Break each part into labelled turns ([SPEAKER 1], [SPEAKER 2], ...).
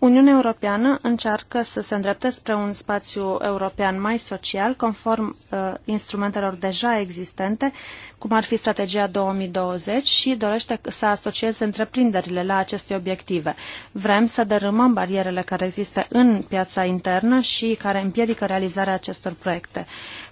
[SPEAKER 1] Uniunea Europeană încearcă să se îndrepte spre un spațiu european mai social, conform uh, instrumentelor deja existente, cum ar fi strategia 2020 și dorește să asocieze întreprinderile la aceste obiective. Vrem să dărâmăm barierele care există în piața internă și care împiedică realizarea acestor proiecte.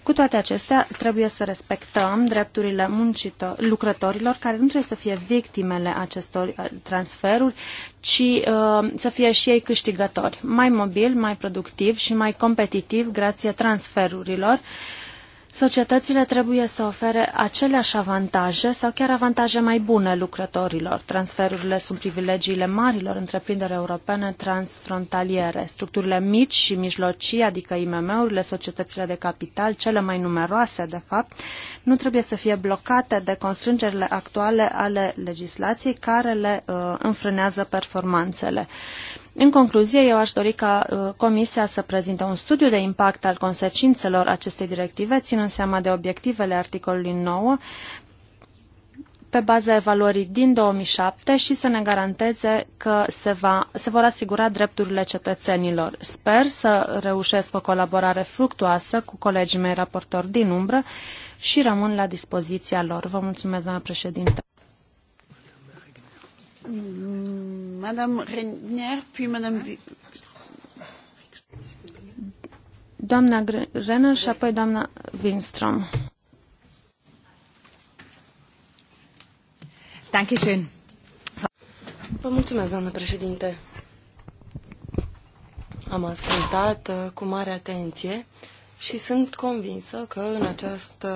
[SPEAKER 1] Cu toate acestea, trebuie să respectăm drepturile muncitor, lucrătorilor care nu trebuie să fie victimele acestor uh, transferuri, ci uh, să fie și ei câștigători, mai mobil, mai productiv și mai competitiv grație transferurilor uh, Societățile trebuie să ofere aceleași avantaje sau chiar avantaje mai bune lucrătorilor. Transferurile sunt privilegiile marilor întreprinderi europene transfrontaliere. Structurile mici și mijlocii, adică IMM-urile, societățile de capital, cele mai numeroase, de fapt, nu trebuie să fie blocate de constrângerile actuale ale legislației care le uh, înfrânează performanțele. În concluzie, eu aș dori ca uh, Comisia să prezinte un studiu de impact al consecințelor acestei directive, ținând seama de obiectivele articolului 9, pe baza evaluării din 2007 și să ne garanteze că se, va, se vor asigura drepturile cetățenilor. Sper să reușesc o colaborare fructuoasă cu colegii mei raportori din umbră și rămân la dispoziția lor. Vă mulțumesc, doamna președinte.
[SPEAKER 2] Mm, Madame Regner, puis Madame...
[SPEAKER 1] Doamna Renner și apoi doamna Winstrom. Dankeschön.
[SPEAKER 3] Vă mulțumesc, doamnă președinte. Am ascultat uh, cu mare atenție uh, și sunt convinsă că în această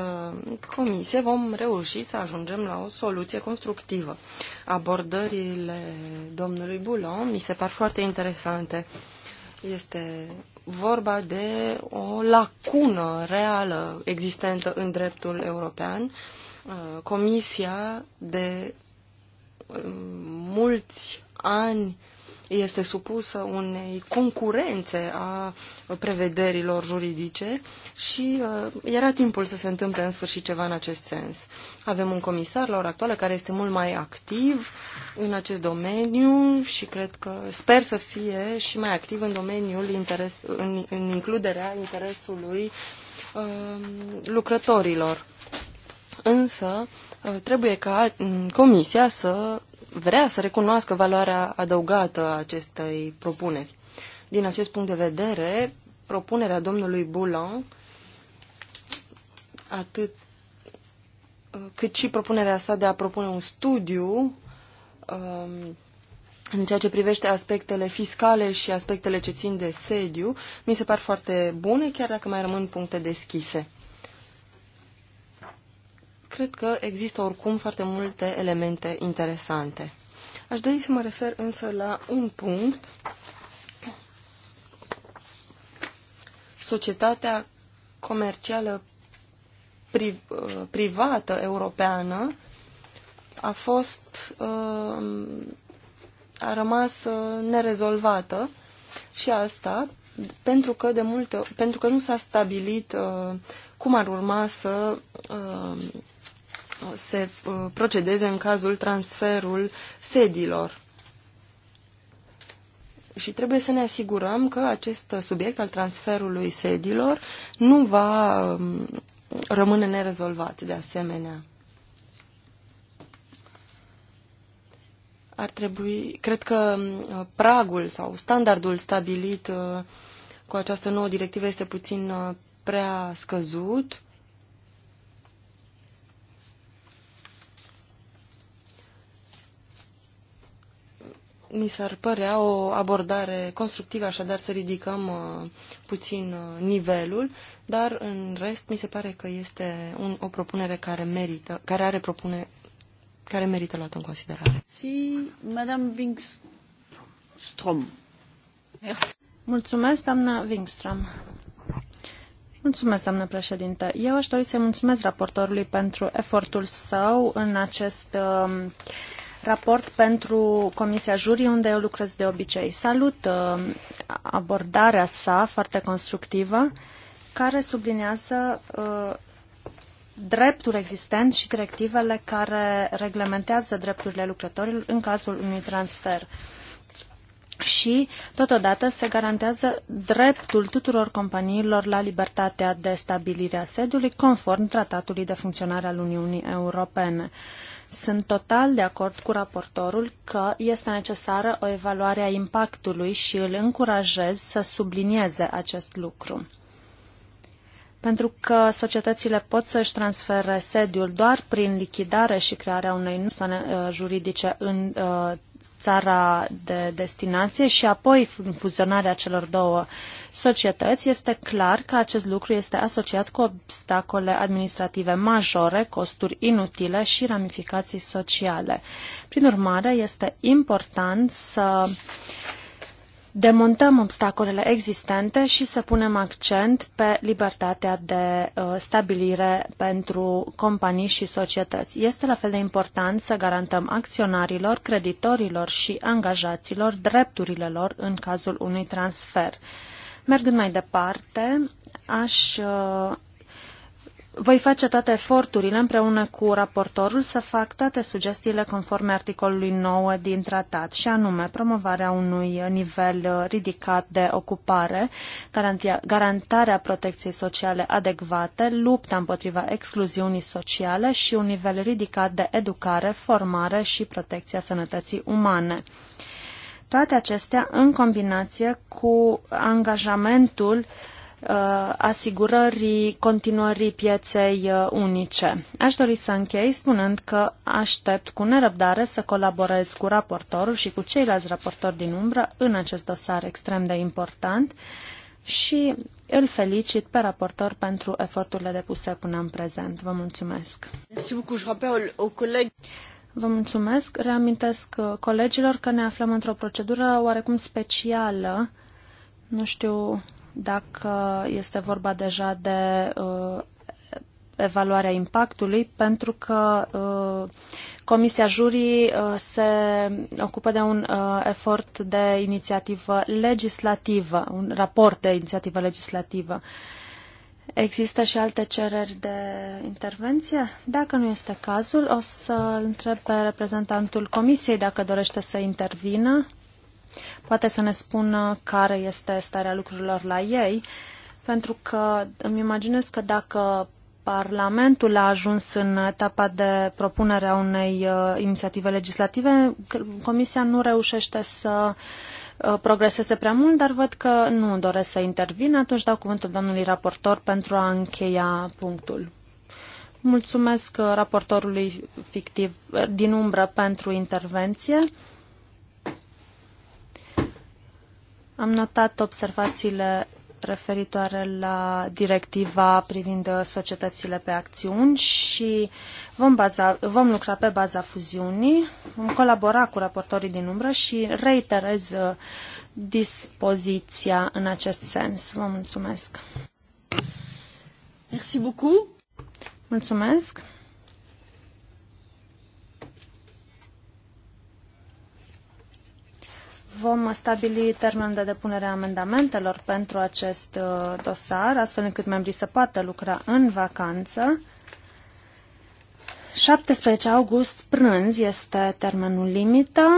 [SPEAKER 3] comisie vom reuși să ajungem la o soluție constructivă. Abordările domnului Boulon mi se par foarte interesante. Este vorba de o lacună reală existentă în dreptul european. Uh, comisia de uh, mulți ani este supusă unei concurențe a prevederilor juridice și uh, era timpul să se întâmple în sfârșit ceva în acest sens. Avem un comisar la ora actuală care este mult mai activ în acest domeniu și cred că sper să fie și mai activ în domeniul interes, în, în includerea interesului uh, lucrătorilor. Însă, uh, trebuie ca mm, Comisia să vrea să recunoască valoarea adăugată a acestei propuneri. Din acest punct de vedere, propunerea domnului Boulan, atât cât și propunerea sa de a propune un studiu um, în ceea ce privește aspectele fiscale și aspectele ce țin de sediu, mi se par foarte bune, chiar dacă mai rămân puncte deschise cred că există oricum foarte multe elemente interesante. Aș dori să mă refer însă la un punct. Societatea comercială pri, uh, privată europeană a fost uh, a rămas uh, nerezolvată și asta pentru că de multe pentru că nu s-a stabilit cum ar urma să se uh, procedeze în cazul transferul sedilor. Și trebuie să ne asigurăm că acest subiect al transferului sedilor nu va um, rămâne nerezolvat de asemenea. Ar trebui, cred că um, pragul sau standardul stabilit uh, cu această nouă directivă este puțin uh, prea scăzut mi s-ar părea o abordare constructivă, așadar să ridicăm uh, puțin uh, nivelul, dar în rest mi se pare că este un, o propunere care merită, care are propune, care merită luată în considerare.
[SPEAKER 1] Și Madame Wingstrom. Mulțumesc, doamna Wingstrom. Mulțumesc, doamnă președinte. Eu aș dori să-i mulțumesc raportorului pentru efortul său în acest uh, raport pentru Comisia Jurii, unde eu lucrez de obicei. Salut uh, abordarea sa foarte constructivă, care sublinează uh, dreptul existent și directivele care reglementează drepturile lucrătorilor în cazul unui transfer. Și, totodată, se garantează dreptul tuturor companiilor la libertatea de stabilire a sediului, conform Tratatului de Funcționare al Uniunii Europene. Uh, sunt total de acord cu raportorul că este necesară o evaluare a impactului și îl încurajez să sublinieze acest lucru. Pentru că societățile pot să-și transfere sediul doar prin lichidare și crearea unei persoane uh, juridice în uh, țara de destinație și apoi fuzionarea celor două societăți, este clar că acest lucru este asociat cu obstacole administrative majore, costuri inutile și ramificații sociale. Prin urmare, este important să uh, demontăm obstacolele existente și să punem accent pe libertatea de uh, stabilire pentru companii și societăți. Este la fel de important să garantăm acționarilor, creditorilor și angajaților drepturile lor în cazul unui transfer. Mergând mai departe, aș uh, voi face toate eforturile împreună cu raportorul să fac toate sugestiile conforme articolului 9 din tratat, și anume promovarea unui nivel ridicat de ocupare, garantarea protecției sociale adecvate, lupta împotriva excluziunii sociale și un nivel ridicat de educare, formare și protecția sănătății umane. Toate acestea în combinație cu angajamentul uh, Uh, asigurării continuării pieței uh, unice. Aș dori să închei spunând că aștept cu nerăbdare să colaborez cu raportorul și cu ceilalți raportori din umbră în acest dosar extrem de important și îl felicit pe raportor pentru eforturile depuse până în prezent. Vă mulțumesc! Vă mulțumesc! Reamintesc uh, colegilor că ne aflăm într-o procedură oarecum specială. Nu știu dacă este vorba deja de uh, evaluarea impactului, pentru că uh, Comisia Jurii uh, se ocupă de un uh, efort de inițiativă legislativă, un raport de inițiativă legislativă. Există și alte cereri de intervenție? Dacă nu este cazul, o să întreb pe reprezentantul Comisiei dacă dorește să intervină poate să ne spună care este starea lucrurilor la ei, pentru că îmi imaginez că dacă Parlamentul a ajuns în etapa de propunere a unei uh, inițiative legislative, Comisia nu reușește să uh, progreseze prea mult, dar văd că nu doresc să intervin. Atunci dau cuvântul domnului raportor pentru a încheia punctul. Mulțumesc uh, raportorului fictiv uh, din umbră pentru intervenție. Am notat observațiile referitoare la directiva privind societățile pe acțiuni și vom, baza, vom lucra pe baza fuziunii, vom colabora cu raportorii din umbră și reiterez uh, dispoziția în acest sens. Vă mulțumesc! Merci beaucoup! Mulțumesc! vom stabili termenul de depunere a amendamentelor pentru acest uh, dosar, astfel încât membrii să poată lucra în vacanță. 17 august prânz este termenul limită.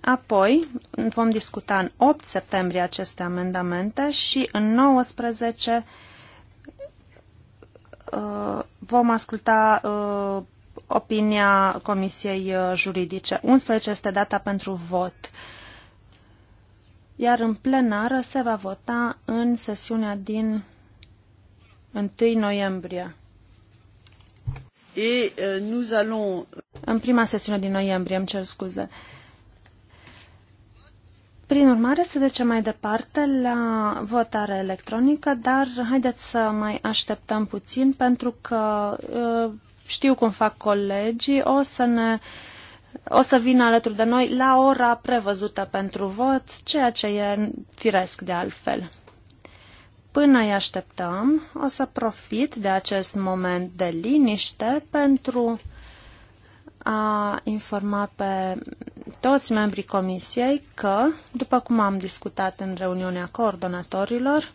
[SPEAKER 1] Apoi vom discuta în 8 septembrie aceste amendamente și în 19 uh, vom asculta uh, opinia Comisiei uh, Juridice. 11 este data pentru vot. Iar în plenară se va vota în sesiunea din 1 noiembrie. Et, uh, nous allons... În prima sesiune din noiembrie, îmi cer scuze. Prin urmare, să ducem mai departe la votare electronică, dar haideți să mai așteptăm puțin pentru că uh, știu cum fac colegii, o să ne o să vină alături de noi la ora prevăzută pentru vot, ceea ce e firesc de altfel. Până îi așteptăm, o să profit de acest moment de liniște pentru a informa pe toți membrii comisiei că, după cum am discutat în reuniunea coordonatorilor,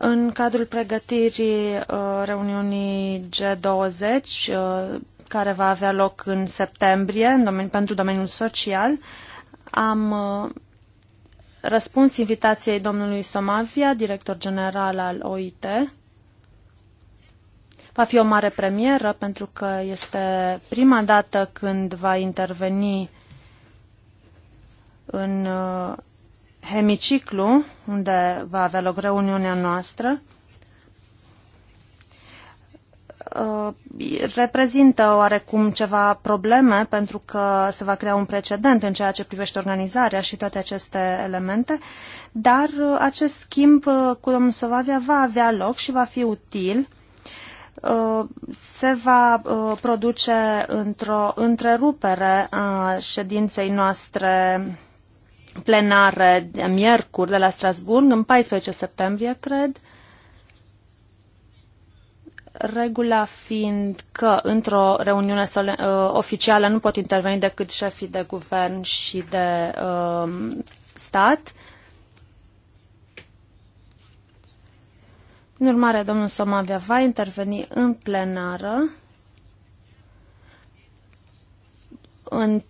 [SPEAKER 1] în cadrul pregătirii uh, reuniunii G20, uh, care va avea loc în septembrie în domeni, pentru domeniul social, am uh, răspuns invitației domnului Somavia, director general al OIT. Va fi o mare premieră pentru că este prima dată când va interveni în hemiciclu unde va avea loc reuniunea noastră uh, reprezintă oarecum ceva probleme pentru că se va crea un precedent în ceea ce privește organizarea și toate aceste elemente, dar uh, acest schimb uh, cu domnul Sovavia va avea loc și va fi util. Se va produce într-o întrerupere a ședinței noastre plenare de miercuri de la Strasburg, în 14 septembrie, cred, regula fiind că într-o reuniune uh, oficială nu pot interveni decât șefii de guvern și de uh, stat. În urmare, domnul Somavia va interveni în plenară în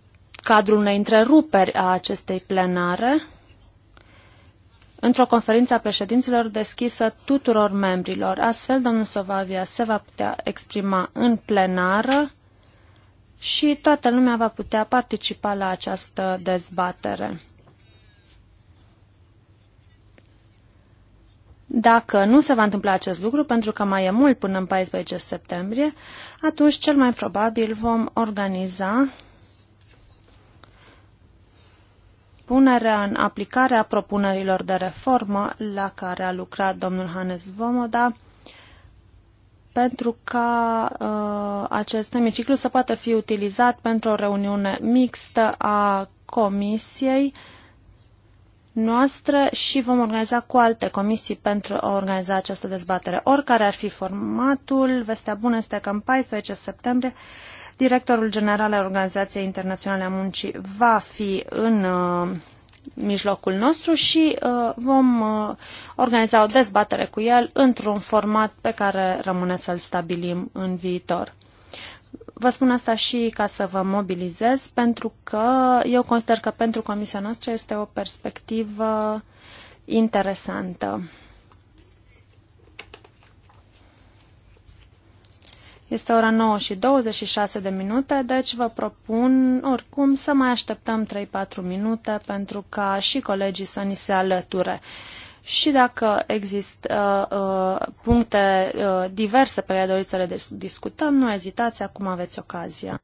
[SPEAKER 1] cadrul unei întreruperi a acestei plenare într-o conferință a președinților deschisă tuturor membrilor. Astfel, domnul Sovavia se va putea exprima în plenară și toată lumea va putea participa la această dezbatere. Dacă nu se va întâmpla acest lucru, pentru că mai e mult până în 14 septembrie, atunci cel mai probabil vom organiza punerea în aplicare a propunerilor de reformă la care a lucrat domnul Hannes Vomoda pentru ca uh, acest hemiciclu să poată fi utilizat pentru o reuniune mixtă a comisiei noastre și vom organiza cu alte comisii pentru a organiza această dezbatere. Oricare ar fi formatul, vestea bună este că în 14 septembrie Directorul general al Organizației Internaționale a Muncii va fi în uh, mijlocul nostru și uh, vom uh, organiza o dezbatere cu el într-un format pe care rămâne să-l stabilim în viitor. Vă spun asta și ca să vă mobilizez, pentru că eu consider că pentru comisia noastră este o perspectivă interesantă. Este ora 9 și 26 de minute, deci vă propun oricum să mai așteptăm 3-4 minute pentru ca și colegii să ni se alăture. Și dacă există uh, uh, puncte uh, diverse pe care doriți să le discutăm, nu ezitați, acum aveți ocazia.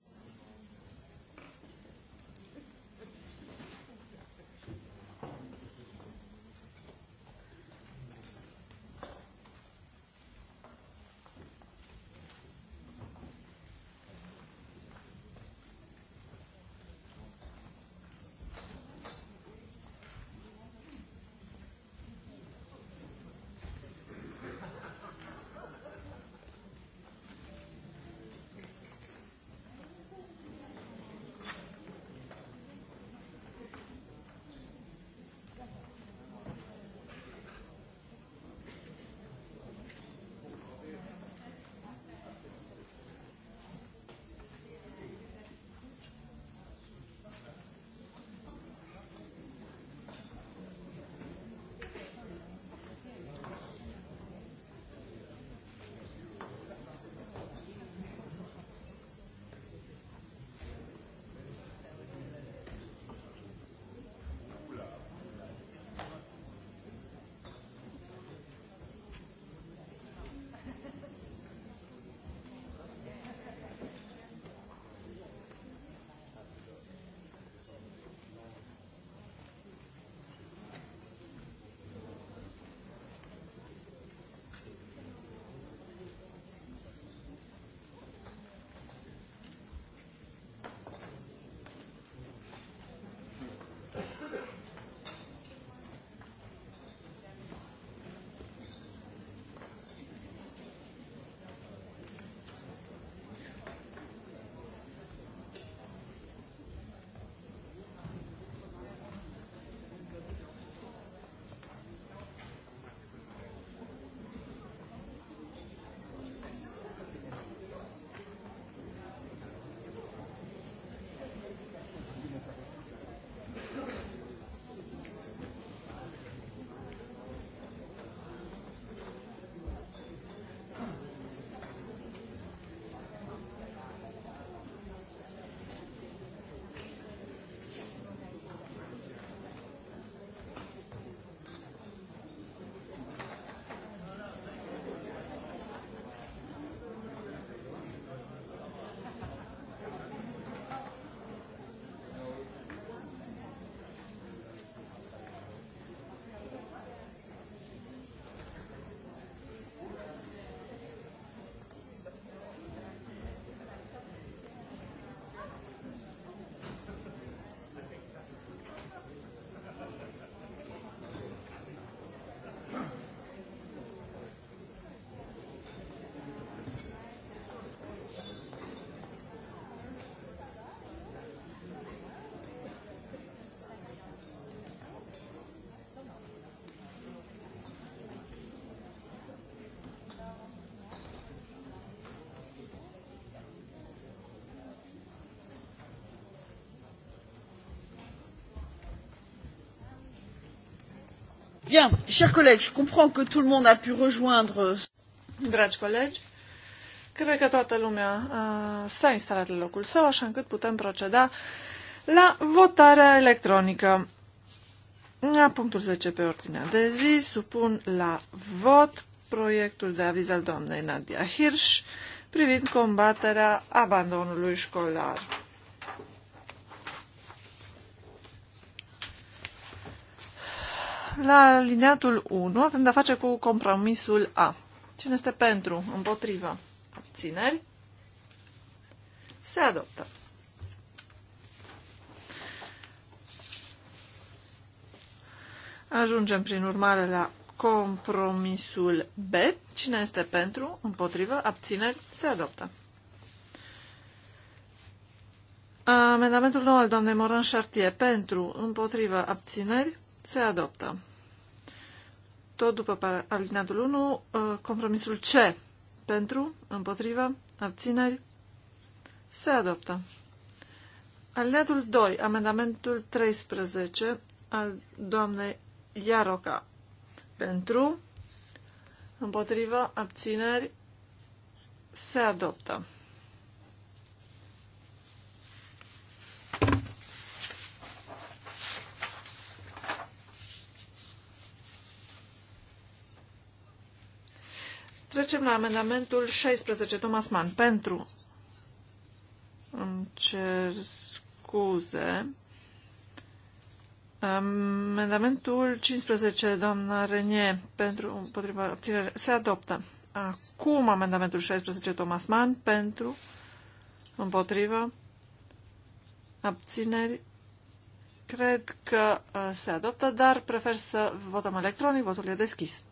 [SPEAKER 2] chers collègues, je comprends que tout le monde a pu rejoindre. Dragi colegi,
[SPEAKER 4] cred că toată lumea uh, s-a instalat în locul său, așa încât putem proceda la votarea electronică. La punctul 10 pe ordinea de zi, supun la vot proiectul de aviz al doamnei Nadia Hirsch privind combaterea abandonului școlar. La alineatul 1 avem de-a face cu compromisul A. Cine este pentru? Împotrivă. Abțineri? Se adoptă. Ajungem prin urmare la compromisul B. Cine este pentru? Împotrivă? Abțineri? Se adoptă. Amendamentul 9 al doamnei Moran Șartie pentru, împotrivă, abțineri, se adoptă. Tot după alineatul 1, uh, compromisul C. Pentru, împotriva, abțineri, se adoptă. Alineatul 2, amendamentul 13 al doamnei Iaroca. Pentru, împotriva, abțineri, se adoptă. Trecem la amendamentul 16, Thomas Mann. Pentru. Îmi cer scuze. Amendamentul 15, doamna Renie, pentru împotriva obținere, se adoptă. Acum amendamentul 16, Thomas Mann, pentru împotriva abțineri. Cred că uh, se adoptă, dar prefer să votăm electronic. Votul e deschis.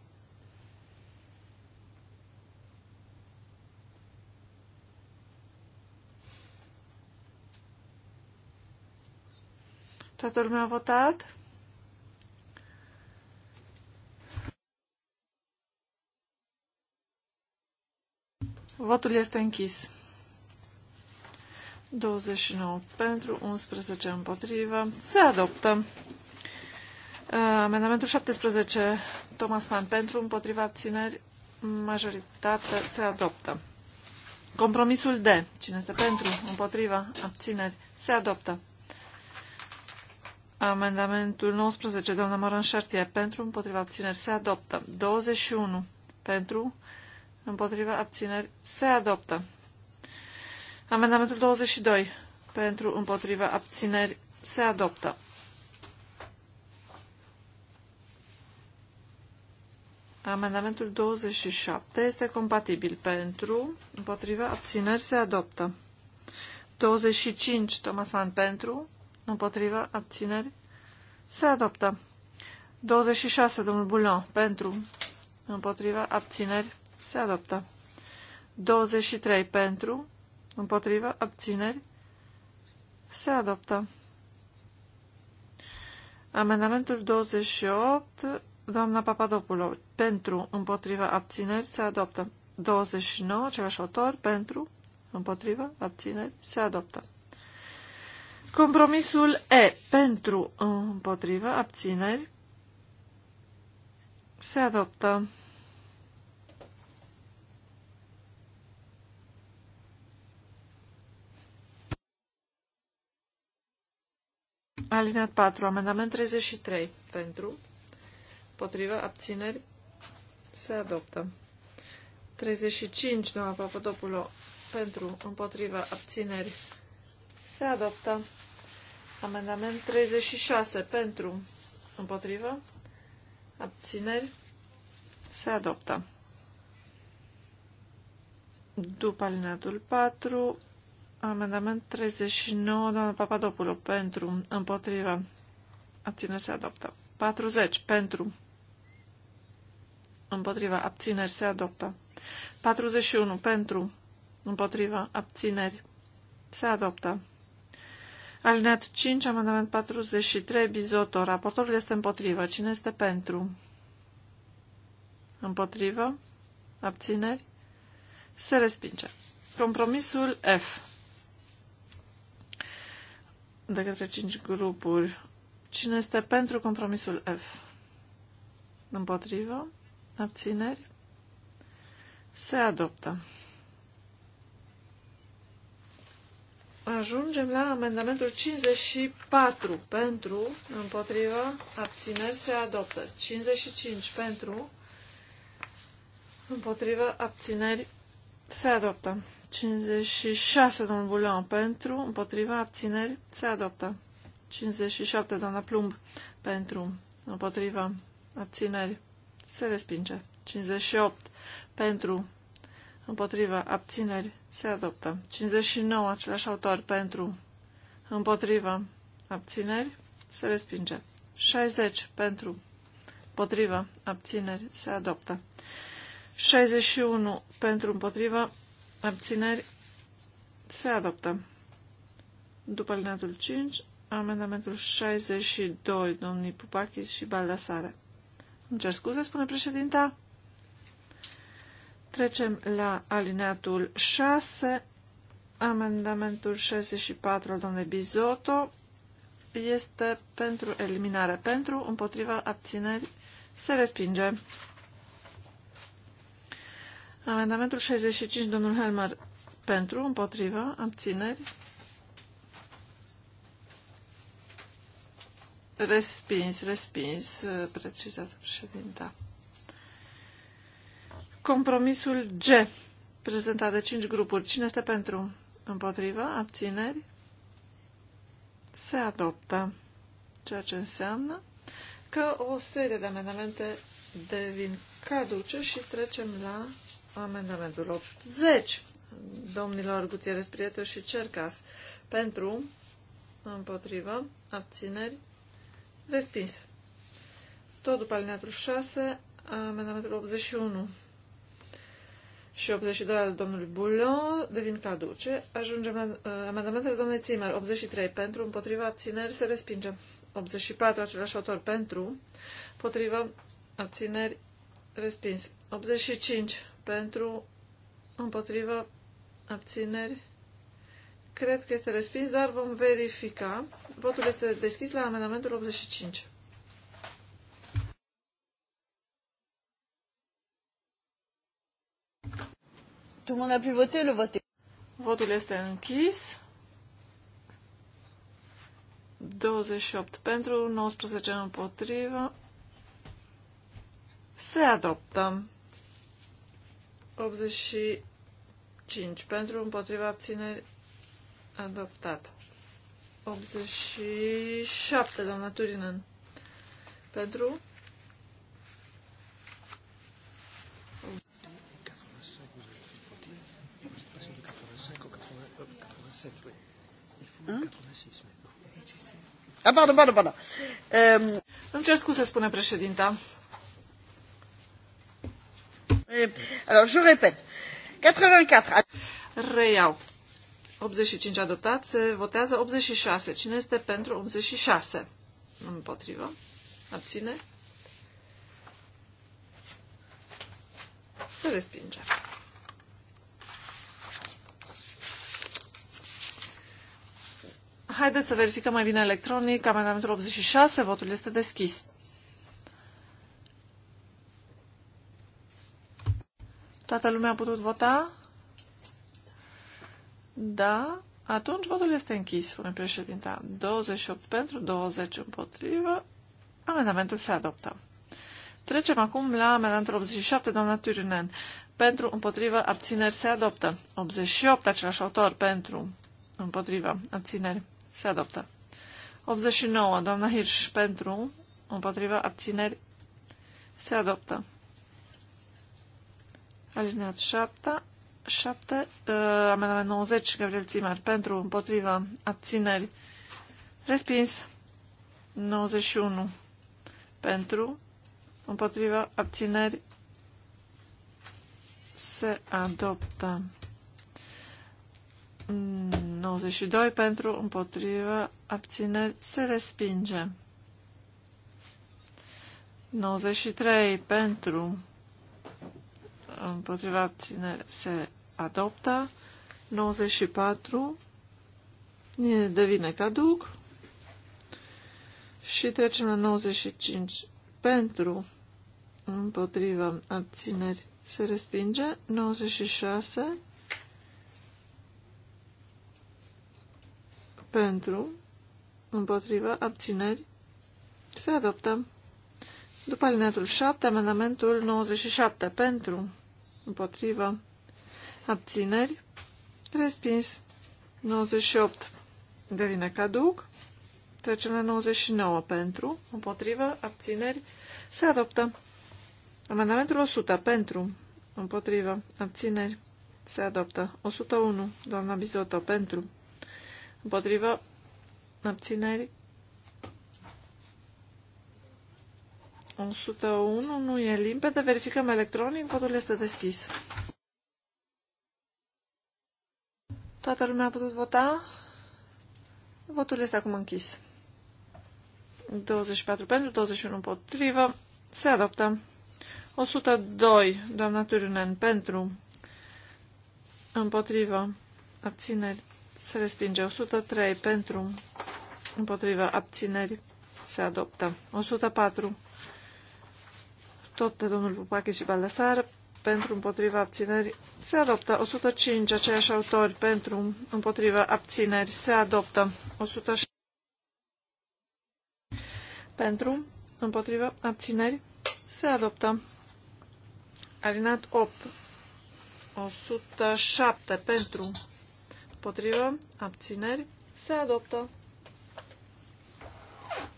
[SPEAKER 4] Toată lumea a votat? Votul este închis. 29 pentru, 11 împotrivă. Se adoptă. Uh, amendamentul 17, Thomas Mann, pentru, împotriva abțineri, majoritate se adoptă. Compromisul D, cine este pentru, împotriva, abțineri, se adoptă. Amendamentul 19, doamna Moran Șartier, pentru, împotriva abțineri, se adoptă. 21, pentru, împotriva abțineri, se adoptă. Amendamentul 22, pentru, împotriva abțineri, se adoptă. Amendamentul 27 este compatibil pentru, împotriva, abțineri se adoptă. 25, Thomas Mann pentru, împotrivă, abțineri, se adoptă. 26, domnul Bulon, pentru, împotrivă, abțineri, se adoptă. 23, pentru, împotrivă, abțineri, se adoptă. Amendamentul 28, doamna Papadopulo, pentru, împotrivă, abțineri, se adoptă. 29, același autor, pentru, împotrivă, abțineri, se adoptă. Compromisul E pentru împotrivă abțineri se adoptă. Alineat 4. Amendament 33. Pentru. Potrivă. Abțineri. Se adoptă. 35. Doamna Papadopulo. Pentru. Împotrivă. Abțineri. Se adoptă. Amendament 36 pentru, împotrivă, abțineri, se adoptă. După alineatul 4, amendament 39, doamna Papadopoulou, pentru, împotrivă, abțineri, se adoptă. 40 pentru, împotriva, abțineri, se adoptă. 41 pentru, împotriva, abțineri, se adoptă. Alineat 5, amendament 43, Bizoto. Raportorul este împotrivă. Cine este pentru? Împotrivă? Abțineri? Se respinge. Compromisul F. De către 5 grupuri. Cine este pentru compromisul F? Împotrivă? Abțineri? Se adoptă. Ajungem la amendamentul 54 pentru, împotriva, abțineri se adoptă. 55 pentru, împotriva, abțineri se adoptă. 56, domnul Bulon, pentru, împotriva, abțineri se adoptă. 57, doamna Plumb, pentru, împotriva, abțineri se respinge. 58, pentru, împotriva Abțineri. Se adoptă. 59. Același autor. Pentru. împotriva Abțineri. Se respinge. 60. Pentru. împotriva Abțineri. Se adoptă. 61. Pentru. împotriva Abțineri. Se adoptă. După alineatul 5, amendamentul 62, domnii Pupachis și Baldasare. Îmi cer scuze, spune președinta. Trecem la alineatul 6, amendamentul 64 al domnului Bizotto este pentru eliminare. Pentru, împotriva, abțineri, se respinge. Amendamentul 65, domnul Helmer, pentru, împotriva, abțineri, respins, respins, precizează președinta. Compromisul G, prezentat de cinci grupuri. Cine este pentru? Împotrivă? Abțineri? Se adoptă. Ceea ce înseamnă că o serie de amendamente devin caduce și trecem la amendamentul 80. Domnilor Gutierrez Prieto și Cercas pentru, împotrivă, abțineri, respins. Tot după alineatul 6, amendamentul 81 și 82 al domnului Bulon devin caduce. Ajungem la uh, amendamentele domnului Țimer. 83 pentru, împotriva abțineri se respinge. 84 același autor pentru, împotriva abțineri respins. 85 pentru, împotriva abțineri. Cred că este respins, dar vom verifica. Votul este deschis la amendamentul 85.
[SPEAKER 2] Tout le monde a pu voter, le vote est... Votul este închis.
[SPEAKER 4] 28 pentru, 19 împotrivă. Se adoptă. 85 pentru, împotriva abțineri, adoptat. 87, doamna Turinen. Pentru, Hein? pardon, pardon, pardon. Um... Îmi cer scuze, spune președinta. Alors, je répète. 84. Reiau. 85 adoptat, se votează 86. Cine este pentru 86? Împotrivă. Abține. Se respinge. Haideți să verificăm mai bine electronic. Amendamentul 86, votul este deschis. Toată lumea a putut vota? Da. Atunci votul este închis, spune președinta. 28 pentru, 20 împotrivă. Amendamentul se adoptă. Trecem acum la amendamentul 87, doamna Turinen. Pentru, împotrivă, abțineri se adoptă. 88, același autor, pentru, împotrivă, abțineri se adoptă. 89. Doamna Hirsch pentru, împotriva abțineri, se adoptă. Alineat 7. 7. Uh, amendament 90. Gabriel Țimer pentru, împotriva abțineri, respins. 91. Pentru, împotriva abțineri, se adoptă. 92 pentru, împotrivă, abțineri, se respinge. 93 pentru, împotriva abținere se adoptă. 94 devine caduc. Și trecem la 95 pentru, împotriva abțineri se respinge. 96 pentru, împotrivă, abțineri, se adoptă. După alineatul 7, amendamentul 97 pentru, împotrivă, abțineri, respins. 98 devine caduc. Trecem la 99 pentru, împotrivă, abțineri, se adoptă. Amendamentul 100 pentru, împotrivă, abțineri, se adoptă. 101, doamna Bizoto, pentru, împotrivă, abținerii. 101 nu e limpede, verificăm electronic, votul este deschis. Toată lumea a putut vota? Votul este acum închis. 24 pentru, 21 împotrivă. Se adoptă. 102, doamna Turunen, pentru, împotrivă, abțineri, se respinge 103 pentru, împotriva abțineri. Se adoptă 104. Tot de domnul Pupache și Balasar pentru împotriva abțineri se adoptă 105 aceiași autori pentru împotriva abțineri se adoptă 106 pentru împotriva abțineri se adoptă alinat 8 107 pentru împotrivă, abțineri, se adoptă.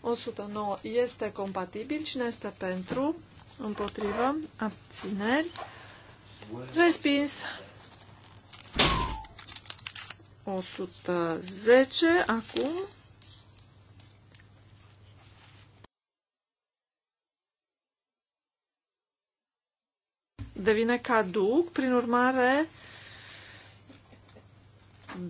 [SPEAKER 4] 109 este compatibil, cine este pentru, împotrivă, abțineri, respins. 110 acum. Devine caduc, prin urmare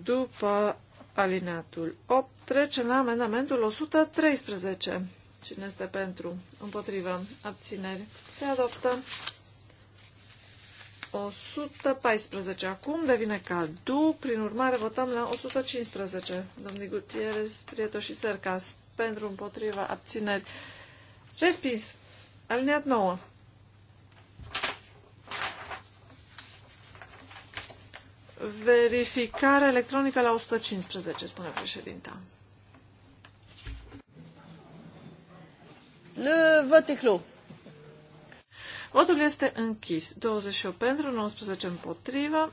[SPEAKER 4] după alineatul 8, trece la amendamentul 113. Cine este pentru? Împotrivă. Abțineri. Se adoptă. 114. Acum devine cadu. Prin urmare, votăm la 115. Domnul Gutierrez, Prieto și Sercas. Pentru, împotriva, abțineri. Respins. Alineat 9. Verificare electronică la 115, spune președinta. Le vote est clos. Votul este închis. 28 pentru, 19 împotrivă.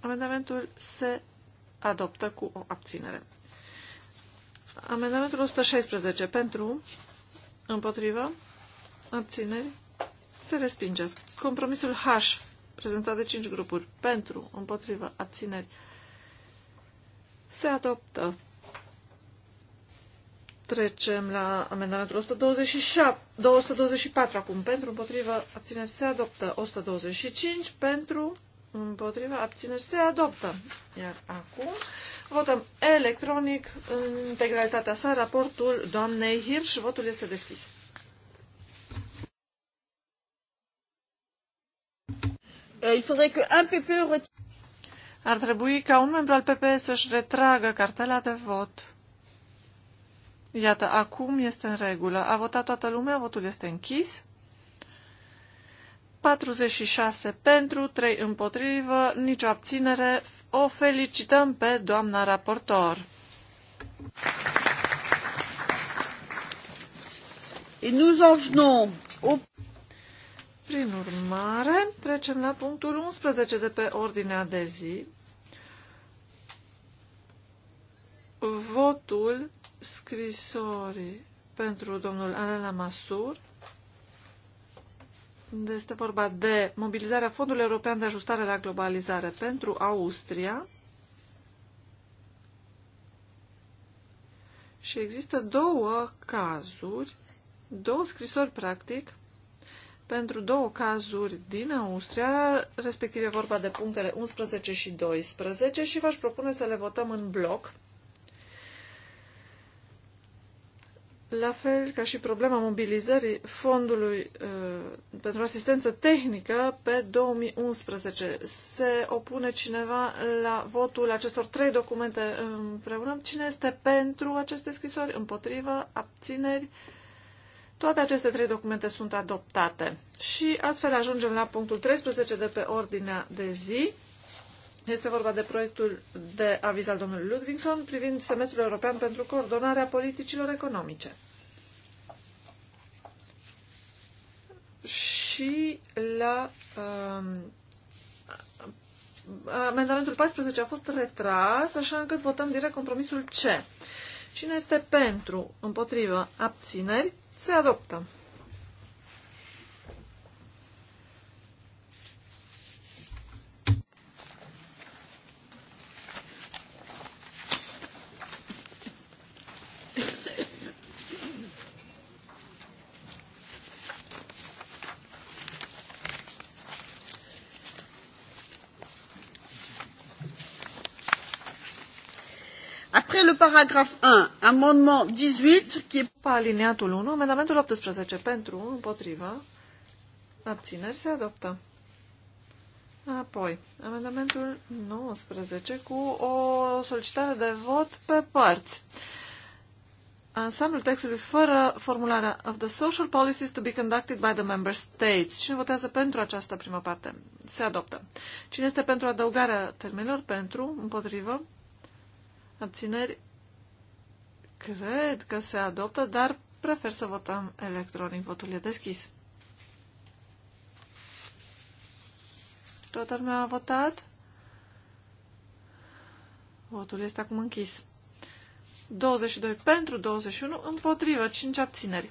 [SPEAKER 4] Amendamentul se adoptă cu o abținere. Amendamentul 116 pentru, împotrivă, abțineri, se respinge. Compromisul H prezentat de cinci grupuri. Pentru, împotrivă, abțineri. Se adoptă. Trecem la amendamentul 127, 224 acum. Pentru, împotrivă, abțineri. Se adoptă. 125 pentru, împotrivă, abțineri. Se adoptă. Iar acum votăm electronic în integralitatea sa raportul doamnei Hirsch. Votul este deschis. Euh, Ar trebui ca un membru al PPE să-și retragă cartela de vot. Iată, acum este în regulă. A votat toată lumea, votul este închis. 46 pentru, 3 împotrivă, nicio abținere. O felicităm pe doamna raportor. Et nous en venons au... Prin urmare, trecem la punctul 11 de pe ordinea de zi. Votul scrisorii pentru domnul Alena Masur. Este vorba de mobilizarea Fondului European de Ajustare la Globalizare pentru Austria. Și există două cazuri, două scrisori practic, pentru două cazuri din Austria, respectiv e vorba de punctele 11 și 12 și v-aș propune să le votăm în bloc. La fel ca și problema mobilizării fondului uh, pentru asistență tehnică pe 2011. Se opune cineva la votul acestor trei documente împreună? Cine este pentru aceste scrisori? Împotrivă? Abțineri? Uh, toate aceste trei documente sunt adoptate. Și astfel ajungem la punctul 13 de pe ordinea de zi. Este vorba de proiectul de aviz al domnului Ludvigson privind semestrul european pentru coordonarea politicilor economice. Și la uh, amendamentul 14 a fost retras, așa încât votăm direct compromisul C. Cine este pentru, împotrivă, abțineri, se adoptă.
[SPEAKER 2] Paragraf 1,
[SPEAKER 4] amendement 18, qui 1, amendamentul 18 pentru, împotrivă, abțineri se adoptă. Apoi, amendamentul 19 cu o solicitare de vot pe părți. Ansamblul textului fără formularea of the social policies to be conducted by the member states. Cine votează pentru această primă parte? Se adoptă. Cine este pentru adăugarea termenilor? Pentru, împotrivă, abțineri, Cred că se adoptă, dar prefer să votăm electronic. Votul e deschis. Toată lumea a votat? Votul este acum închis. 22 pentru, 21 împotrivă, 5 abțineri.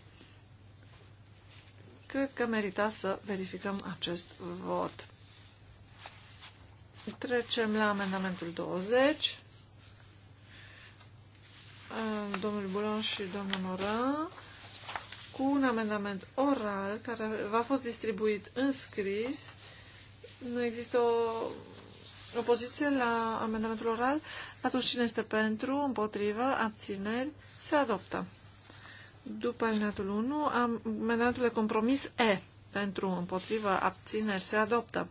[SPEAKER 4] Cred că merita să verificăm acest vot. Trecem la amendamentul 20 domnul Bulon și domnul Moran cu un amendament oral care va fost distribuit în scris. Nu există o opoziție la amendamentul oral. Atunci cine este pentru, împotrivă, abțineri, se adoptă. După alineatul 1, amendamentul de compromis E. Pentru, împotrivă, abțineri, se adoptă.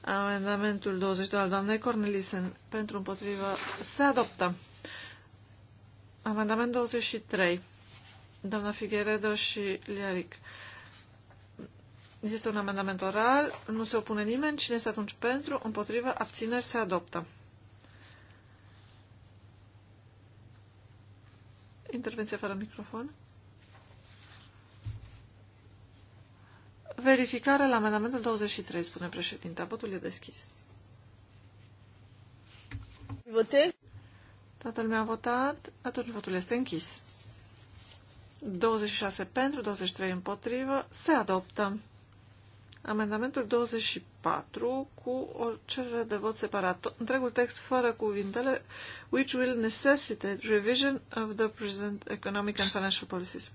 [SPEAKER 4] Amendamentul 22 al doamnei Cornelisen pentru împotrivă se adoptă. Amendament 23. Doamna Figueredo și Liaric. Este un amendament oral, nu se opune nimeni. Cine este atunci pentru, împotrivă, abțineri, se adoptă. Intervenție fără microfon. Verificare la amendamentul 23, spune președinte. Votul e deschis. Votez. Toată lumea a votat, atunci votul este închis. 26 pentru, 23 împotrivă, se adoptă. Amendamentul 24 cu o cerere de vot separat. Întregul text fără cuvintele which will necessitate revision of the present economic and financial policies.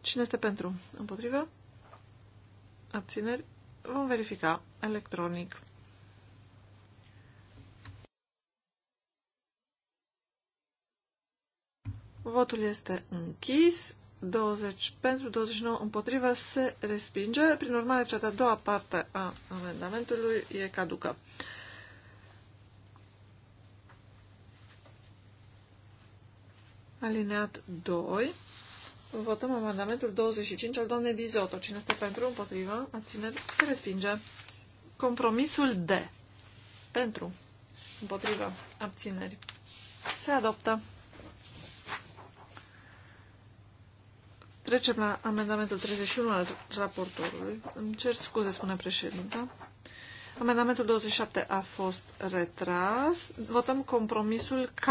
[SPEAKER 4] Cine este pentru? Împotrivă? Abțineri? Vom verifica electronic. Votul este închis. 20 pentru, 29 împotriva se respinge. Prin urmare, cea de-a doua parte a amendamentului e caducă. Alineat 2. Votăm amendamentul 25 al doamnei Bizotto. Cine este pentru, împotriva, abțineri, se respinge. Compromisul D. Pentru, împotriva, abțineri, se adoptă. Trecem la amendamentul 31 al raportorului. Îmi cer scuze, spune președinta. Amendamentul 27 a fost retras. Votăm compromisul K.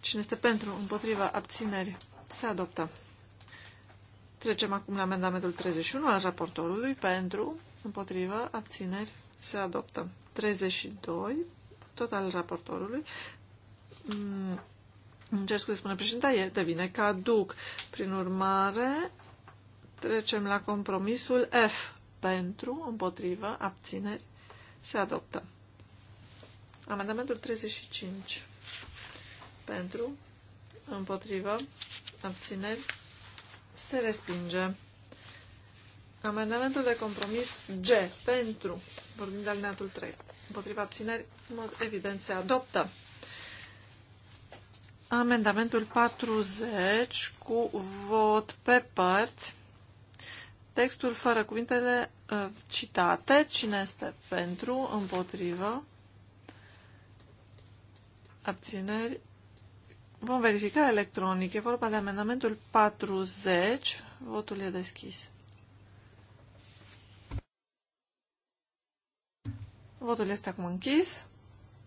[SPEAKER 4] Cine este pentru, împotriva, abțineri, se adoptă. Trecem acum la amendamentul 31 al raportorului. Pentru, împotriva, abțineri, se adoptă. 32, tot al raportorului. Mm, îmi cer scuze, spune președinta, e, devine caduc. Prin urmare, trecem la compromisul F. Pentru, împotrivă, abțineri, se adoptă. Amendamentul 35. Pentru, împotrivă, abțineri, se respinge. Amendamentul de compromis G. Pentru, vorbim de alineatul 3. Împotriva abțineri, în mod evident, se adoptă. Amendamentul 40 cu vot pe părți. Textul fără cuvintele uh, citate. Cine este pentru? Împotrivă? Abțineri? Vom verifica electronic. E vorba de amendamentul 40. Votul e deschis. Votul este acum închis.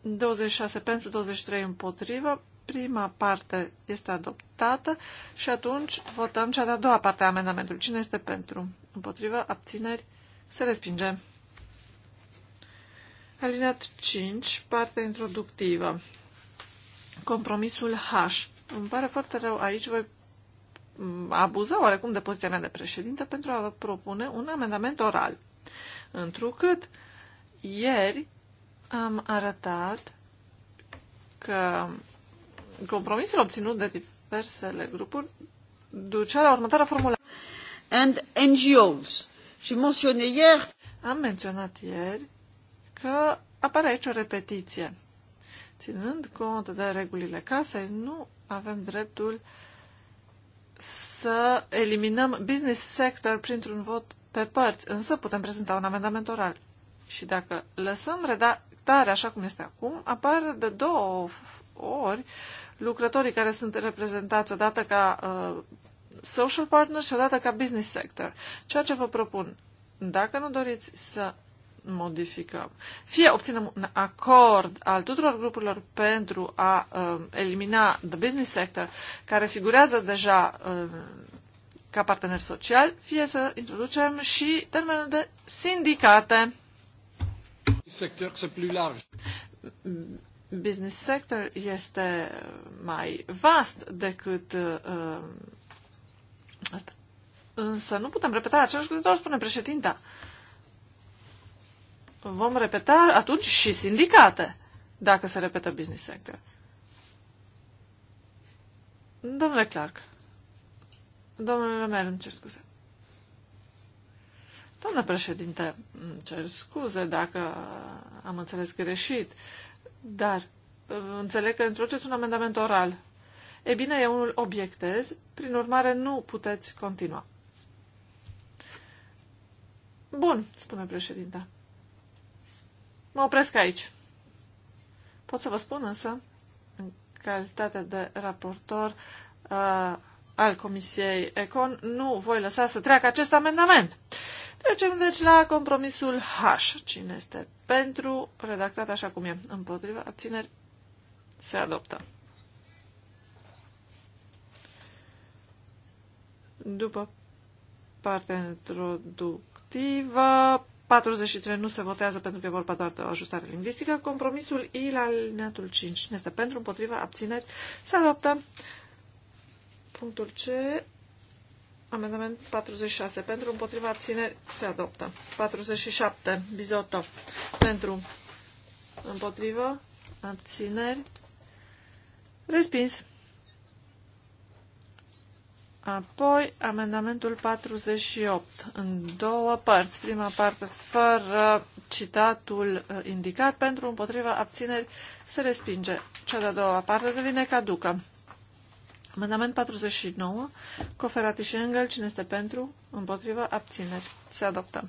[SPEAKER 4] 26 pentru, 23 împotrivă prima parte este adoptată și atunci votăm cea de-a doua parte a amendamentului. Cine este pentru? Împotrivă? Abțineri? Se respinge. Alineat 5, parte introductivă. Compromisul H. Îmi pare foarte rău, aici voi mm, abuza oarecum de poziția mea de președinte pentru a vă propune un amendament oral. Întrucât ieri am arătat că compromisul obținut de diversele grupuri ducea la următoarea formulă. And NGOs. Și menționez ieri... Am menționat ieri că apare aici o repetiție. Ținând cont de regulile casei, nu avem dreptul să eliminăm business sector printr-un vot pe părți, însă putem prezenta un amendament oral. Și dacă lăsăm redactarea așa cum este acum, apar de două ori lucrătorii care sunt reprezentați odată ca uh, social partner și odată ca business sector. Ceea ce vă propun, dacă nu doriți să modificăm. Fie obținem un acord al tuturor grupurilor pentru a uh, elimina the business sector, care figurează deja uh, ca partener social, fie să introducem și termenul de sindicate. Sector plus larg business sector este mai vast decât uh, asta. Însă nu putem repeta același lucru, spune președinta. Vom repeta atunci și sindicate, dacă se repetă business sector. Domnule Clark. Domnule Mer, îmi cer scuze. Doamnă președinte, îmi cer scuze dacă am înțeles greșit. Uh, dar uh, înțeleg că introduceți un amendament oral. E bine, eu unul obiectez, prin urmare nu puteți continua. Bun, spune președinta. Mă opresc aici. Pot să vă spun însă, în calitate de raportor uh, al Comisiei Econ, nu voi lăsa să treacă acest amendament. Trecem deci la compromisul H. Cine este pentru, redactat așa cum e, împotriva, abțineri, se adoptă. După partea introductivă, 43 nu se votează pentru că e vorba doar de o ajustare lingvistică. Compromisul I la alineatul 5. Cine este pentru, împotriva, abțineri, se adoptă. Punctul C, Amendament 46. Pentru împotriva abțineri se adoptă. 47. Bizotto. Pentru împotriva abțineri. Respins. Apoi, amendamentul 48, în două părți. Prima parte, fără citatul uh, indicat, pentru împotriva abțineri se respinge. Cea de-a doua parte devine caducă. Amendament 49. Coferati și Engel. Cine este pentru? Împotrivă. Abțineri. Se adoptă.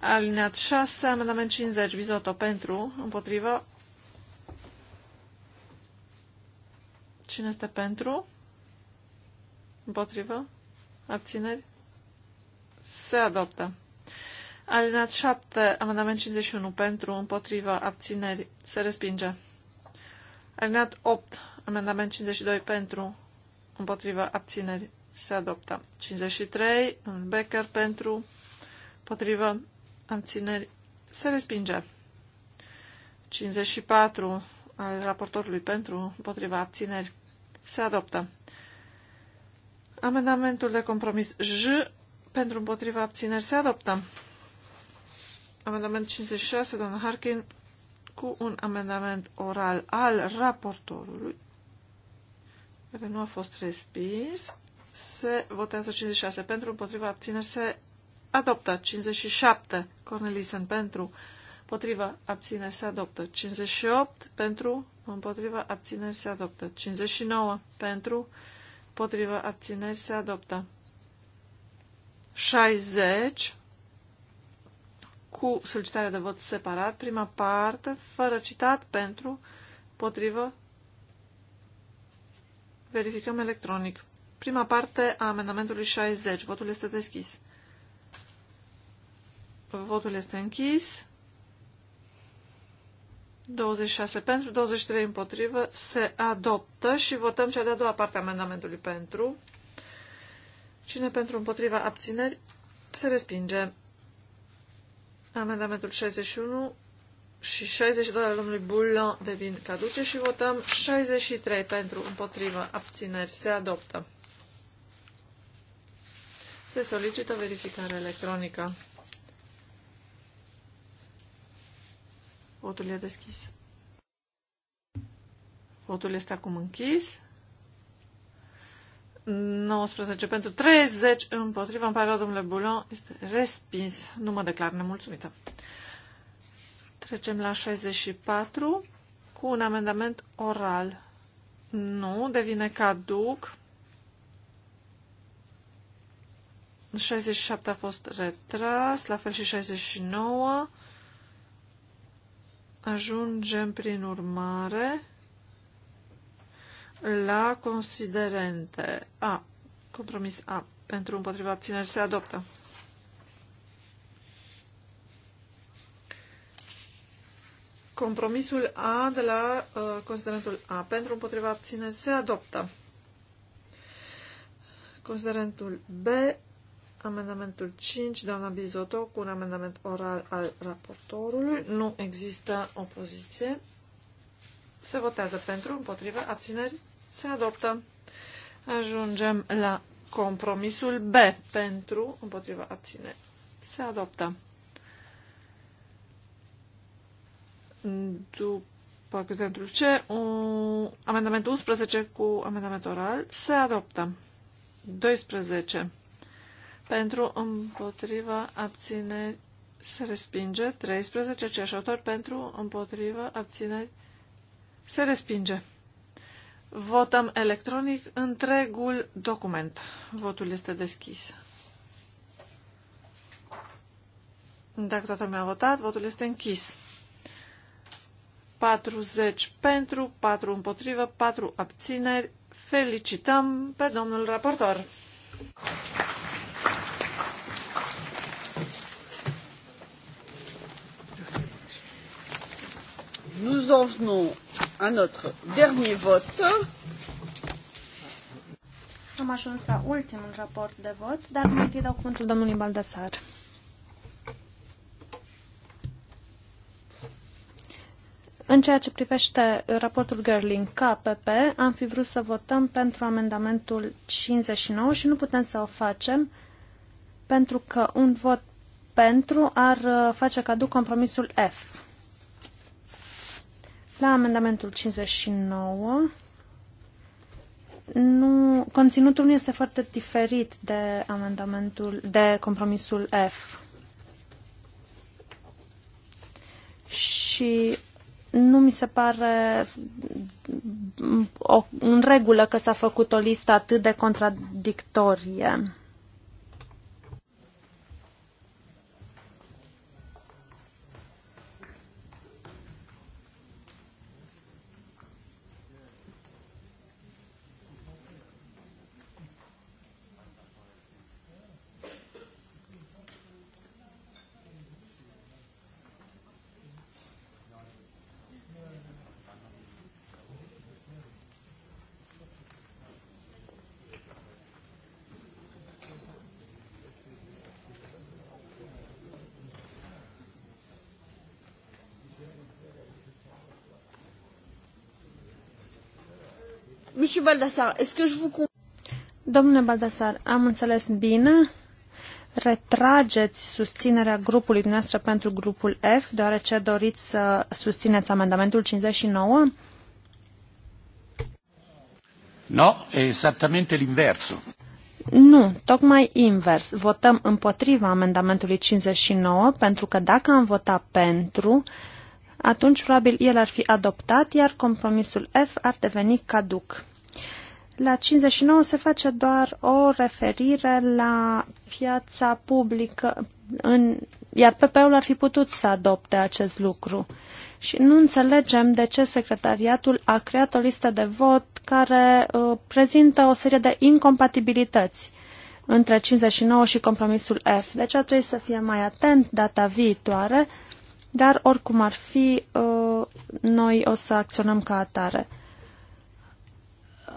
[SPEAKER 4] Alineat 6. Amendament 50. Bizoto. Pentru. Împotrivă. Cine este pentru? Împotrivă. Abțineri. Se adoptă. Alineat 7. Amendament 51. Pentru. Împotrivă. Abțineri. Se respinge. Alineat 8. Amendament 52 pentru, împotriva abțineri se adoptă. 53, un Becker pentru, împotriva abțineri se respinge. 54 al raportorului pentru, împotriva abțineri se adoptă. Amendamentul de compromis J pentru împotriva abțineri se adoptă. Amendament 56, doamna Harkin, cu un amendament oral al raportorului care nu a fost respins, se votează 56 pentru, împotriva abțineri se adoptă 57 Cornelisen pentru, împotriva abțineri se adoptă 58 pentru, împotriva abțineri se adoptă 59 pentru, împotriva abțineri se adoptă 60 cu solicitarea de vot separat, prima parte, fără citat, pentru, împotrivă, Verificăm electronic. Prima parte a amendamentului 60. Votul este deschis. Votul este închis. 26 pentru, 23 împotrivă. Se adoptă și votăm cea de-a doua parte a amendamentului pentru. Cine pentru împotriva abțineri se respinge. Amendamentul 61 și 62 al domnului Bulon devin caduce și votăm 63 pentru împotrivă abțineri. Se adoptă. Se solicită verificare electronică. Votul e deschis. Votul este acum închis. 19 pentru 30 împotriva. Îmi pare rău, domnule Bulon. Este respins. Nu mă declar nemulțumită. Trecem la 64 cu un amendament oral. Nu, devine caduc. 67 a fost retras, la fel și 69. Ajungem prin urmare la considerente. A. Compromis A. Pentru împotriva abțineri se adoptă. Compromisul A de la uh, considerentul A pentru împotriva abțineri se adoptă. Considerentul B, amendamentul 5, doamna Bizoto, cu un amendament oral al raportorului. Nu există opoziție. Se votează pentru, împotriva, abțineri, se adoptă. Ajungem la compromisul B pentru, împotriva, abțineri, se adoptă. După considerentul C, un, amendamentul 11 cu amendament oral se adoptă. 12. Pentru împotriva abțineri se respinge. 13. Ceașător pentru împotriva abțineri se respinge. Votăm electronic întregul document. Votul este deschis. Dacă toată lumea a votat, votul este închis. 40 pentru, 4 împotrivă, 4 abțineri. Felicităm pe domnul raportor!
[SPEAKER 2] Nous en venons à notre dernier vote.
[SPEAKER 1] Am ajuns la ultimul raport de vot, dar mai întâi dau cuvântul domnului Baldassar. În ceea ce privește raportul Gerling KPP, am fi vrut să votăm pentru amendamentul 59 și nu putem să o facem pentru că un vot pentru ar uh, face caduc compromisul F. La amendamentul 59 nu, conținutul nu este foarte diferit de amendamentul de compromisul F. Și nu mi se pare o, în regulă că s-a făcut o listă atât de contradictorie. Baldassar, est-ce que je vous Domnule Baldassar, am înțeles bine? Retrageți susținerea grupului dumneavoastră pentru grupul F, deoarece doriți să susțineți amendamentul 59?
[SPEAKER 2] No, exactamente l'inverso.
[SPEAKER 1] Nu, tocmai invers. Votăm împotriva amendamentului 59 pentru că dacă am votat pentru, atunci probabil el ar fi adoptat, iar compromisul F ar deveni caduc. La 59 se face doar o referire la piața publică, în, iar PP-ul ar fi putut să adopte acest lucru. Și nu înțelegem de ce secretariatul a creat o listă de vot care uh, prezintă o serie de incompatibilități între 59 și compromisul F. Deci ar trebui să fie mai atent data viitoare, dar oricum ar fi, uh, noi o să acționăm ca atare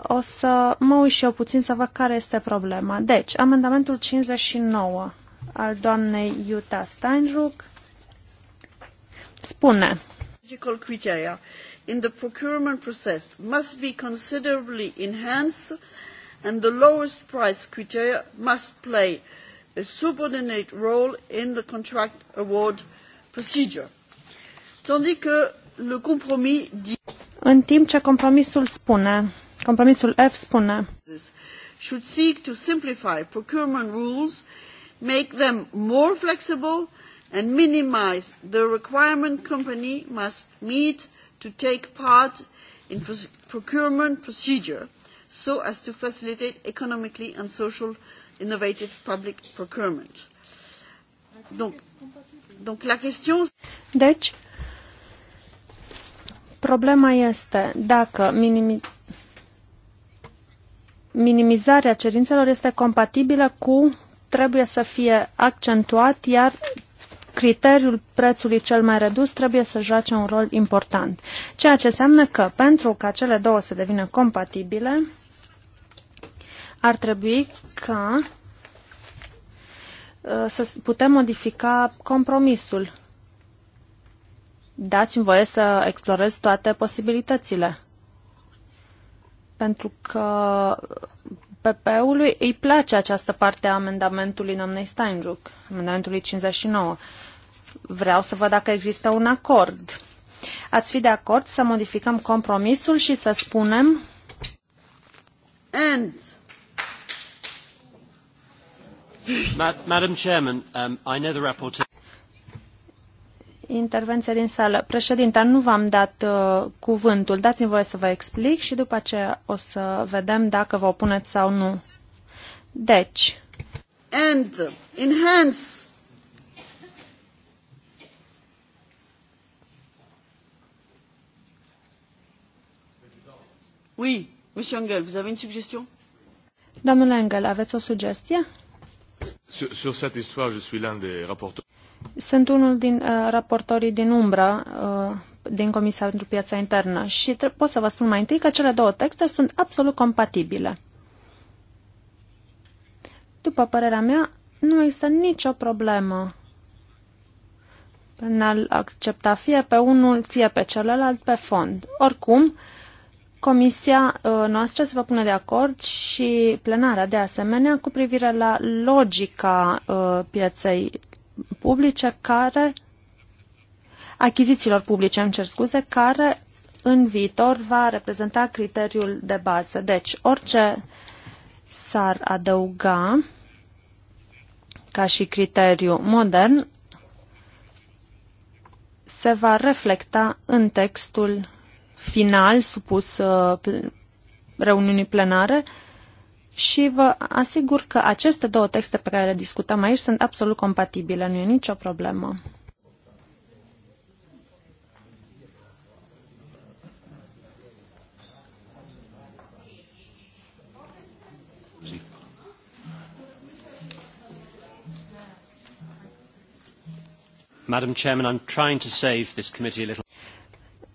[SPEAKER 1] o să mă uit și eu puțin să văd care este problema. Deci, amendamentul 59 al doamnei Iuta Steinruck spune
[SPEAKER 2] criteria in the procurement process must be considerably enhanced and the lowest price criteria must play a subordinate role in the contract award procedure. Tandis que le compromis dit...
[SPEAKER 1] În timp ce compromisul spune Compromisul F spune
[SPEAKER 2] should seek to simplify procurement rules, make them more flexible and minimize the requirement company must meet to take part in procurement procedure so as to facilitate economically and social innovative public procurement. Donc, donc la question...
[SPEAKER 1] Deci, problema este dacă minimizăm minimizarea cerințelor este compatibilă cu trebuie să fie accentuat, iar criteriul prețului cel mai redus trebuie să joace un rol important. Ceea ce înseamnă că pentru ca cele două să devină compatibile, ar trebui ca uh, să putem modifica compromisul. Dați-mi voie să explorez toate posibilitățile pentru că PP-ului îi place această parte a amendamentului doamnei Steinruck, amendamentului 59. Vreau să văd dacă există un acord. Ați fi de acord să modificăm compromisul și să spunem And
[SPEAKER 2] Madam Chairman, um, I know the rapporteur
[SPEAKER 1] intervenție din sală. Președinte, nu v-am dat uh, cuvântul. Dați-mi voie să vă explic și după aceea o să vedem dacă vă opuneți sau nu. Deci. And enhance.
[SPEAKER 2] Oui, monsieur Engel, vous avez une suggestion?
[SPEAKER 1] Domnule Engel, aveți o sugestie?
[SPEAKER 2] Sur, sur cette histoire, je suis l'un des rapporteurs.
[SPEAKER 1] Sunt unul din uh, raportorii din umbra uh, din Comisia pentru Piața Internă și pot să vă spun mai întâi că cele două texte sunt absolut compatibile. După părerea mea, nu există nicio problemă în a accepta fie pe unul, fie pe celălalt, pe fond. Oricum, comisia uh, noastră se va pune de acord și plenarea de asemenea cu privire la logica uh, pieței publice care achizițiilor publice, îmi cer scuze, care în viitor va reprezenta criteriul de bază. Deci, orice s-ar adăuga ca și criteriu modern se va reflecta în textul final supus uh, reuniunii plenare și vă asigur că aceste două texte pe care le discutăm aici sunt absolut compatibile, nu e nicio problemă.
[SPEAKER 3] Madam Chairman, I'm trying to save this committee a little.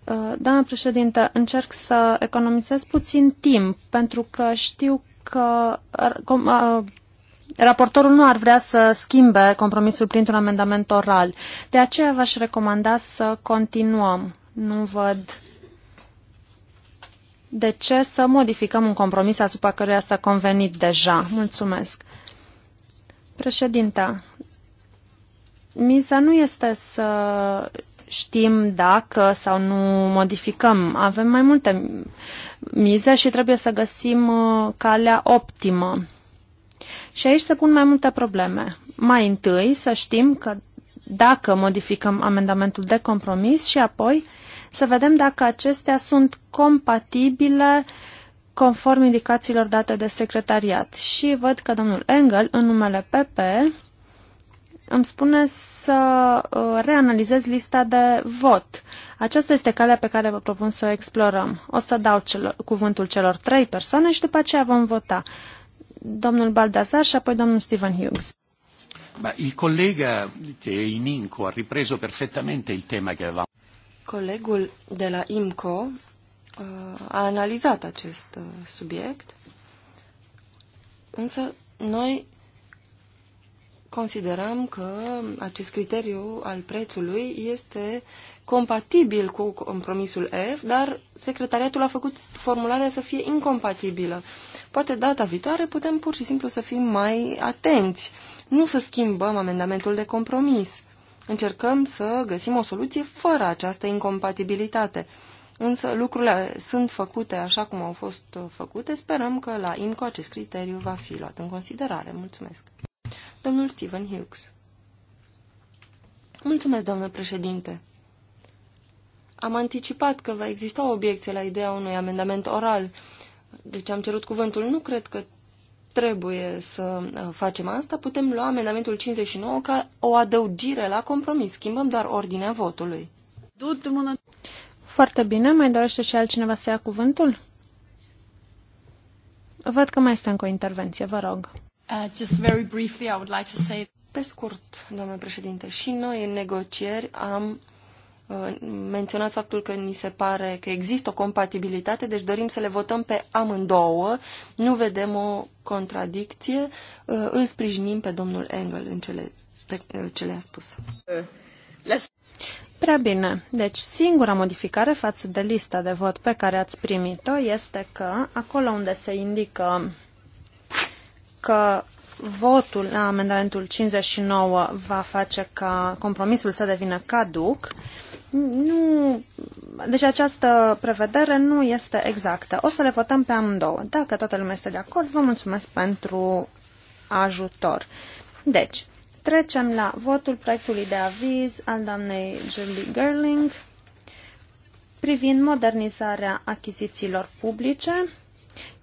[SPEAKER 1] Uh, doamna președintă, încerc să economisez puțin timp, pentru că știu că raportorul nu ar vrea să schimbe compromisul printr-un amendament oral. De aceea v-aș recomanda să continuăm. Nu văd de ce să modificăm un compromis asupra căruia s-a convenit deja. Mulțumesc. Președinta, miza nu este să știm dacă sau nu modificăm. Avem mai multe mize și trebuie să găsim uh, calea optimă. Și aici se pun mai multe probleme. Mai întâi să știm că dacă modificăm amendamentul de compromis și apoi să vedem dacă acestea sunt compatibile conform indicațiilor date de secretariat. Și văd că domnul Engel, în numele PP, îmi spune să uh, reanalizez lista de vot. Aceasta este calea pe care vă propun să o explorăm. O să dau celor, cuvântul celor trei persoane și după aceea vom vota. Domnul Baldazar și apoi domnul Stephen Hughes.
[SPEAKER 2] Ma il collega che è in INCO ha ripreso perfettamente il tema che avevamo.
[SPEAKER 3] Colegul de la IMCO uh, a analizat acest uh, subiect, însă noi considerăm că acest criteriu al prețului este compatibil cu compromisul F, dar secretariatul a făcut formularea să fie incompatibilă. Poate data viitoare putem pur și simplu să fim mai atenți, nu să schimbăm amendamentul de compromis. Încercăm să găsim o soluție fără această incompatibilitate. Însă lucrurile sunt făcute așa cum au fost făcute. Sperăm că la IMCO acest criteriu va fi luat în considerare. Mulțumesc! Domnul Stephen Hughes. Mulțumesc, domnule președinte. Am anticipat că va exista o obiecție la ideea unui amendament oral, deci am cerut cuvântul. Nu cred că trebuie să uh, facem asta. Putem lua amendamentul 59 ca o adăugire la compromis. Schimbăm doar ordinea votului.
[SPEAKER 1] Foarte bine. Mai dorește și altcineva să ia cuvântul? Văd că mai este încă o intervenție. Vă rog.
[SPEAKER 3] Uh, just very briefly, I would like to say... Pe scurt, doamnă președinte, și noi în negocieri am uh, menționat faptul că ni se pare că există o compatibilitate, deci dorim să le votăm pe amândouă, nu vedem o contradicție, uh, îl sprijinim pe domnul
[SPEAKER 1] Engel în cele pe ce le-a spus. Prea bine. Deci singura modificare față de lista de vot pe care ați primit-o este că acolo unde se indică că votul la amendamentul 59 va face ca compromisul să devină caduc, nu, deci această prevedere nu este exactă. O să le votăm pe amândouă. Dacă toată lumea este de acord, vă mulțumesc pentru ajutor. Deci, trecem la votul proiectului de aviz al doamnei Julie Gerling privind modernizarea achizițiilor publice.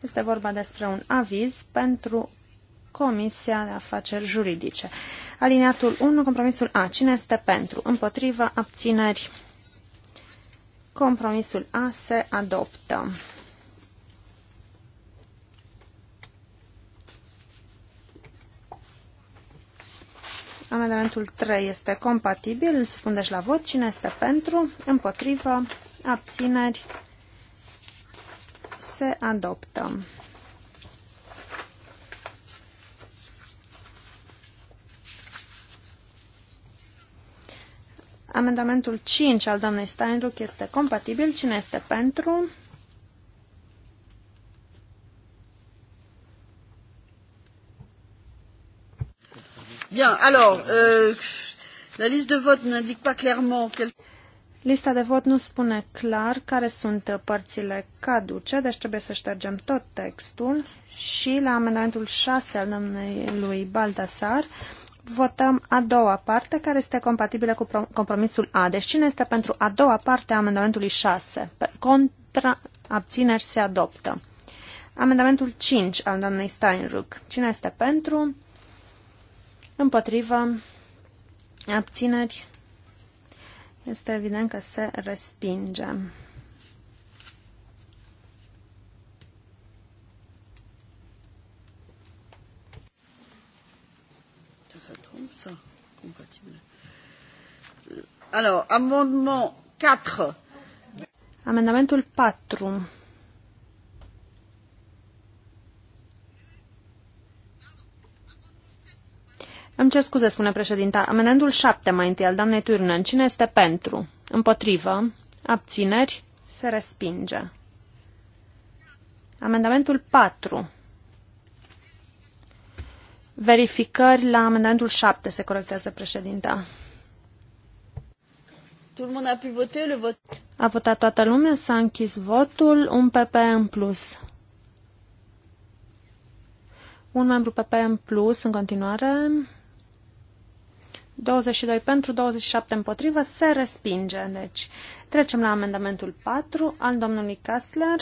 [SPEAKER 1] Este vorba despre un aviz pentru Comisia de Afaceri Juridice. Alineatul 1, compromisul A. Cine este pentru? Împotriva abțineri. Compromisul A se adoptă. Amendamentul 3 este compatibil, îl supun deci la vot. Cine este pentru? Împotrivă? Abțineri? Se adoptă. Amendamentul 5 al doamnei Steinruck este compatibil. Cine este pentru? Bien, alors, euh, la liste de vote n'indique pas clairement quel... Lista de vot nu spune clar care sunt părțile caduce, deci trebuie să ștergem tot textul. Și la amendamentul 6 al domnului Baldassar votăm a doua parte, care este compatibilă cu compromisul A. Deci cine este pentru a doua parte a amendamentului 6? Contra abțineri se adoptă. Amendamentul 5 al doamnei Steinruck. Cine este pentru? Împotrivă? Abțineri? Este evident că se respinge. Amendamentul 4. Îmi cer scuze, spune președinta. Amendamentul 7 mai întâi al doamnei Turnen. Cine este pentru? Împotrivă? Abțineri? Se respinge. Amendamentul 4. Verificări la amendamentul 7 se corectează președinta. A votat toată lumea, s-a închis votul, un PP în plus. Un membru PP în plus în continuare. 22 pentru, 27 împotrivă, se respinge. Deci, trecem la amendamentul 4 al domnului Kastler.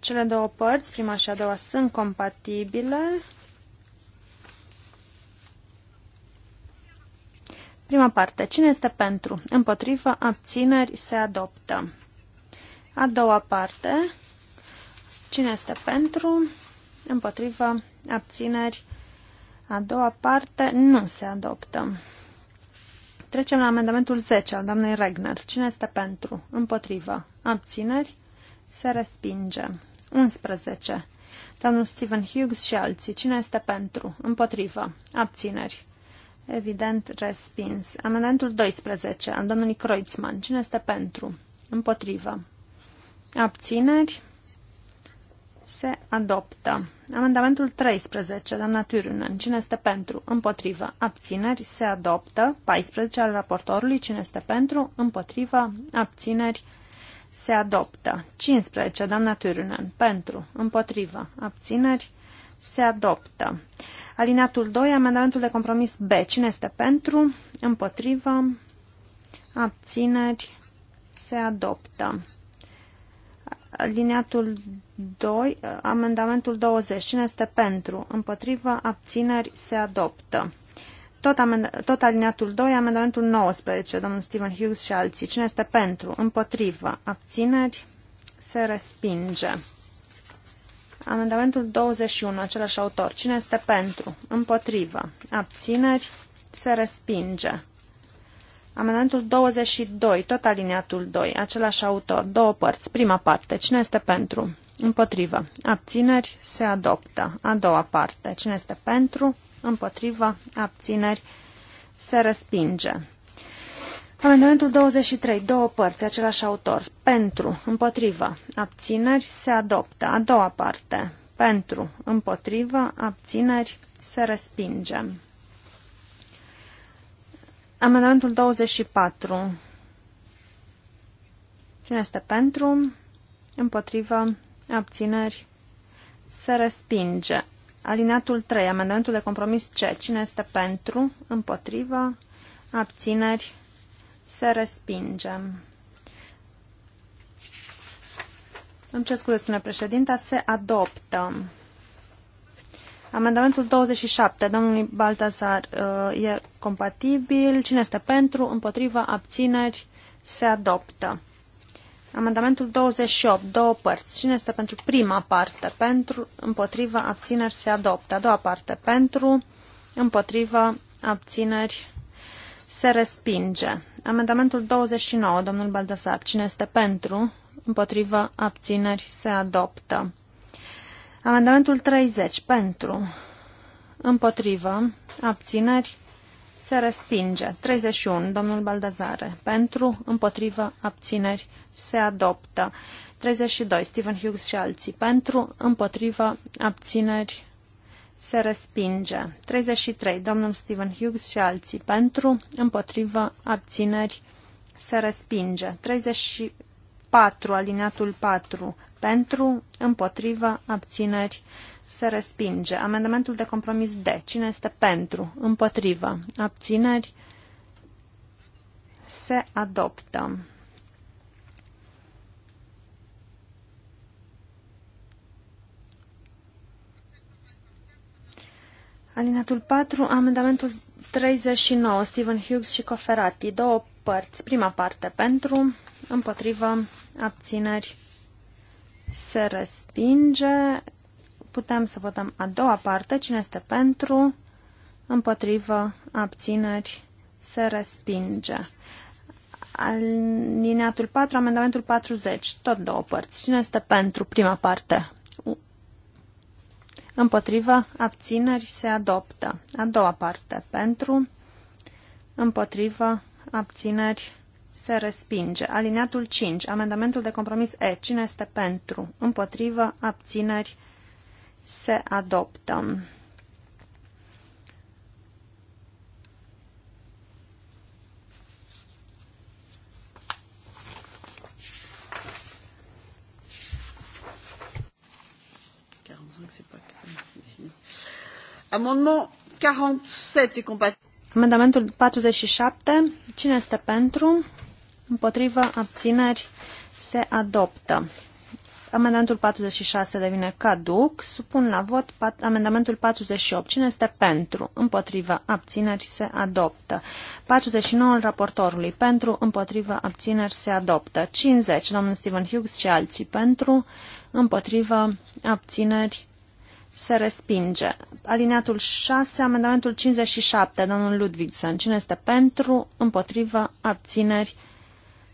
[SPEAKER 1] Cele două părți, prima și a doua, sunt compatibile. Prima parte. Cine este pentru? Împotrivă. Abțineri. Se adoptă. A doua parte. Cine este pentru? Împotrivă. Abțineri. A doua parte nu se adoptă. Trecem la amendamentul 10 al doamnei Regner. Cine este pentru? Împotrivă. Abțineri? Se respinge. 11. Domnul Stephen Hughes și alții. Cine este pentru? Împotrivă. Abțineri. Evident, respins. Amendamentul 12 al domnului Kreutzmann. Cine este pentru? Împotrivă. Abțineri? Se adoptă. Amendamentul 13, doamna Turunen. Cine este pentru? Împotrivă. Abțineri? Se adoptă. 14 al raportorului. Cine este pentru? Împotrivă. Abțineri? Se adoptă. 15, doamna Turunen. Pentru. Împotrivă. Abțineri? se adoptă. Alineatul 2, amendamentul de compromis B. Cine este pentru? Împotrivă? Abțineri? Se adoptă. Alineatul 2, amendamentul 20. Cine este pentru? Împotrivă? Abțineri? Se adoptă. Tot, amend- tot alineatul 2, amendamentul 19, domnul Stephen Hughes și alții. Cine este pentru? Împotrivă? Abțineri? Se respinge. Amendamentul 21, același autor. Cine este pentru? Împotrivă. Abțineri? Se respinge. Amendamentul 22, tot aliniatul 2, același autor, două părți. Prima parte, cine este pentru? Împotrivă. Abțineri? Se adoptă. A doua parte, cine este pentru? Împotrivă. Abțineri? Se respinge. Amendamentul 23, două părți, același autor. Pentru, împotrivă, abțineri, se adoptă. A doua parte, pentru, împotrivă, abțineri, se respinge. Amendamentul 24. Cine este pentru? Împotrivă, abțineri, se respinge. Alineatul 3, amendamentul de compromis C. Cine este pentru? Împotrivă, abțineri, se respingem. Îmi cer scuze, spune președinta, se adoptă. Amendamentul 27, domnului Baltazar, uh, e compatibil. Cine este pentru, împotriva, abțineri, se adoptă. Amendamentul 28, două părți. Cine este pentru prima parte? Pentru, împotriva, abțineri, se adoptă. A doua parte, pentru, împotriva, abțineri, se respinge. Amendamentul 29, domnul Baldasar. Cine este pentru? Împotrivă. Abțineri. Se adoptă. Amendamentul 30. Pentru. Împotrivă. Abțineri. Se respinge. 31. Domnul Baldazare. Pentru. Împotrivă. Abțineri. Se adoptă. 32. Stephen Hughes și alții. Pentru. Împotrivă. Abțineri se respinge. 33. Domnul Stephen Hughes și alții pentru, împotrivă, abțineri, se respinge. 34. Alineatul 4 pentru, împotrivă, abțineri, se respinge. Amendamentul de compromis D. Cine este pentru, împotrivă, abțineri, se adoptă. Alinatul 4, amendamentul 39, Stephen Hughes și Coferati, două părți. Prima parte pentru, împotrivă, abțineri, se respinge. Putem să votăm a doua parte, cine este pentru, împotrivă, abțineri, se respinge. Alineatul 4, amendamentul 40, tot două părți. Cine este pentru prima parte? Împotriva abțineri, se adoptă. A doua parte, pentru, Împotriva abțineri, se respinge. Alineatul 5, amendamentul de compromis E, cine este pentru? Împotriva abțineri, se adoptă. Amendamentul 47. Cine este pentru? Împotrivă? Abțineri? Se adoptă. Amendamentul 46 devine caduc. Supun la vot amendamentul 48. Cine este pentru? Împotrivă? Abțineri? Se adoptă. 49 al raportorului. Pentru? Împotrivă? Abțineri? Se adoptă. 50. Domnul Stephen Hughes și alții. Pentru? Împotrivă? Abțineri? se respinge. Alineatul 6, amendamentul 57, domnul Ludvigsen. Cine este pentru, împotrivă, abțineri,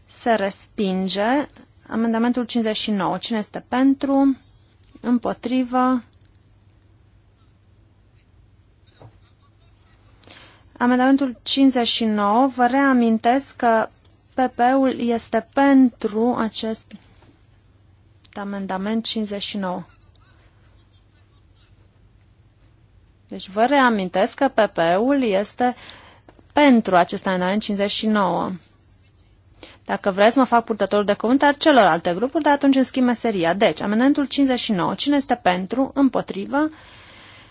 [SPEAKER 1] se respinge. Amendamentul 59. Cine este pentru, împotrivă, Amendamentul 59, vă reamintesc că PP-ul este pentru acest amendament 59. Deci vă reamintesc că PP-ul este pentru acest amendament 59. Dacă vreți, mă fac purtătorul de cuvânt al celorlalte grupuri, dar atunci îmi schimb meseria. Deci, amendamentul 59. Cine este pentru? Împotrivă?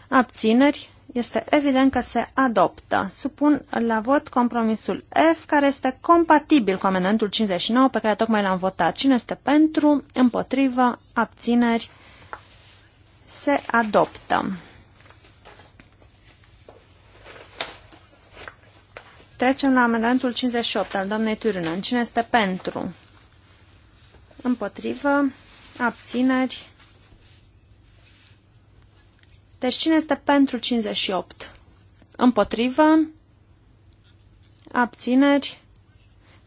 [SPEAKER 1] Abțineri? Este evident că se adoptă. Supun la vot compromisul F, care este compatibil cu amendamentul 59 pe care tocmai l-am votat. Cine este pentru? Împotrivă? Abțineri? Se adoptă. Trecem la amendamentul 58 al doamnei Turunen. Cine este pentru? Împotrivă. Abțineri. Deci cine este pentru 58? Împotrivă. Abțineri.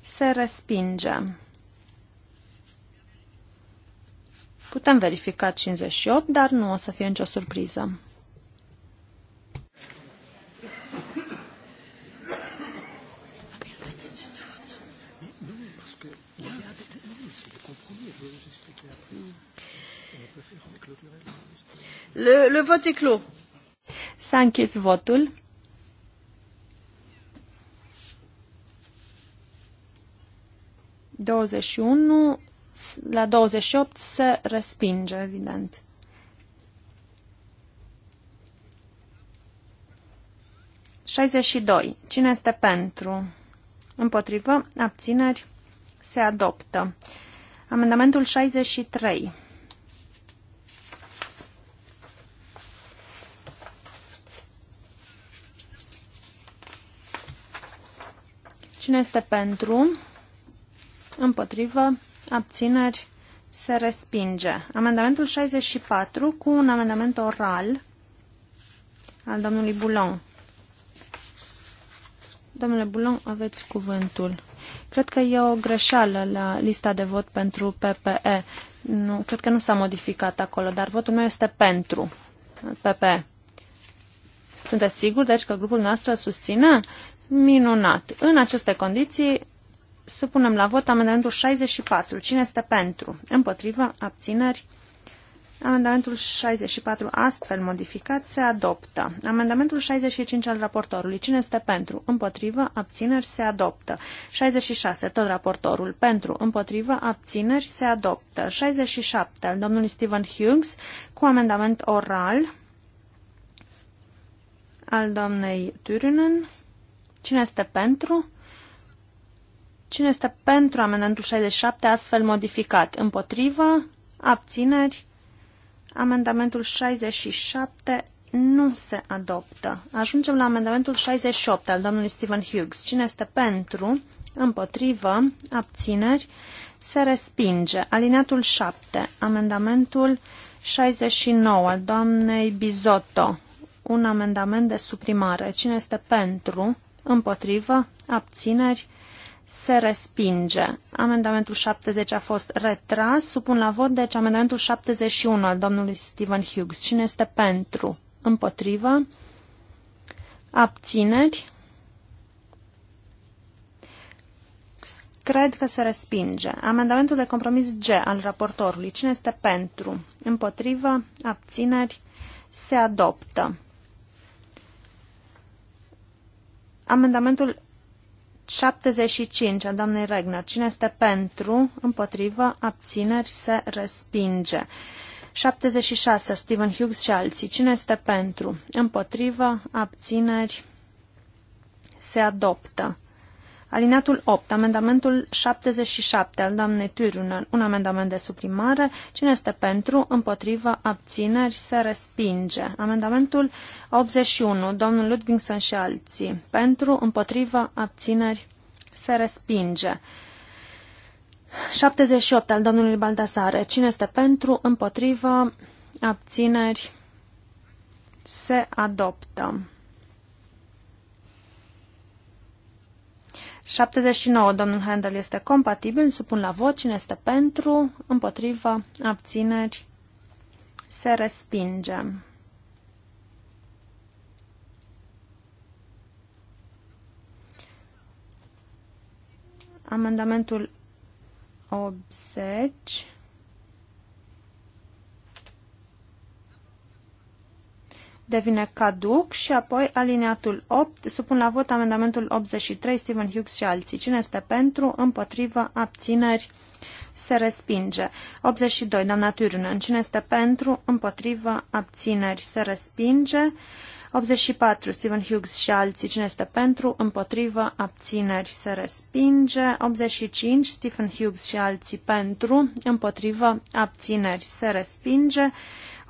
[SPEAKER 1] Se respinge. Putem verifica 58, dar nu o să fie nicio surpriză.
[SPEAKER 2] Le, le vot est clos.
[SPEAKER 1] S-a închis votul. la 28 se respinge, evident. Șaizeci doi. Cine este pentru? Împotrivă? Abțineri? Se adoptă. Amendamentul 63. Cine este pentru? Împotrivă? Abțineri? Se respinge. Amendamentul 64 cu un amendament oral al domnului Boulon. Domnule Boulon, aveți cuvântul. Cred că e o greșeală la lista de vot pentru PPE. Nu, cred că nu s-a modificat acolo, dar votul meu este pentru PPE. Sunteți siguri, deci, că grupul nostru susține? Minunat. În aceste condiții, supunem la vot amendamentul 64. Cine este pentru? Împotrivă? Abțineri? Amendamentul 64 astfel modificat se adoptă. Amendamentul 65 al raportorului. Cine este pentru? Împotrivă? Abțineri? Se adoptă. 66. Tot raportorul. Pentru? Împotrivă? Abțineri? Se adoptă. 67. Al domnului Stephen Hughes cu amendament oral al doamnei Turunen. Cine este pentru? Cine este pentru amendamentul 67 astfel modificat? Împotrivă? Abțineri? Amendamentul 67 nu se adoptă. Ajungem la amendamentul 68 al domnului Stephen Hughes. Cine este pentru? Împotrivă? Abțineri? Se respinge. Alineatul 7. Amendamentul 69 al doamnei Bizotto un amendament de suprimare. Cine este pentru? Împotrivă? Abțineri? Se respinge. Amendamentul 70 a fost retras. Supun la vot, deci, amendamentul 71 al domnului Stephen Hughes. Cine este pentru? Împotrivă? Abțineri? Cred că se respinge. Amendamentul de compromis G al raportorului. Cine este pentru? Împotrivă? Abțineri? Se adoptă. Amendamentul 75 a doamnei Regner. Cine este pentru, împotrivă, abțineri, se respinge. 76. Stephen Hughes și alții. Cine este pentru, împotrivă, abțineri, se adoptă. Alineatul 8, amendamentul 77 al doamnei Turunen, un amendament de suprimare. Cine este pentru, împotrivă, abțineri, se respinge. Amendamentul 81, domnul Ludvingson și alții. Pentru, împotrivă, abțineri, se respinge. 78 al domnului Baldasare. Cine este pentru, împotrivă, abțineri, se adoptă. 79, domnul Handel, este compatibil, supun la vot cine este pentru, împotrivă, abțineri, se respinge. Amendamentul 80 devine caduc și apoi alineatul 8. Supun la vot amendamentul 83, Stephen Hughes și alții. Cine este pentru, împotrivă, abțineri, se respinge. 82, doamna Turunen. Cine este pentru, împotrivă, abțineri, se respinge. 84, Stephen Hughes și alții. Cine este pentru, împotrivă, abțineri, se respinge. 85, Stephen Hughes și alții pentru, împotrivă, abțineri, se respinge.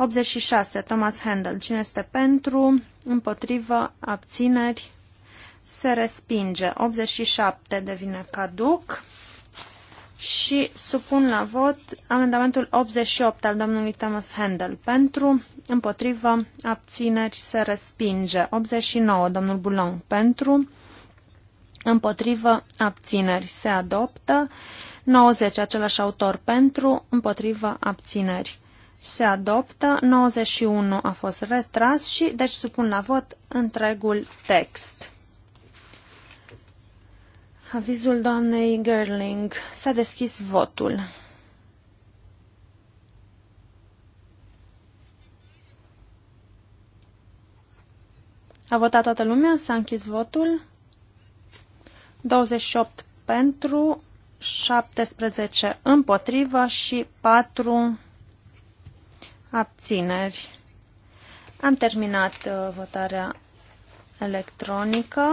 [SPEAKER 1] 86. Thomas Handel. Cine este pentru? Împotrivă? Abțineri? Se respinge. 87 devine caduc. Și supun la vot amendamentul 88 al domnului Thomas Handel. Pentru, împotrivă, abțineri, se respinge. 89, domnul Boulon. Pentru, împotrivă, abțineri, se adoptă. 90, același autor. Pentru, împotrivă, abțineri se adoptă, 91 a fost retras și deci supun la vot întregul text. Avizul doamnei Gerling. S-a deschis votul. A votat toată lumea, s-a închis votul. 28 pentru, 17 împotrivă și 4 Abțineri. Am terminat uh, votarea electronică.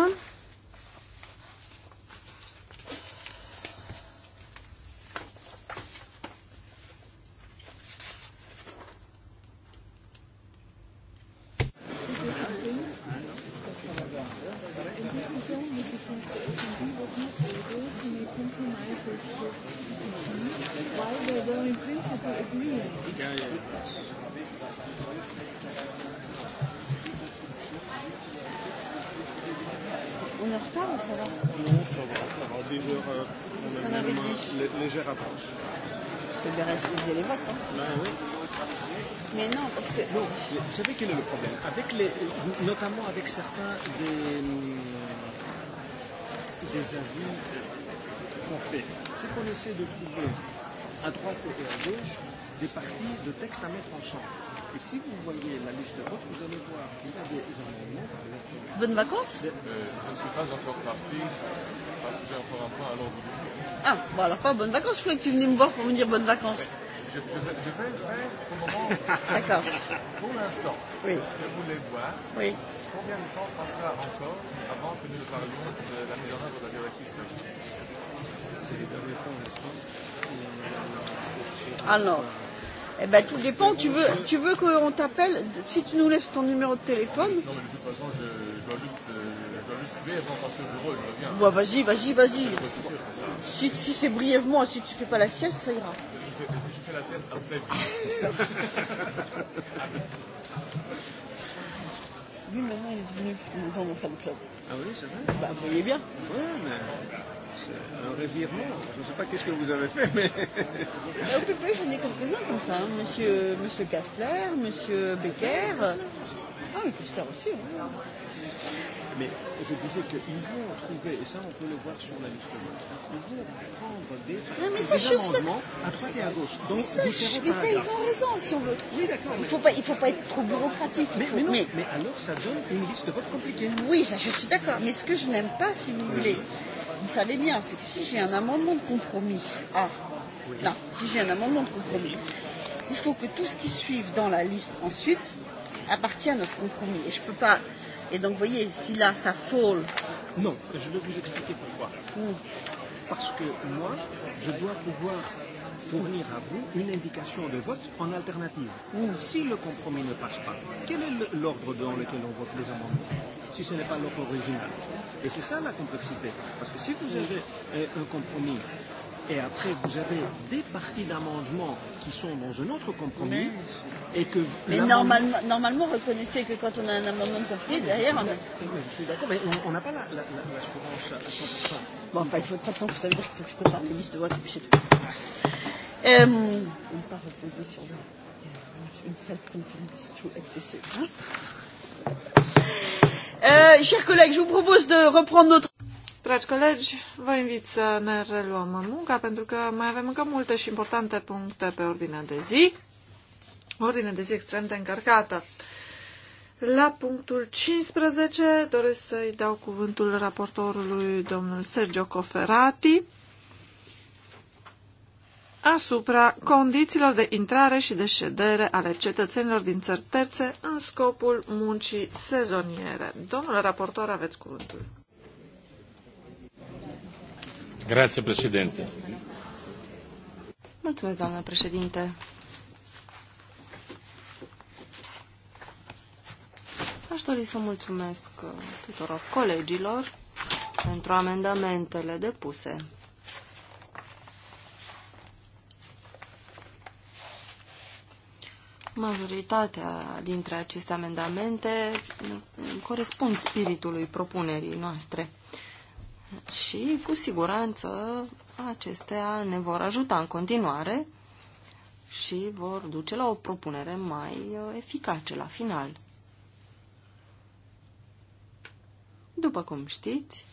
[SPEAKER 2] Why they were in principle agreeing. Yeah, yeah. en retard ou ça va Non, ça va, ça va. Des heures, euh, on a une légère avance. C'est bien respecter les votes, hein Ben oui. Mais non, parce que... Non, vous savez quel est le problème avec les, Notamment avec certains des, des avis qu'on fait. C'est qu'on essaie de trouver à droite et à gauche des parties de textes à mettre en chambre. Et si vous voyez la liste de vote, vous allez voir qu'il y a des amendements. Bonne vacances euh, Je ne suis pas encore parti parce que j'ai encore un point à l'ordre du jour. Ah, bon alors pas bonne vacances, je croyais que tu venais me voir pour me dire bonne vacances. Je, je, je vais le faire au moment. D'accord. Pour l'instant, oui. je voulais voir. Oui. Combien de temps passera encore avant que nous parlions de la mise en œuvre de la directive service Alors. Eh ben, tout dépend. Tu veux, tu veux qu'on t'appelle Si tu nous laisses ton numéro de téléphone. Non, mais de toute façon, je, je dois juste, euh, je dois juste avant de passer au bureau je reviens. Bon, vas-y, vas-y, vas-y. Si, si c'est brièvement, si tu fais pas la sieste, ça ira. Je fais, je fais la sieste après. Lui, maintenant, il est venu dans mon fan club. Ah oui, c'est vrai Bah, vous voyez bien. Ouais, mais un revirement. Je ne sais pas qu'est-ce que vous avez fait, mais... Euh, au PP, j'en ai quelques-uns comme ça. Hein. Monsieur, monsieur Kastler, Monsieur Becker. Ah, mais Kastler aussi, oui. Mais je disais qu'ils vont trouver, et ça on peut le voir sur la liste ils vont prendre des, non, mais ça, des je amendements je... à droite et à gauche. Donc mais ça, je... mais ça ils ont raison si on veut. Oui, d'accord. Il ne mais... faut, pas, il faut pas être trop bureaucratique. Mais, faut... mais, non, mais... mais alors ça donne une liste de vote compliquée. Oui, ça je suis d'accord. Mais ce que je n'aime pas, si vous oui. voulez. Oui ça allait bien, c'est que si j'ai un amendement de compromis, ah, oui. non, si j'ai un amendement de compromis, il faut que tout ce qui suive dans la liste ensuite appartienne à ce compromis. Et je peux pas. Et donc, vous voyez, si là, ça fall. Non, je vais vous expliquer pourquoi. Mm. Parce que moi, je dois pouvoir fournir à vous
[SPEAKER 1] une indication de vote en alternative. Mm. Si le compromis ne passe pas, quel est l'ordre dans lequel on vote les amendements si ce n'est pas l'offre originale. Et c'est ça la complexité. Parce
[SPEAKER 2] que si vous avez euh, un compromis et après vous avez des parties d'amendements qui sont dans un autre compromis et que mais normalement, normalement reconnaissez que quand on a un amendement de compromis derrière on a... je suis d'accord mais on n'a pas l'assurance la, la, à 100% bon bah, il faut, de toute façon vous savez il faut que je prépare les listes de vote et c'est tout euh, on ne pas reposer sur une self-confidence too excessive hein Euh, chers collègues, je vous propose de reprendre notre... Dragi colegi,
[SPEAKER 4] vă invit să ne reluăm munca, pentru că mai avem încă multe și importante puncte pe ordinea de zi. Ordine de zi extrem de încărcată. La punctul 15 doresc să-i dau cuvântul raportorului domnul Sergio Coferati asupra condițiilor de intrare și de ședere ale cetățenilor din țări terțe în scopul muncii sezoniere. Domnule raportor, aveți cuvântul.
[SPEAKER 2] Grazie, președinte.
[SPEAKER 3] Mulțumesc, doamnă președinte. Aș dori să mulțumesc tuturor colegilor pentru amendamentele depuse. Majoritatea dintre aceste amendamente corespund spiritului propunerii noastre și, cu siguranță, acestea ne vor ajuta în continuare și vor duce la o propunere mai uh, eficace la final. După cum știți,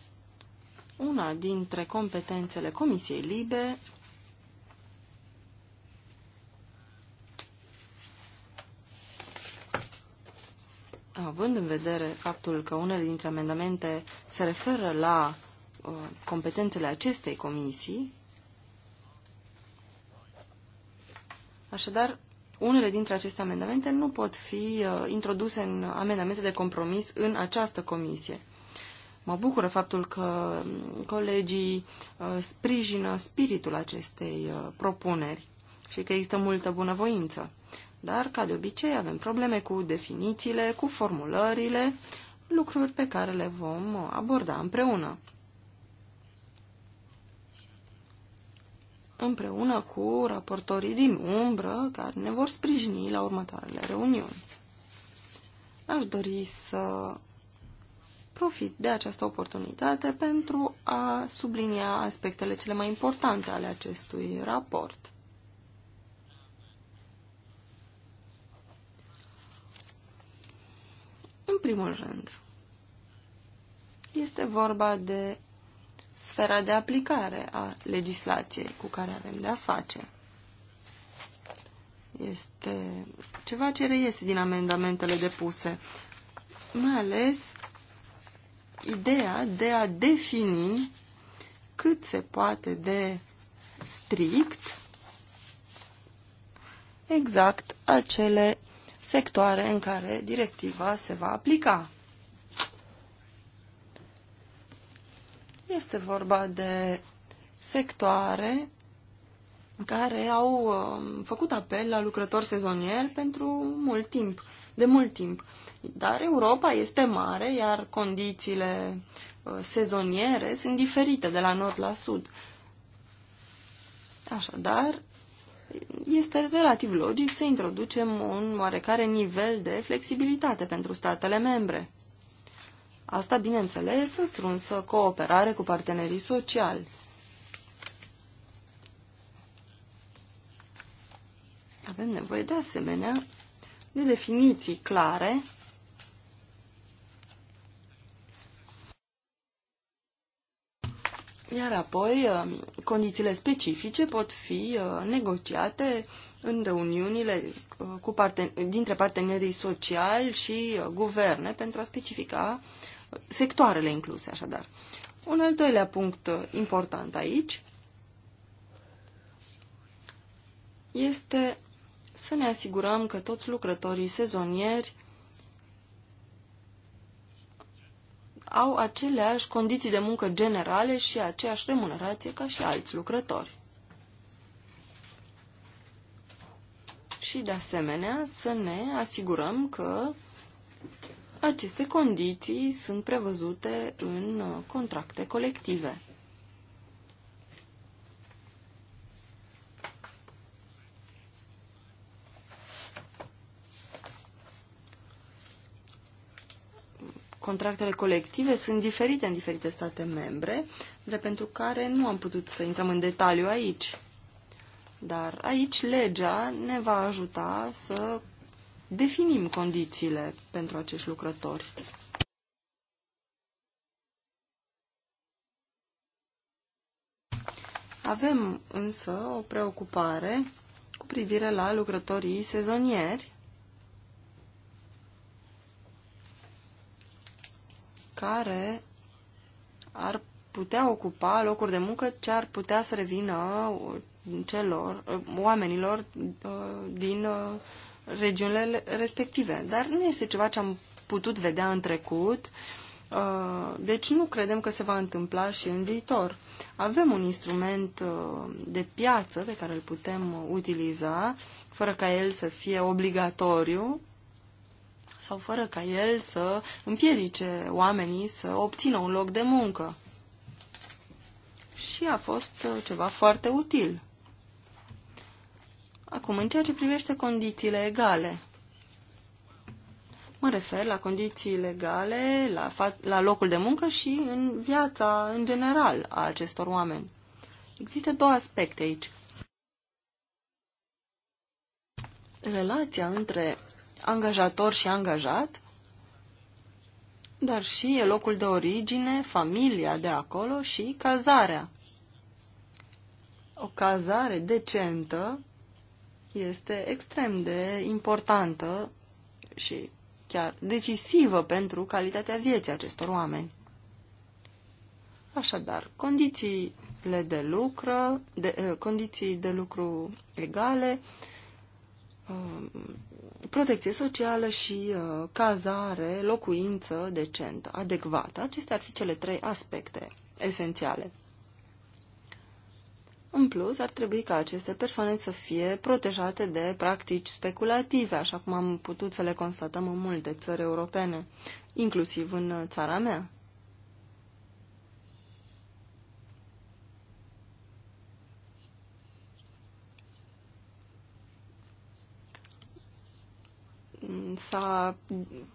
[SPEAKER 3] una dintre competențele Comisiei Libe având în vedere faptul că unele dintre amendamente se referă la uh, competențele acestei comisii, așadar, unele dintre aceste amendamente nu pot fi uh, introduse în amendamente de compromis în această comisie. Mă bucură faptul că um, colegii uh, sprijină spiritul acestei uh, propuneri și că există multă bunăvoință. Dar, ca de obicei, avem probleme cu definițiile, cu formulările, lucruri pe care le vom aborda împreună. Împreună cu raportorii din umbră care ne vor sprijini la următoarele reuniuni. Aș dori să profit de această oportunitate pentru a sublinia aspectele cele mai importante ale acestui raport. În primul rând, este vorba de sfera de aplicare a legislației cu care avem de a face. Este ceva ce reiese din amendamentele depuse, mai ales ideea de a defini cât se poate de strict exact acele sectoare în care directiva se va aplica. Este vorba de sectoare care au um, făcut apel la lucrători sezonieri pentru mult timp, de mult timp. Dar Europa este mare, iar condițiile uh, sezoniere sunt diferite de la nord la sud. Așadar, este relativ logic să introducem un oarecare nivel de flexibilitate pentru statele membre. Asta, bineînțeles, în strânsă cooperare cu partenerii sociali. Avem nevoie, de asemenea, de definiții clare Iar apoi, uh, condițiile specifice pot fi uh, negociate în reuniunile uh, cu parten dintre partenerii sociali și guverne pentru a specifica sectoarele incluse, așadar. Un al doilea punct important aici este să ne asigurăm că toți lucrătorii sezonieri au aceleași condiții de muncă generale și aceeași remunerație ca și alți lucrători. Și, de asemenea, să ne asigurăm că aceste condiții sunt prevăzute în uh, contracte colective. contractele colective sunt diferite în diferite state membre, de pentru care nu am putut să intrăm în detaliu aici. Dar aici legea ne va ajuta să definim condițiile pentru acești lucrători. Avem însă o preocupare cu privire la lucrătorii sezonieri care ar putea ocupa locuri de muncă ce ar putea să revină uh, celor, uh, oamenilor uh, din regiunile respective. Dar nu este ceva ce am putut vedea în trecut, deci nu credem că se va întâmpla și în viitor. Avem un instrument de piață pe care îl putem utiliza, fără ca el să fie obligatoriu, sau fără ca el să împiedice oamenii să obțină un loc de muncă. Și a fost uh, ceva foarte util. Acum, în ceea ce privește condițiile egale, mă refer la condițiile egale, la, la locul de muncă și în viața în general a acestor oameni. Există două aspecte aici. Relația între angajator și angajat, dar și locul de origine, familia de acolo și cazarea. O cazare decentă este extrem de importantă și chiar decisivă pentru calitatea vieții acestor oameni. Așadar, condițiile de lucru, de, eh, condiții de lucru egale, um, protecție socială și uh, cazare, locuință decentă, adecvată. Acestea ar fi cele trei aspecte esențiale. În plus, ar trebui ca aceste persoane să fie protejate de practici speculative, așa cum am putut să le constatăm în multe țări europene, inclusiv în uh, țara mea. s-a,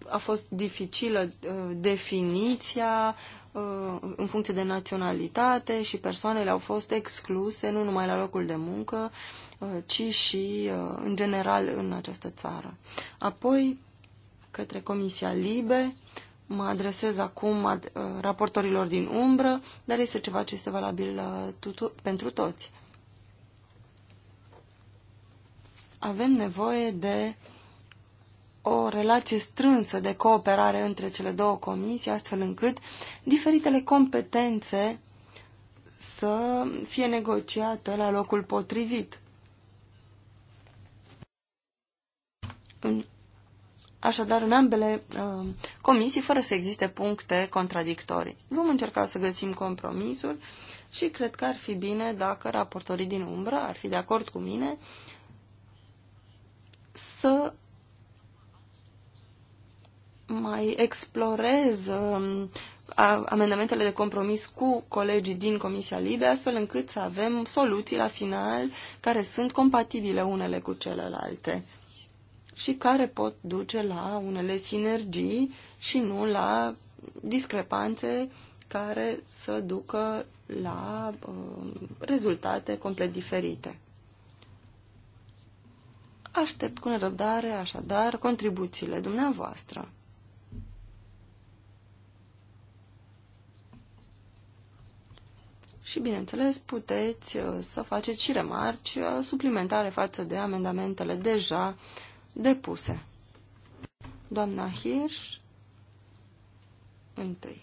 [SPEAKER 3] a fost dificilă uh, definiția uh, în funcție de naționalitate și persoanele au fost excluse nu numai la locul de muncă, uh, ci și în general în această țară. Apoi, către Comisia Libe, mă adresez acum raportorilor din umbră, dar este ceva ce este valabil pentru toți. Avem nevoie de o relație strânsă de cooperare între cele două comisii, astfel încât diferitele competențe să fie negociate la locul potrivit. În, așadar, în ambele uh, comisii, fără să existe puncte contradictorii. Vom încerca să găsim compromisuri și cred că ar fi bine dacă raportorii din umbră ar fi de acord cu mine să mai explorez um, amendamentele de compromis cu colegii din Comisia Libe, astfel încât să avem soluții la final care sunt compatibile unele cu celelalte și care pot duce la unele sinergii și nu la discrepanțe care să ducă la uh, rezultate complet diferite. Aștept cu nerăbdare, așadar, contribuțiile dumneavoastră. și, bineînțeles, puteți uh, să faceți și remarci uh, suplimentare față de amendamentele deja depuse. Doamna Hirsch, întâi.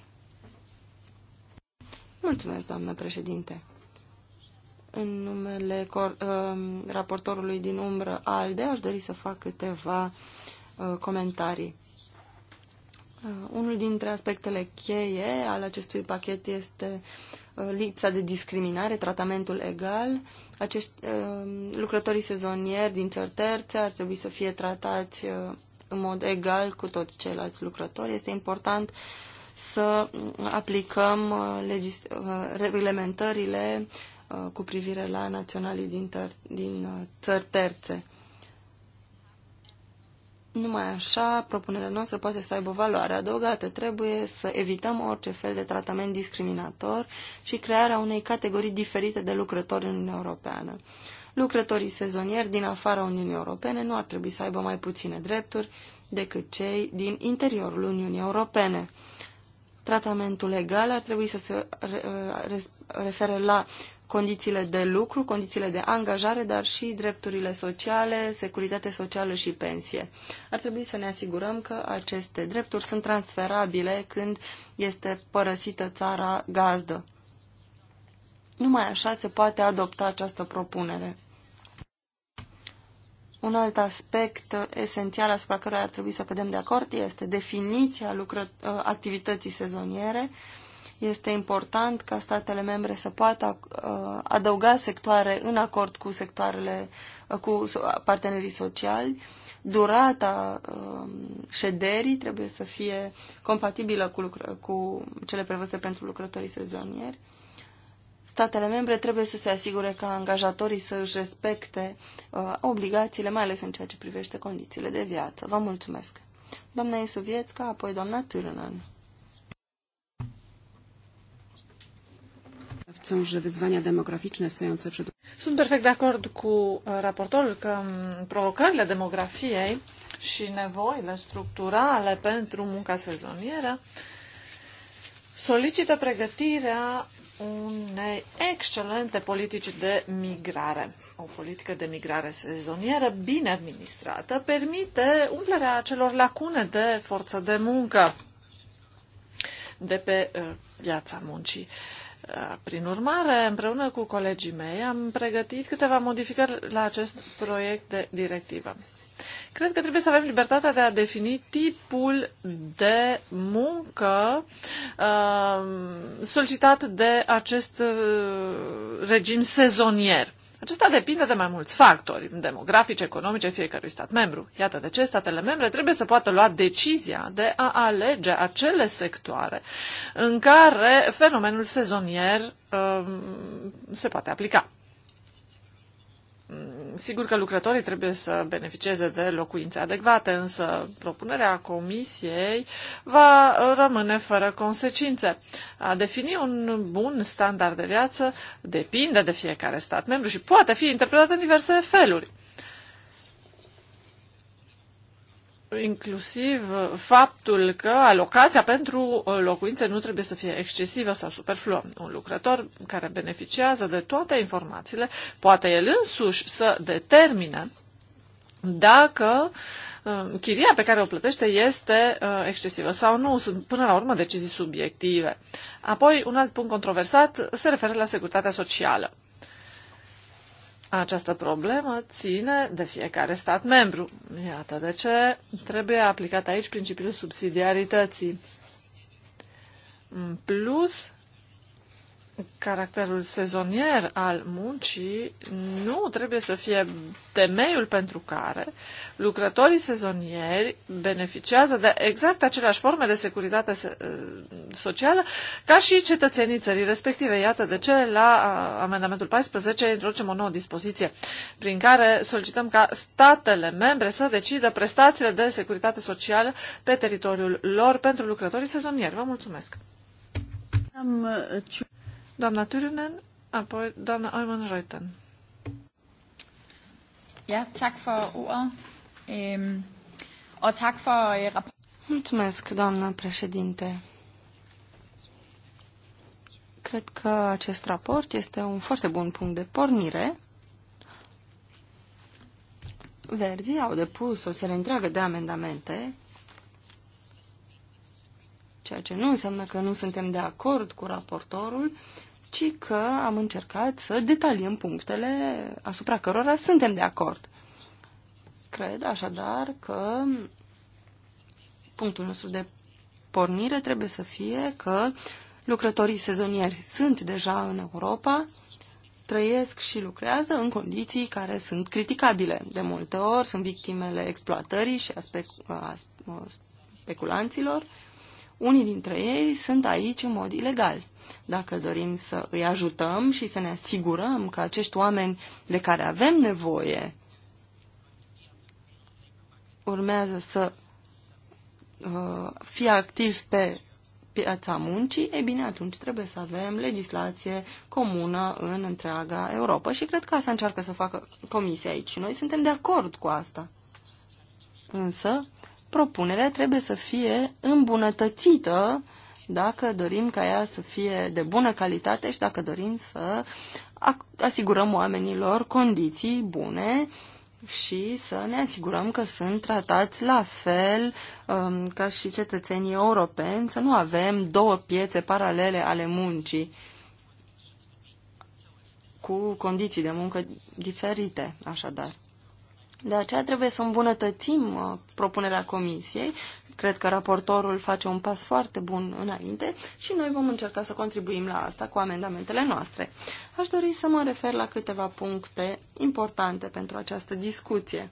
[SPEAKER 3] Mulțumesc, doamnă președinte. În numele uh, raportorului din umbră ALDE aș dori să fac câteva comentarii. Uh, unul dintre aspectele cheie al acestui pachet este uh, lipsa de discriminare, tratamentul egal. Acești uh, lucrătorii sezonieri din țări terțe ar trebui să fie tratați în mod egal cu toți ceilalți lucrători. Este important să aplicăm reglementările cu privire la naționalii din, ter- din țări terțe. Numai așa, propunerea noastră poate să aibă valoare adăugată. Trebuie să evităm orice fel de tratament discriminator și crearea unei categorii diferite de lucrători în Uniunea Europeană. Lucrătorii sezonieri din afara Uniunii Europene nu ar trebui să aibă mai puține drepturi decât cei din interiorul Uniunii Europene. Tratamentul legal ar trebui să se uh, referă la condițiile de lucru, condițiile de angajare, dar și drepturile sociale, securitate socială și pensie. Ar trebui să ne asigurăm că aceste drepturi sunt transferabile când este părăsită țara gazdă. Numai așa se poate adopta această propunere. Un alt aspect esențial asupra căruia ar trebui să cădem de acord este definiția lucră, activității sezoniere. Uh, este important ca statele membre să poată uh, adăuga sectoare în acord cu sectoarele, uh, cu partenerii sociali. Durata um, șederii trebuie să fie compatibilă cu, cu cele prevăzute pentru lucrătorii sezonieri statele membre trebuie să se asigure că angajatorii să își respecte uh, obligațiile, mai ales în ceea ce privește condițiile de viață. Vă mulțumesc. Doamna Isuviețca, apoi doamna Tyrânan. że wyzwania demograficzne stojące przed...
[SPEAKER 4] Sunt perfect de acord cu raportorul că provocările demografiei și nevoile structurale pentru munca sezonieră solicită pregătirea unei excelente politici de migrare. O politică de migrare sezonieră bine administrată permite umplerea acelor lacune de forță de muncă de pe uh, piața muncii. Uh, Uh, prin urmare, împreună cu colegii mei, am pregătit câteva modificări la acest proiect de directivă. Cred că trebuie să avem libertatea de a defini tipul de muncă uh, solicitat de acest uh, regim sezonier. Acesta depinde de mai mulți factori, demografice, economice, fiecărui stat membru. Iată de ce statele membre trebuie să poată lua decizia de a alege acele sectoare în care fenomenul sezonier um, se poate aplica. Sigur că lucrătorii trebuie să beneficieze de locuințe adecvate, însă propunerea comisiei va rămâne fără consecințe. A defini un bun standard de viață depinde de fiecare stat membru și poate fi interpretat în diverse feluri. inclusiv uh, faptul că alocația pentru uh, locuințe nu trebuie să fie excesivă sau superfluă. Un lucrător care beneficiază de toate informațiile poate el însuși să determine dacă uh, chiria pe care o plătește este excesivă sau nu. Sunt până la urmă decizii subiective. Apoi, un alt punct controversat se referă la securitatea socială. Această problemă ține de fiecare stat membru. Iată de ce trebuie aplicat aici principiul subsidiarității. În plus, caracterul sezonier al muncii nu trebuie să fie temeiul pentru care lucrătorii sezonieri beneficiază de exact aceleași forme de securitate eh, socială ca și cetățenii țării respective. Iată de ce la amendamentul 14 introducem o nouă dispoziție prin care solicităm ca statele membre să decidă prestațiile de securitate socială pe teritoriul lor pentru lucrătorii sezonieri. Vă mulțumesc!
[SPEAKER 2] Am, eh, doamna Turunen,
[SPEAKER 4] apoi doamna Oyman Reuten.
[SPEAKER 3] Ja, tak for ordet. Øhm, og tak for uh, Mulțumesc, doamna președinte. Cred că acest raport este un foarte bun punct de pornire. Verzii au depus o serie întreagă de amendamente, ceea ce nu înseamnă că nu suntem de acord cu raportorul, ci că am încercat să detaliem punctele asupra cărora suntem de acord. Cred așadar că punctul nostru de pornire trebuie să fie că lucrătorii sezonieri sunt deja în Europa, trăiesc și lucrează în condiții care sunt criticabile. De multe ori sunt victimele exploatării și a, spec- a speculanților. Unii dintre ei sunt aici în mod ilegal. Dacă dorim să îi ajutăm și să ne asigurăm că acești oameni de care avem nevoie urmează să uh, fie activ pe piața muncii, e bine, atunci trebuie să avem legislație comună în întreaga Europa și cred că asta încearcă să facă Comisia aici și noi suntem de acord cu asta. Însă, propunerea trebuie să fie îmbunătățită dacă dorim ca ea să fie de bună calitate și dacă dorim să asigurăm oamenilor condiții bune și să ne asigurăm că sunt tratați la fel um, ca și cetățenii europeni, să nu avem două piețe paralele ale muncii cu condiții de muncă diferite, așadar. De aceea trebuie să îmbunătățim uh, propunerea comisiei Cred că raportorul face un pas foarte bun înainte și noi vom încerca să contribuim la asta cu amendamentele noastre. Aș dori să mă refer la câteva puncte importante pentru această discuție.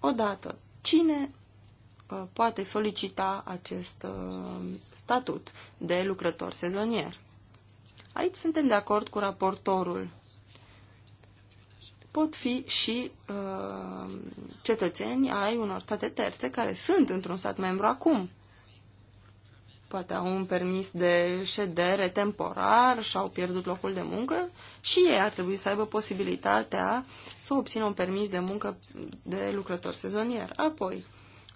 [SPEAKER 3] Odată, cine uh, poate solicita acest uh, statut de lucrător sezonier? Aici suntem de acord cu raportorul pot fi și uh, cetățeni ai unor state terțe care sunt într-un stat membru acum. Poate au un permis de ședere temporar și au pierdut locul de muncă și ei ar trebui să aibă posibilitatea să obțină un permis de muncă de lucrător sezonier. Apoi,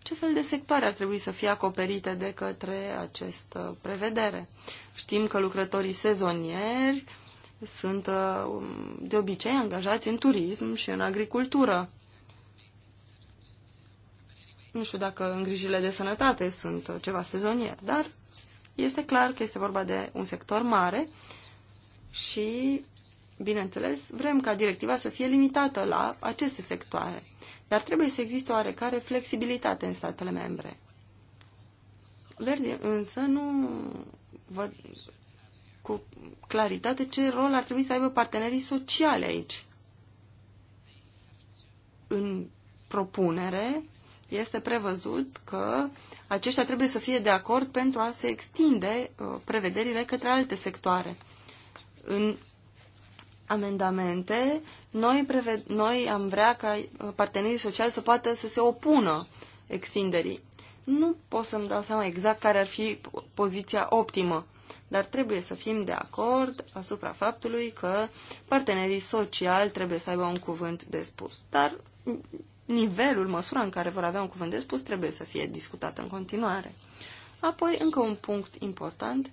[SPEAKER 3] ce fel de sectoare ar trebui să fie acoperite de către această prevedere? Știm că lucrătorii sezonieri sunt uh, um, de obicei angajați în turism și în agricultură. Nu știu dacă îngrijile de sănătate sunt uh, ceva sezonier, dar este clar că este vorba de un sector mare și, bineînțeles, vrem ca directiva să fie limitată la aceste sectoare. Dar trebuie să existe oarecare flexibilitate în statele membre. Verzi însă nu văd, cu claritate ce rol ar trebui să aibă partenerii sociale aici. În propunere este prevăzut că aceștia trebuie să fie de acord pentru a se extinde uh, prevederile către alte sectoare. În amendamente, noi, preved, noi am vrea ca uh, partenerii sociali să poată să se opună extinderii. Nu pot să-mi dau seama exact care ar fi poziția optimă dar trebuie să fim de acord asupra faptului că partenerii sociali trebuie să aibă un cuvânt de spus. Dar nivelul, măsura în care vor avea un cuvânt de spus trebuie să fie discutat în continuare. Apoi, încă un punct important,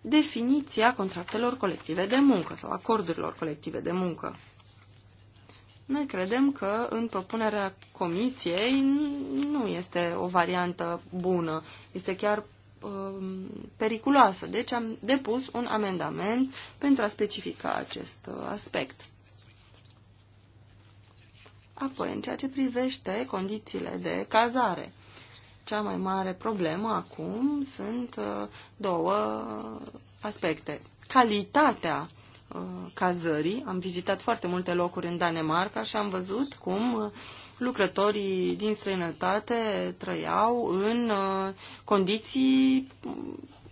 [SPEAKER 3] definiția contractelor colective de muncă sau acordurilor colective de muncă. Noi credem că în propunerea comisiei nu este o variantă bună, este chiar Um, periculoasă. Deci am depus un amendament pentru a specifica acest uh, aspect. Apoi, în ceea ce privește condițiile de cazare, cea mai mare problemă acum sunt uh, două aspecte. Calitatea uh, cazării. Am vizitat foarte multe locuri în Danemarca și am văzut cum lucrătorii din străinătate trăiau în uh, condiții uh,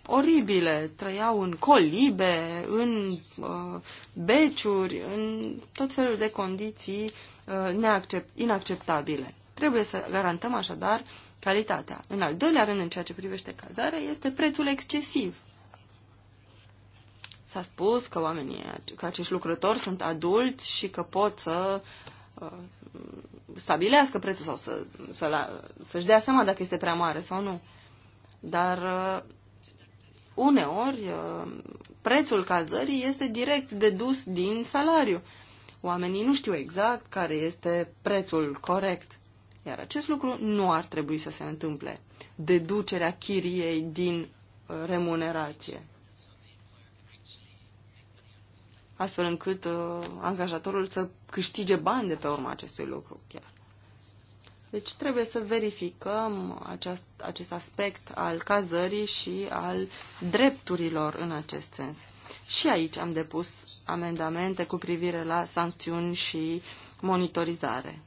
[SPEAKER 3] oribile, trăiau în colibe, în uh, beciuri, în tot felul de condiții inacceptabile. Trebuie să garantăm așadar calitatea. În al doilea rând, în ceea ce privește cazarea, este prețul excesiv. S-a spus că oamenii, că acești lucrători sunt adulți și că pot să uh, stabilească prețul sau să, să la, să-și dea seama dacă este prea mare sau nu. Dar uh, uneori uh, prețul cazării este direct dedus din salariu. Oamenii nu știu exact care este prețul corect. Iar acest lucru nu ar trebui să se întâmple. Deducerea chiriei din uh, remunerație. astfel încât uh, angajatorul să câștige bani de pe urma acestui lucru chiar. Deci trebuie să verificăm aceast, acest aspect al cazării și al drepturilor în acest sens. Și aici am depus amendamente cu privire la sancțiuni și monitorizare.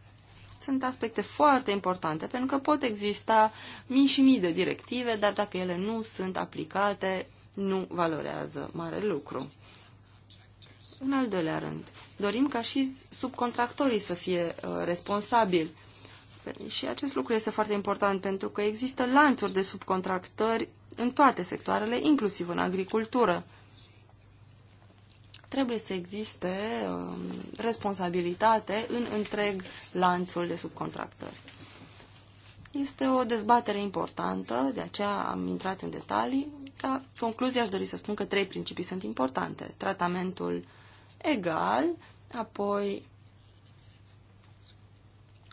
[SPEAKER 3] Sunt aspecte foarte importante, pentru că pot exista mii și mii de directive, dar dacă ele nu sunt aplicate, nu valorează mare lucru. În al doilea rând, dorim ca și subcontractorii să fie uh, responsabili. Și acest lucru este foarte important pentru că există lanțuri de subcontractări în toate sectoarele, inclusiv în agricultură. Trebuie să existe uh, responsabilitate în întreg lanțul de subcontractări. Este o dezbatere importantă, de aceea am intrat în detalii. Ca concluzie aș dori să spun că trei principii sunt importante. Tratamentul uh, egal, apoi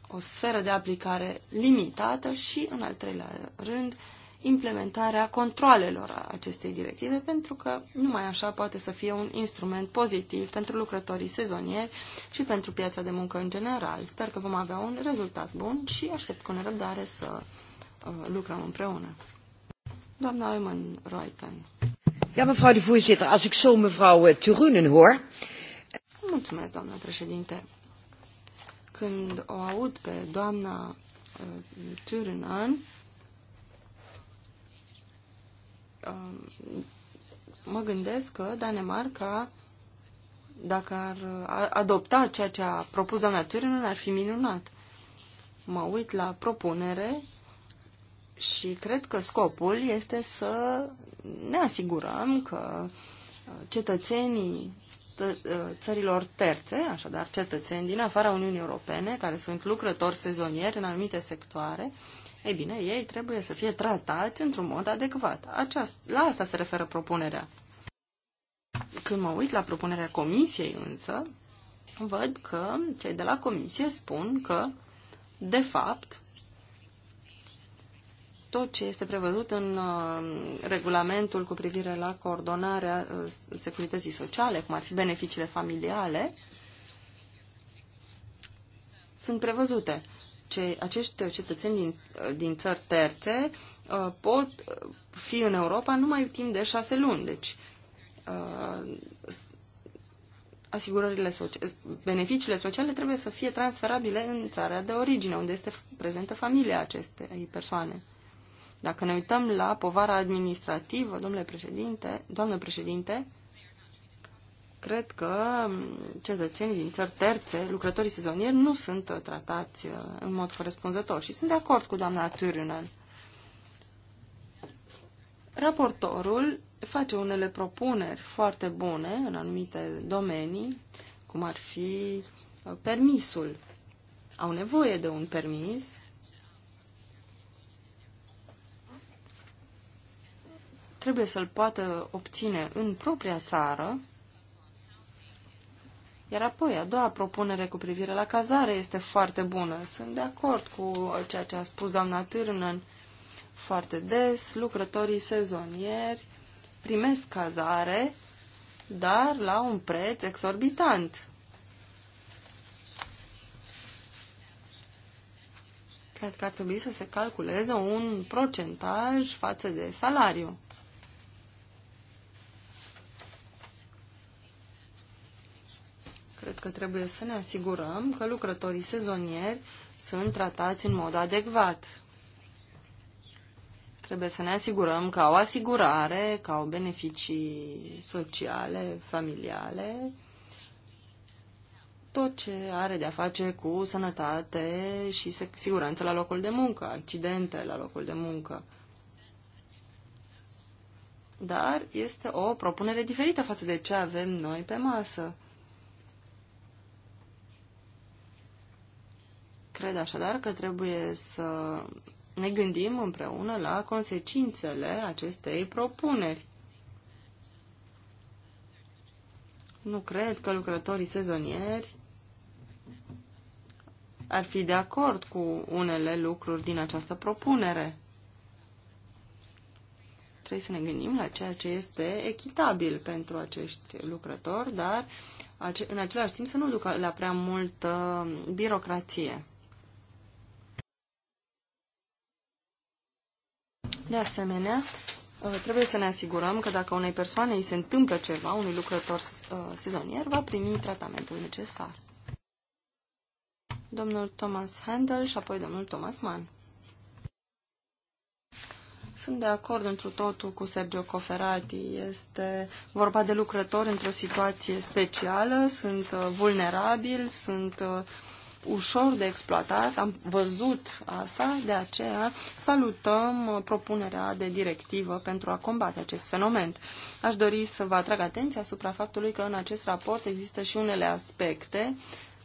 [SPEAKER 3] o sferă de aplicare limitată și, în al treilea rând, implementarea controlelor acestei directive, pentru că numai așa poate să fie un instrument pozitiv pentru lucrătorii sezonieri și pentru piața de muncă în general. Sper că vom avea un rezultat bun și aștept cu nerăbdare să uh, lucrăm împreună. Doamna Eumann Reuten.
[SPEAKER 2] Ja, mevrouw de voorzitter, als ik zo mevrouw eh, Turunen hoor,
[SPEAKER 3] Mulțumesc, doamnă președinte. Când o aud pe doamna uh, Turnan, uh, mă gândesc că Danemarca, dacă ar adopta ceea ce a propus doamna Turnan, ar fi minunat. Mă uit la propunere și cred că scopul este să ne asigurăm că uh, cetățenii Ă, țărilor terțe, așadar cetățeni din afara Uniunii Europene, care sunt lucrători sezonieri în anumite sectoare, ei bine, ei trebuie să fie tratați într-un mod adecvat. Aceast, la asta se referă propunerea. Când mă uit la propunerea comisiei însă, văd că cei de la comisie spun că, de fapt, tot ce este prevăzut în uh, regulamentul cu privire la coordonarea uh, securității sociale, cum ar fi beneficiile familiale, sunt prevăzute. Ce, acești cetățeni din, uh, din țări terțe pot fi în Europa numai timp de șase luni. Deci, asigurările sociale, beneficiile sociale trebuie să fie transferabile în țara de origine, unde este prezentă familia acestei persoane. Dacă ne uităm la povara administrativă, domnule președinte, doamnă președinte, cred că cetățenii din țări terțe, lucrătorii sezonieri, nu sunt tratați uh, în mod corespunzător și sunt de acord cu doamna Turunen. Raportorul face unele propuneri foarte bune în anumite domenii, cum ar fi uh, permisul. Au nevoie de un permis trebuie să-l poată obține în propria țară, iar apoi, a doua propunere cu privire la cazare este foarte bună. Sunt de acord cu ceea ce a spus doamna Târnăn. Foarte des, lucrătorii sezonieri primesc cazare, dar la un preț exorbitant. Cred că ar trebui să se calculeze un procentaj față de salariu. Cred că trebuie să ne asigurăm că lucrătorii sezonieri sunt tratați în mod adecvat. Trebuie să ne asigurăm că au asigurare, că au beneficii sociale, familiale, tot ce are de-a face cu sănătate și siguranță la locul de muncă, accidente la locul de muncă. Dar este o propunere diferită față de ce avem noi pe masă. Cred așadar că trebuie să ne gândim împreună la consecințele acestei propuneri. Nu cred că lucrătorii sezonieri ar fi de acord cu unele lucruri din această propunere. Trebuie să ne gândim la ceea ce este echitabil pentru acești lucrători, dar în același timp să nu ducă la prea multă birocrație. De asemenea, uh, trebuie să ne asigurăm că dacă unei persoane îi se întâmplă ceva, unui lucrător uh, sezonier, va primi tratamentul necesar. Domnul Thomas Handel și apoi domnul Thomas Mann. Sunt de acord întru totul cu Sergio Coferati. Este vorba de lucrători într-o situație specială, sunt uh, vulnerabili, sunt ușor de exploatat, am văzut asta, de aceea salutăm uh, propunerea de directivă pentru a combate acest fenomen. Aș dori să vă atrag atenția asupra faptului că în acest raport există și unele aspecte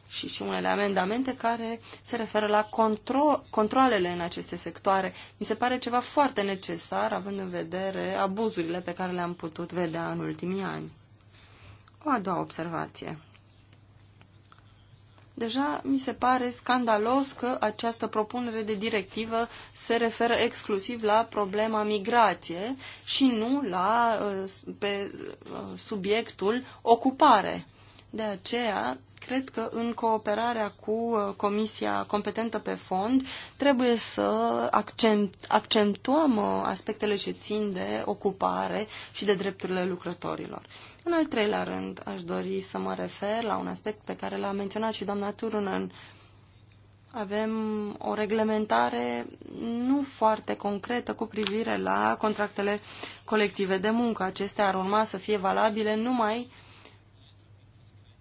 [SPEAKER 3] și și unele amendamente care se referă la contro controlele în aceste sectoare. Mi se pare ceva foarte necesar, având în vedere abuzurile pe care le-am putut vedea în ultimii ani. O a doua observație. Deja mi se pare scandalos că această propunere de directivă se referă exclusiv la problema migrație și nu la uh, pe uh, subiectul ocupare. De aceea, cred că în cooperarea cu uh, comisia competentă pe fond trebuie să accentuăm aspectele ce țin de ocupare și de drepturile lucrătorilor. În al treilea rând, aș dori să mă refer la un aspect pe care l-a menționat și doamna Turunen. Avem o reglementare nu foarte concretă cu privire la contractele colective de muncă. Acestea ar urma să fie valabile numai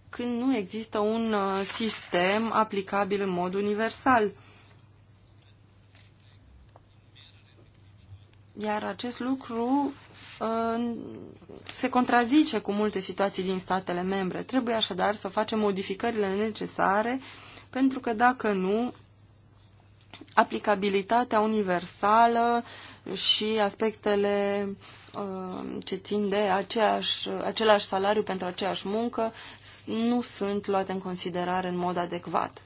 [SPEAKER 3] când nu există un uh, sistem aplicabil în mod universal. Iar acest lucru se contrazice cu multe situații din statele membre. Trebuie așadar să facem modificările necesare, pentru că dacă nu, aplicabilitatea universală și aspectele uh, ce țin de aceeași, același salariu pentru aceeași muncă nu sunt luate în considerare în mod adecvat.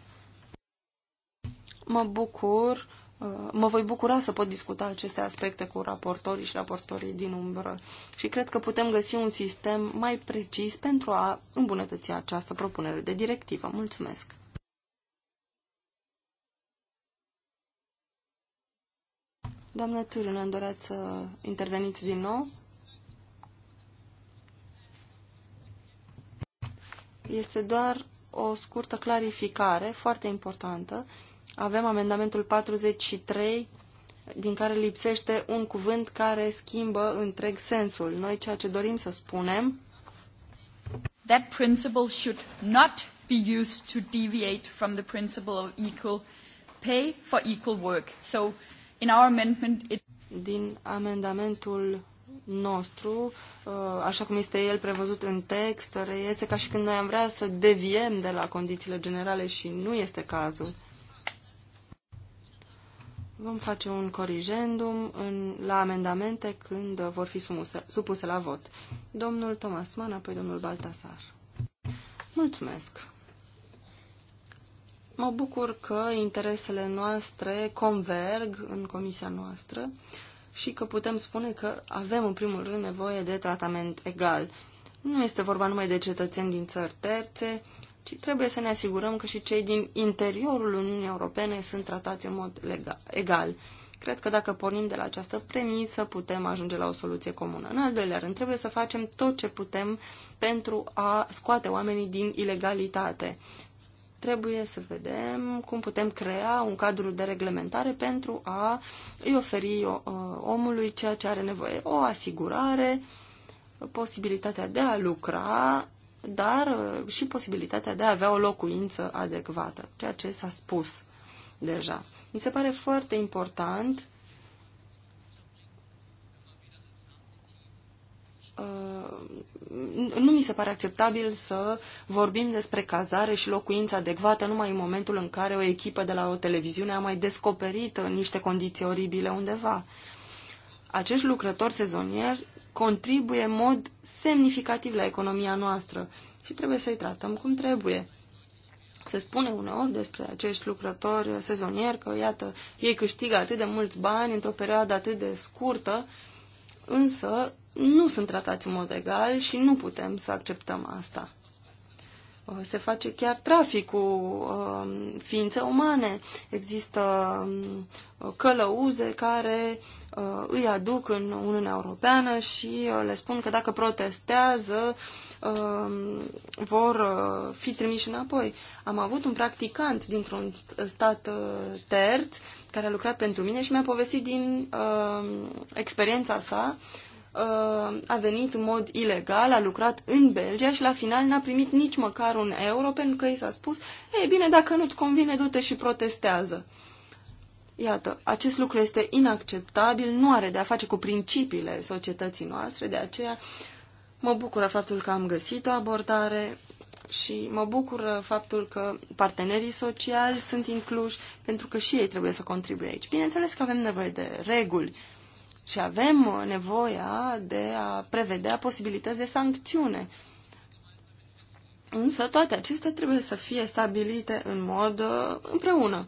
[SPEAKER 3] Mă bucur Uh, mă voi bucura să pot discuta aceste aspecte cu raportorii și raportorii din umbră și cred că putem găsi un sistem mai precis pentru a îmbunătăți această propunere de directivă. Mulțumesc! Doamna am doreați să interveniți din nou? Este doar o scurtă clarificare foarte importantă avem amendamentul 43 din care lipsește un cuvânt care schimbă întreg sensul. Noi ceea ce dorim să spunem
[SPEAKER 2] That principle should not be used to deviate from the
[SPEAKER 3] principle of equal pay for equal work. So in our amendment it din amendamentul nostru, uh, așa cum este el prevăzut în text, este ca și când noi am vrea să deviem de la condițiile generale și nu este cazul. Vom face un corigendum, în, la amendamente când vor fi sumuse, supuse la vot. Domnul Thomas Mann, apoi domnul Baltasar. Mulțumesc! Mă bucur că interesele noastre converg în comisia noastră și că putem spune că avem în primul rând nevoie de tratament egal. Nu este vorba numai de cetățeni din țări terțe, ci trebuie să ne asigurăm că și cei din interiorul Uniunii Europene sunt tratați în mod legal, egal. Cred că dacă pornim de la această premisă, putem ajunge la o soluție comună. În al doilea rând, trebuie să facem tot ce putem pentru a scoate oamenii din ilegalitate. Trebuie să vedem cum putem crea un cadru de reglementare pentru a îi oferi omului ceea ce are nevoie. O asigurare, posibilitatea de a lucra dar uh, și posibilitatea de a avea o locuință adecvată, ceea ce s-a spus deja. Mi se pare foarte important uh, nu mi se pare acceptabil să vorbim despre cazare și locuință adecvată numai în momentul în care o echipă de la o televiziune a mai descoperit niște condiții oribile undeva. Acești lucrători sezonieri contribuie în mod semnificativ la economia noastră și trebuie să-i tratăm cum trebuie. Se spune uneori despre acești lucrători sezonieri că, iată, ei câștigă atât de mulți bani într-o perioadă atât de scurtă, însă nu sunt tratați în mod egal și nu putem să acceptăm asta. Uh, se face chiar trafic cu um, ființe umane. Există um, călăuze care uh, îi aduc în Uniunea Europeană și uh, le spun că dacă protestează um, vor fi trimiși înapoi. Am avut un practicant dintr-un stat terț care a lucrat pentru mine și mi-a povestit din experiența sa Uh, a venit în mod ilegal, a lucrat în Belgia și la final n-a primit nici măcar un euro pentru că i s-a spus, ei bine, dacă nu-ți convine, du-te și protestează. Iată, acest lucru este inacceptabil, nu are de a face cu principiile societății noastre, de aceea mă bucură faptul că am găsit o abordare și mă bucură faptul că partenerii sociali sunt incluși, pentru că și ei trebuie să contribuie aici. Bineînțeles că avem nevoie de reguli, și avem nevoia de a prevedea posibilități de sancțiune. Însă toate acestea trebuie să fie stabilite în mod uh, împreună.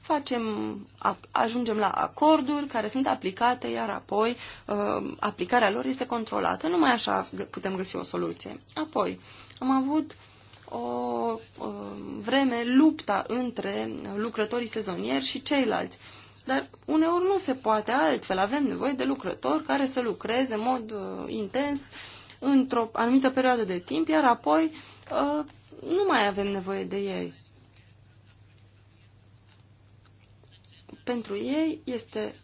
[SPEAKER 3] Facem, ajungem la acorduri care sunt aplicate, iar apoi uh, aplicarea lor este controlată. Numai așa putem găsi o soluție. Apoi, am avut o vreme lupta între lucrătorii sezonieri și ceilalți. Dar uneori nu se poate altfel. Avem nevoie de lucrători care să lucreze în mod uh, intens într-o anumită perioadă de timp, iar apoi uh, nu mai avem nevoie de ei. Pentru ei este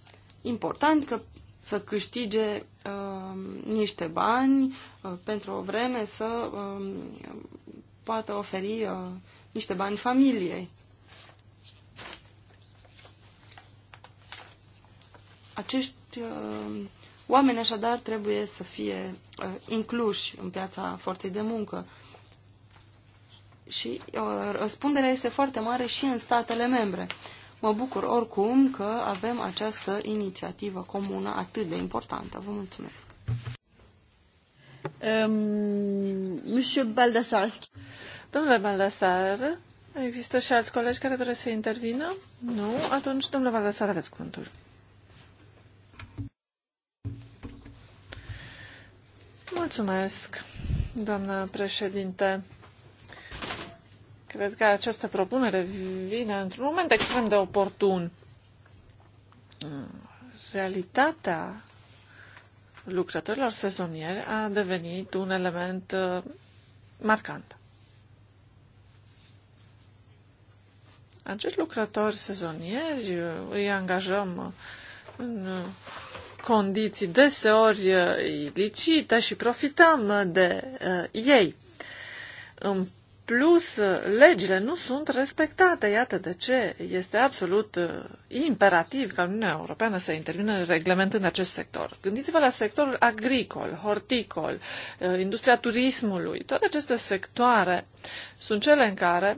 [SPEAKER 3] important că să câștige uh, niște bani uh, pentru o vreme, să uh, poată oferi uh, niște bani familiei. Acești uh, oameni așadar trebuie să fie uh, incluși în piața forței de muncă. Și uh, răspunderea este foarte mare și în statele membre. Mă bucur oricum că avem această inițiativă comună atât de importantă. Vă mulțumesc! Um,
[SPEAKER 4] Monsieur Baldassarski. Domnule Baldassar, există și alți colegi care doresc să intervină? Nu? Atunci, domnule Baldassar, aveți cuvântul. Mulțumesc, doamnă președinte. Cred că această propunere vine într-un moment extrem de oportun. Realitatea lucrătorilor sezonieri a devenit un element uh, marcant. Acești lucrători sezonieri uh, îi angajăm uh, în condiții deseori uh, ilicite și profităm de uh, ei. În plus, uh, legile nu sunt respectate. Iată de ce este absolut uh, imperativ ca Uniunea Europeană să intervină reglementând acest sector. Gândiți-vă la sectorul agricol, horticol, uh, industria turismului. Toate aceste sectoare sunt cele în care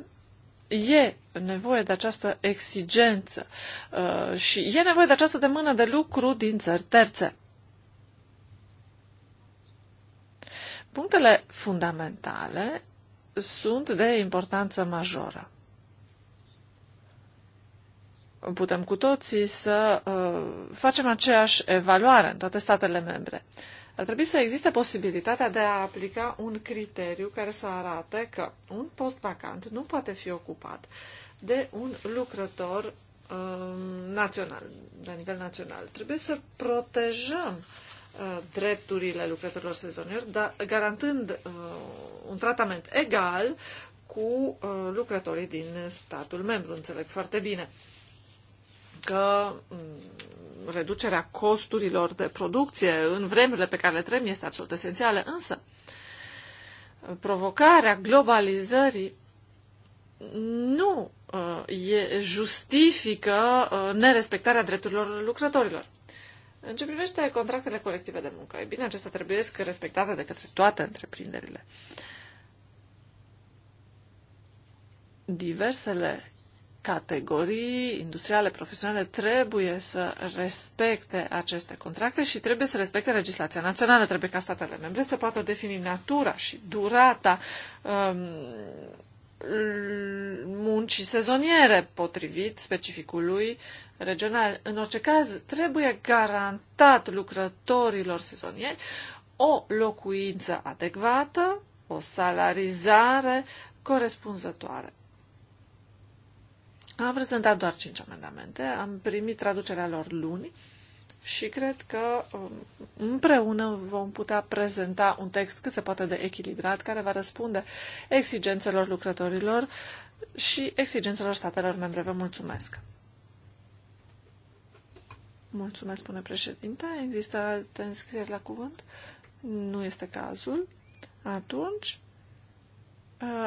[SPEAKER 4] e nevoie de această exigență uh, și e nevoie de această de mână de lucru din țări terțe. Punctele fundamentale sunt de importanță majoră. Putem cu toții să uh, facem aceeași evaluare în toate statele membre. Uh, ar trebui să existe posibilitatea de a aplica un criteriu care să arate că un post vacant nu poate fi ocupat de un lucrător um, național, la nivel național. Trebuie să protejăm uh, drepturile lucrătorilor sezonieri, dar garantând uh, un tratament egal cu uh, lucrătorii din statul membru. Înțeleg foarte bine că mm, reducerea costurilor de producție în vremurile pe care le trăim este absolut esențială, însă provocarea globalizării nu uh, e, justifică uh, nerespectarea drepturilor lucrătorilor. În ce privește contractele colective de muncă, e bine, acestea trebuie să respectate de către toate întreprinderile. Diversele categorii industriale, profesionale trebuie să respecte aceste contracte și trebuie să respecte legislația națională. Trebuie ca statele membre să poată defini natura și durata um, muncii sezoniere potrivit specificului regional. În orice caz, trebuie garantat lucrătorilor sezonieri o locuință adecvată, o salarizare corespunzătoare. Am prezentat doar cinci amendamente, am primit traducerea lor luni și cred că um, împreună vom putea prezenta un text cât se poate de echilibrat, care va răspunde exigențelor lucrătorilor și exigențelor statelor membre. Vă mulțumesc! Mulțumesc, spune președinte. Există alte înscrieri la cuvânt? Nu este cazul. Atunci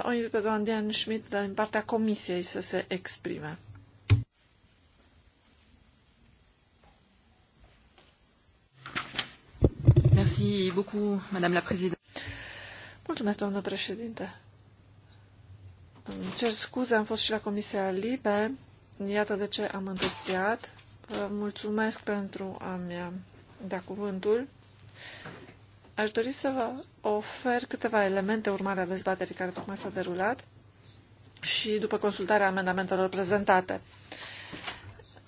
[SPEAKER 4] o invit pe doamna Diane Schmidt din partea comisiei să se exprime. Merci beaucoup, Madame la Présidente. Mulțumesc, doamnă președinte. Îmi cer scuze, am fost și la Comisia Libe. Iată de ce am întârziat. mulțumesc pentru a-mi da cuvântul Aș dori să vă ofer câteva elemente urmare a dezbaterii care tocmai s-a derulat și după consultarea amendamentelor prezentate.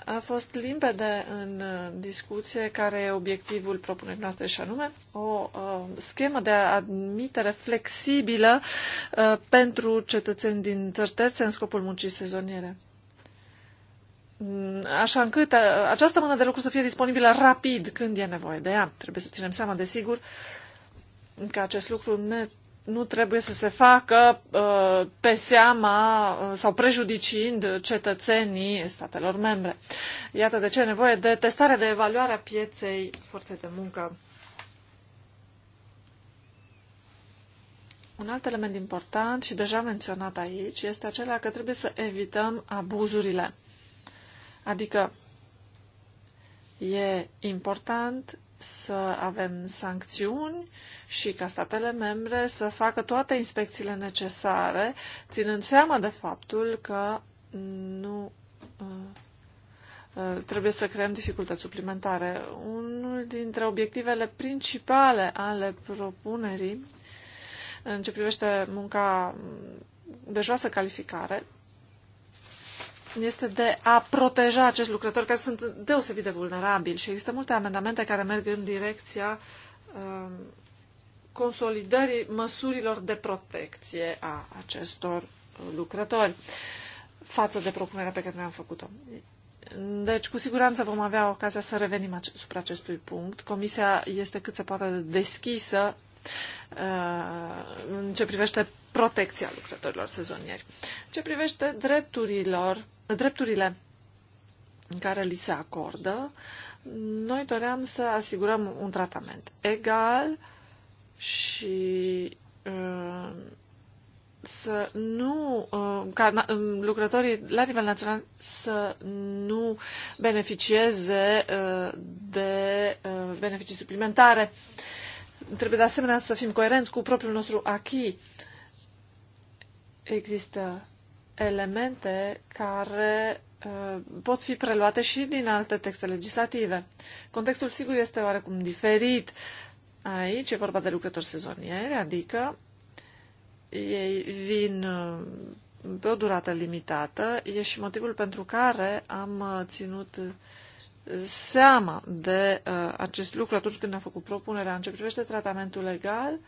[SPEAKER 4] A fost limpede în discuție care e obiectivul propunerii noastre și anume o uh, schemă de admitere flexibilă uh, pentru cetățeni din țări terțe în scopul muncii sezoniere. Mm, așa încât uh, această mână de lucru să fie disponibilă rapid când e nevoie de ea. Trebuie să ținem seama, desigur, că acest lucru ne, nu trebuie să se facă uh, pe seama uh, sau prejudiciind cetățenii statelor membre. Iată de ce e nevoie de testare, de evaluare a pieței forței de muncă. Un alt element important și deja menționat aici este acela că trebuie să evităm abuzurile. Adică e important să avem sancțiuni și ca statele membre să facă toate inspecțiile necesare, ținând seama de faptul că nu uh, uh, trebuie să creăm dificultăți suplimentare. Unul dintre obiectivele principale ale propunerii în ce privește munca de joasă calificare este de a proteja acești lucrători care sunt deosebit de vulnerabili și există multe amendamente care merg în direcția uh, consolidării măsurilor de protecție a acestor uh, lucrători față de propunerea pe care ne-am făcut-o. Deci, cu siguranță vom avea ocazia să revenim asupra acestui punct. Comisia este cât se poate deschisă Uh, în ce privește protecția lucrătorilor sezonieri. În ce privește drepturilor, drepturile în care li se acordă, noi doream să asigurăm un tratament egal și uh, să nu, uh, ca um, lucrătorii la nivel național să nu beneficieze de beneficii suplimentare. Trebuie de asemenea să fim coerenți cu propriul nostru acquis. Există elemente care uh, pot fi preluate și din alte texte legislative. Contextul, sigur, este oarecum diferit. Aici e vorba de lucrători sezonieri, adică ei vin uh, pe o durată limitată. E și motivul pentru care am uh, ținut seama de uh, acest lucru atunci când a făcut propunerea în ce privește tratamentul legal.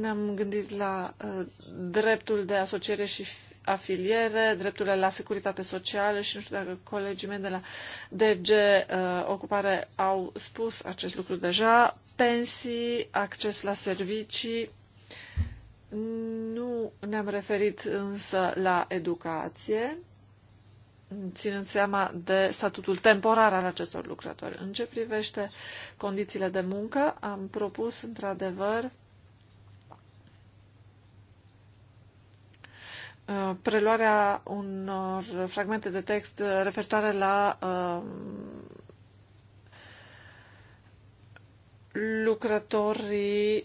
[SPEAKER 4] Ne-am gândit la uh, dreptul de asociere și afiliere, drepturile la securitate socială și nu știu dacă colegii mei de la DG uh, Ocupare au spus acest lucru deja, pensii, acces la servicii, nu ne-am referit însă la educație, ținând seama de statutul temporar al acestor lucrători. În ce privește condițiile de muncă, am propus într-adevăr uh, preluarea unor fragmente de text referitoare la uh, lucrătorii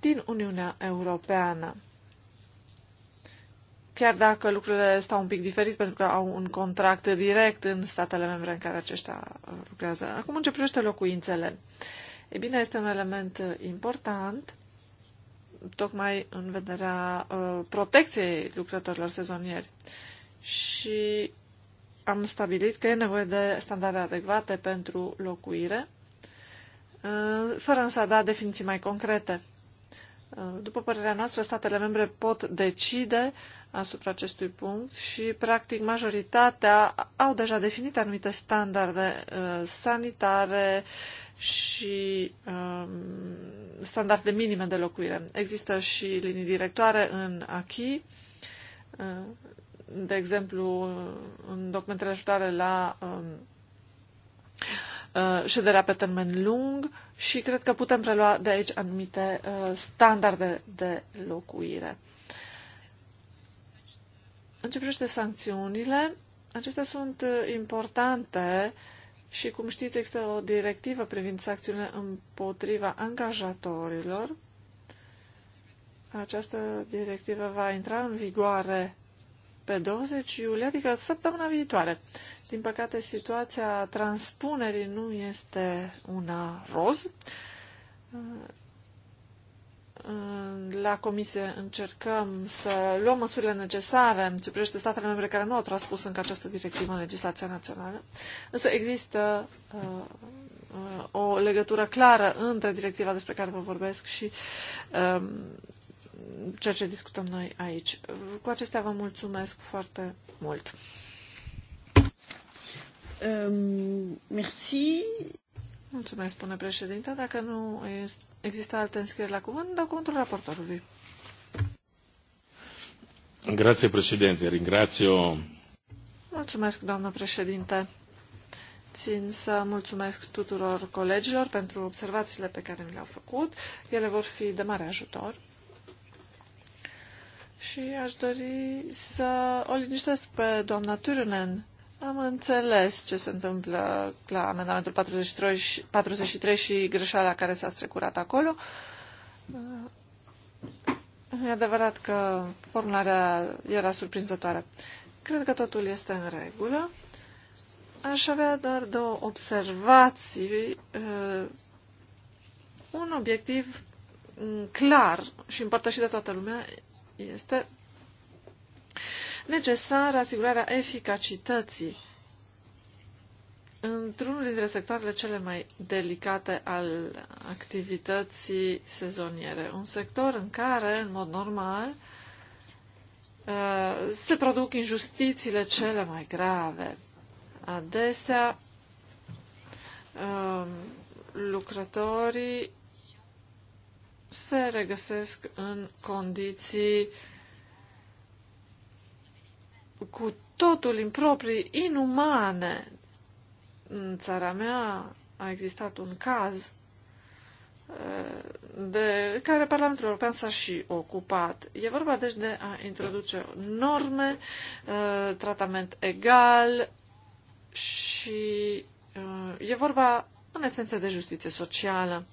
[SPEAKER 4] din Uniunea Europeană. Chiar dacă lucrurile stau un pic diferit pentru că au un contract direct în statele membre în care aceștia uh, lucrează. Acum în ce privește locuințele. E bine, este un element uh, important tocmai în vederea uh, protecției lucrătorilor sezonieri. Și am stabilit că e nevoie de standarde adecvate pentru locuire, fără însă a da definiții mai concrete. Uh, după părerea noastră, statele membre pot decide asupra acestui punct și, practic, majoritatea au deja definit anumite standarde uh, sanitare și um, standarde minime de locuire. Există și linii directoare în ACHI, uh, de exemplu, uh, în documentele ajutoare la um, Uh, șederea pe termen lung și cred că putem prelua de aici anumite uh, standarde de locuire. În ce privește sancțiunile, acestea sunt uh, importante și, cum știți, există o directivă privind sancțiunile împotriva angajatorilor. Această directivă va intra în vigoare pe 20 iulie, adică săptămâna viitoare. Din păcate, situația transpunerii nu este una roz. La comisie încercăm să luăm măsurile necesare ce privește statele membre care nu au transpus încă această directivă în legislația națională, însă există uh, uh o legătură clară între directiva despre care vă vorbesc și uh, ceea ce discutăm noi aici. Cu acestea vă mulțumesc foarte mult! Um, merci. Mulțumesc, spune președinte. Dacă nu există alte înscrieri la cuvânt, dau cuvântul raportorului.
[SPEAKER 3] Grazie, președinte. Ringrazio.
[SPEAKER 4] Mulțumesc, doamnă președinte. Țin să mulțumesc tuturor colegilor pentru observațiile pe care mi le-au făcut. Ele vor fi de mare ajutor. Și aș dori să o liniștesc pe doamna Turunen, am înțeles ce se întâmplă la amendamentul 43 și, greșeala care s-a strecurat acolo. E adevărat că formularea era surprinzătoare. Cred că totul este în regulă. Aș avea doar două observații. Uh, un obiectiv clar și împărtășit de toată lumea este necesară asigurarea eficacității într-unul dintre sectoarele cele mai delicate al activității sezoniere. Un sector în care, în mod normal, uh, se produc injustițiile cele mai grave. Adesea, uh, lucrătorii se regăsesc în condiții uh, cu totul improprii, inumane. În țara mea a existat un caz eh, de care Parlamentul European s-a și ocupat. E vorba deci de a introduce norme, eh, tratament egal și eh, e vorba în esență de justiție socială.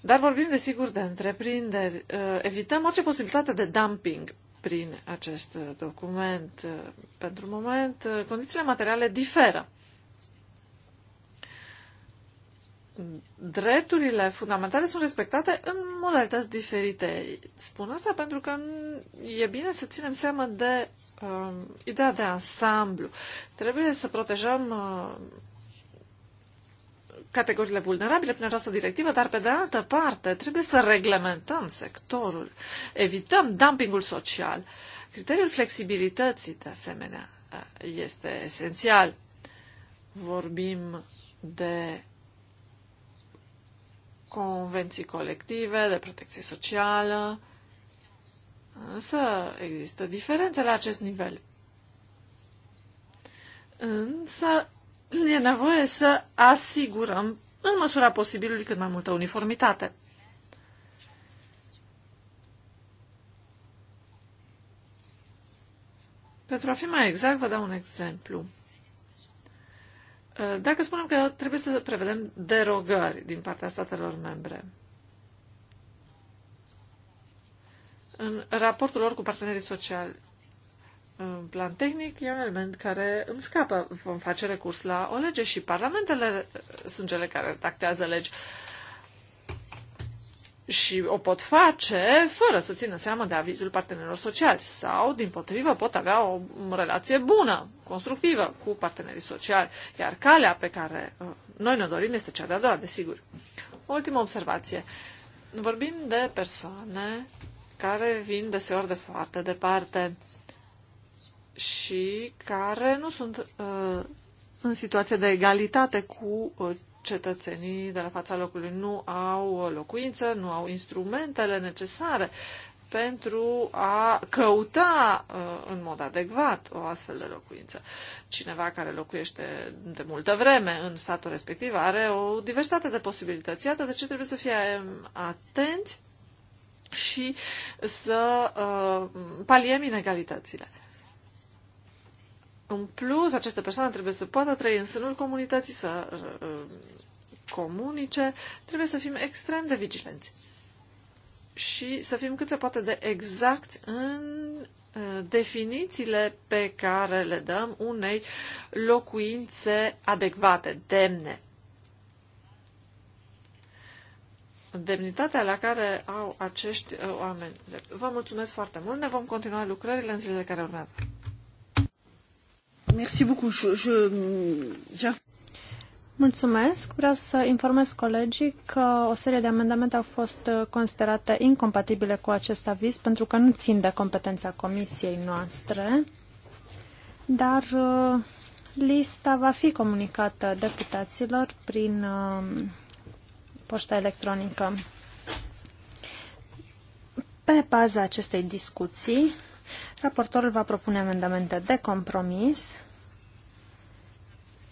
[SPEAKER 4] Dar vorbim desigur de întreprinderi. Evităm orice posibilitate de dumping prin acest document. Pentru moment, condițiile materiale diferă. Drepturile fundamentale sunt respectate în modalități diferite. Spun asta pentru că e bine să ținem seama de uh, ideea de ansamblu. Trebuie să protejăm uh, categoriile vulnerabile prin această directivă, dar pe de altă parte trebuie să reglementăm sectorul, evităm dumpingul social. Criteriul flexibilității, de asemenea, este esențial. Vorbim de convenții colective, de protecție socială, însă există diferențe la acest nivel. Însă e nevoie să asigurăm, în măsura posibilului, cât mai multă uniformitate. Pentru a fi mai exact, vă dau un exemplu. Uh, dacă spunem că trebuie să prevedem derogări din partea statelor membre, în raportul lor cu partenerii sociali, în plan tehnic e un element care îmi scapă. Vom face recurs la o lege și parlamentele sunt cele care redactează legi și o pot face fără să țină seama de avizul partenerilor sociali sau, din potrivă, pot avea o relație bună, constructivă cu partenerii sociali, iar calea pe care uh, noi ne dorim este cea de-a doua, desigur. Ultima observație. Vorbim de persoane care vin deseori de foarte departe și care nu sunt uh, în situație de egalitate cu uh, cetățenii de la fața locului. Nu au uh, locuință, nu au instrumentele necesare pentru a căuta în mod adecvat o astfel de locuință. Cineva care locuiește de multă vreme în statul respectiv are o diversitate de posibilități. Iată de ce trebuie să fie atenți și să uh, paliem inegalitățile. În plus, această persoană trebuie să poată trăi în sânul comunității, să uh, uh, comunice, trebuie să fim extrem de vigilenți și să fim cât se poate de exact în uh, definițiile pe care le dăm unei locuințe adecvate, demne. Demnitatea la care au acești oameni. Vă mulțumesc foarte mult. Ne vom continua lucrările în zilele care urmează.
[SPEAKER 1] Merci beaucoup. Je, je, je... Mulțumesc. Vreau să informez colegii că o serie de amendamente au fost uh, considerate incompatibile cu acest aviz pentru că nu țin de competența comisiei noastre, dar uh, lista va fi comunicată deputaților prin um, poșta electronică. Pe baza acestei discuții, Raportorul va propune amendamente de compromis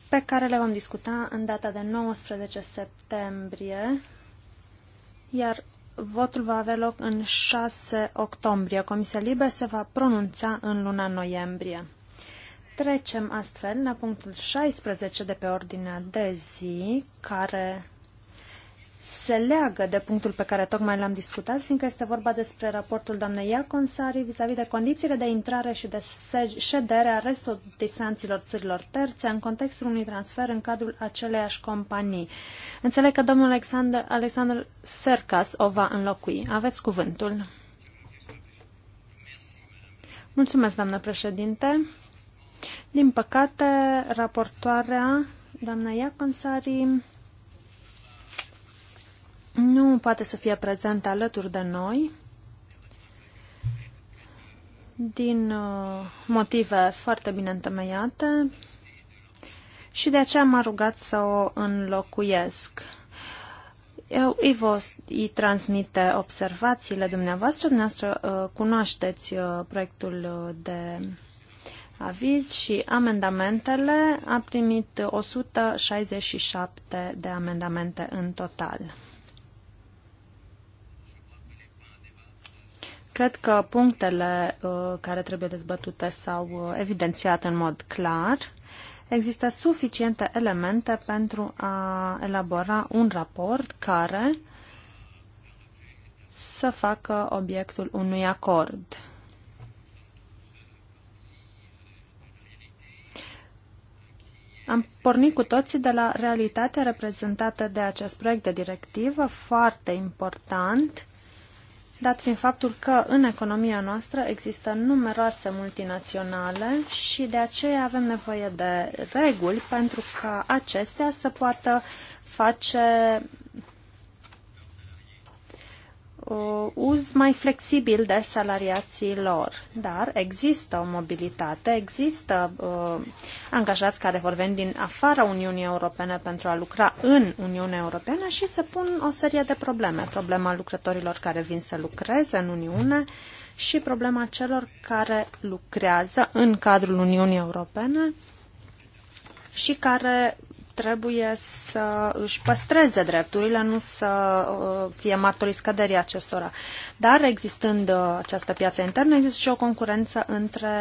[SPEAKER 1] pe care le vom discuta în data de 19 septembrie, iar votul va avea loc în 6 octombrie. Comisia Libe se va pronunța în luna noiembrie. Trecem astfel la punctul 16 de pe ordinea de zi, care se leagă de punctul pe care tocmai l-am discutat, fiindcă este vorba despre raportul doamnei Iaconsari vis-a-vis de condițiile de intrare și de ședere a resortisanților țărilor terțe în contextul unui transfer în cadrul aceleiași companii. Înțeleg că domnul Alexander, Alexander Sercas o va înlocui. Aveți cuvântul. Mulțumesc, doamnă președinte. Din păcate, raportoarea, doamna Iaconsari, nu poate să fie prezent alături de noi din uh, motive foarte bine întemeiate și de aceea m-a rugat să o înlocuiesc. Eu îi, vă, îi transmite observațiile dumneavoastră. Dumneavoastră uh, cunoașteți uh, proiectul de aviz și amendamentele. A primit 167 de amendamente în total. Cred că punctele uh, care trebuie dezbătute s-au uh, evidențiat în mod clar. Există suficiente elemente pentru a elabora un raport care să facă obiectul unui acord. Am pornit cu toții de la realitatea reprezentată de acest proiect de directivă, foarte important, dat fiind faptul că în economia noastră există numeroase multinaționale și de aceea avem nevoie de reguli pentru ca acestea să poată face uh, uz mai flexibil de salariații lor. Dar există o mobilitate, există uh, angajați care vor veni din afara Uniunii Europene pentru a lucra în Uniunea Europeană și se pun o serie de probleme. Problema lucrătorilor care vin să lucreze în Uniune și problema celor care lucrează în cadrul Uniunii Europene și care trebuie să își păstreze drepturile, nu să uh, fie martorii scăderii acestora. Dar existând uh, această piață internă, există și o concurență între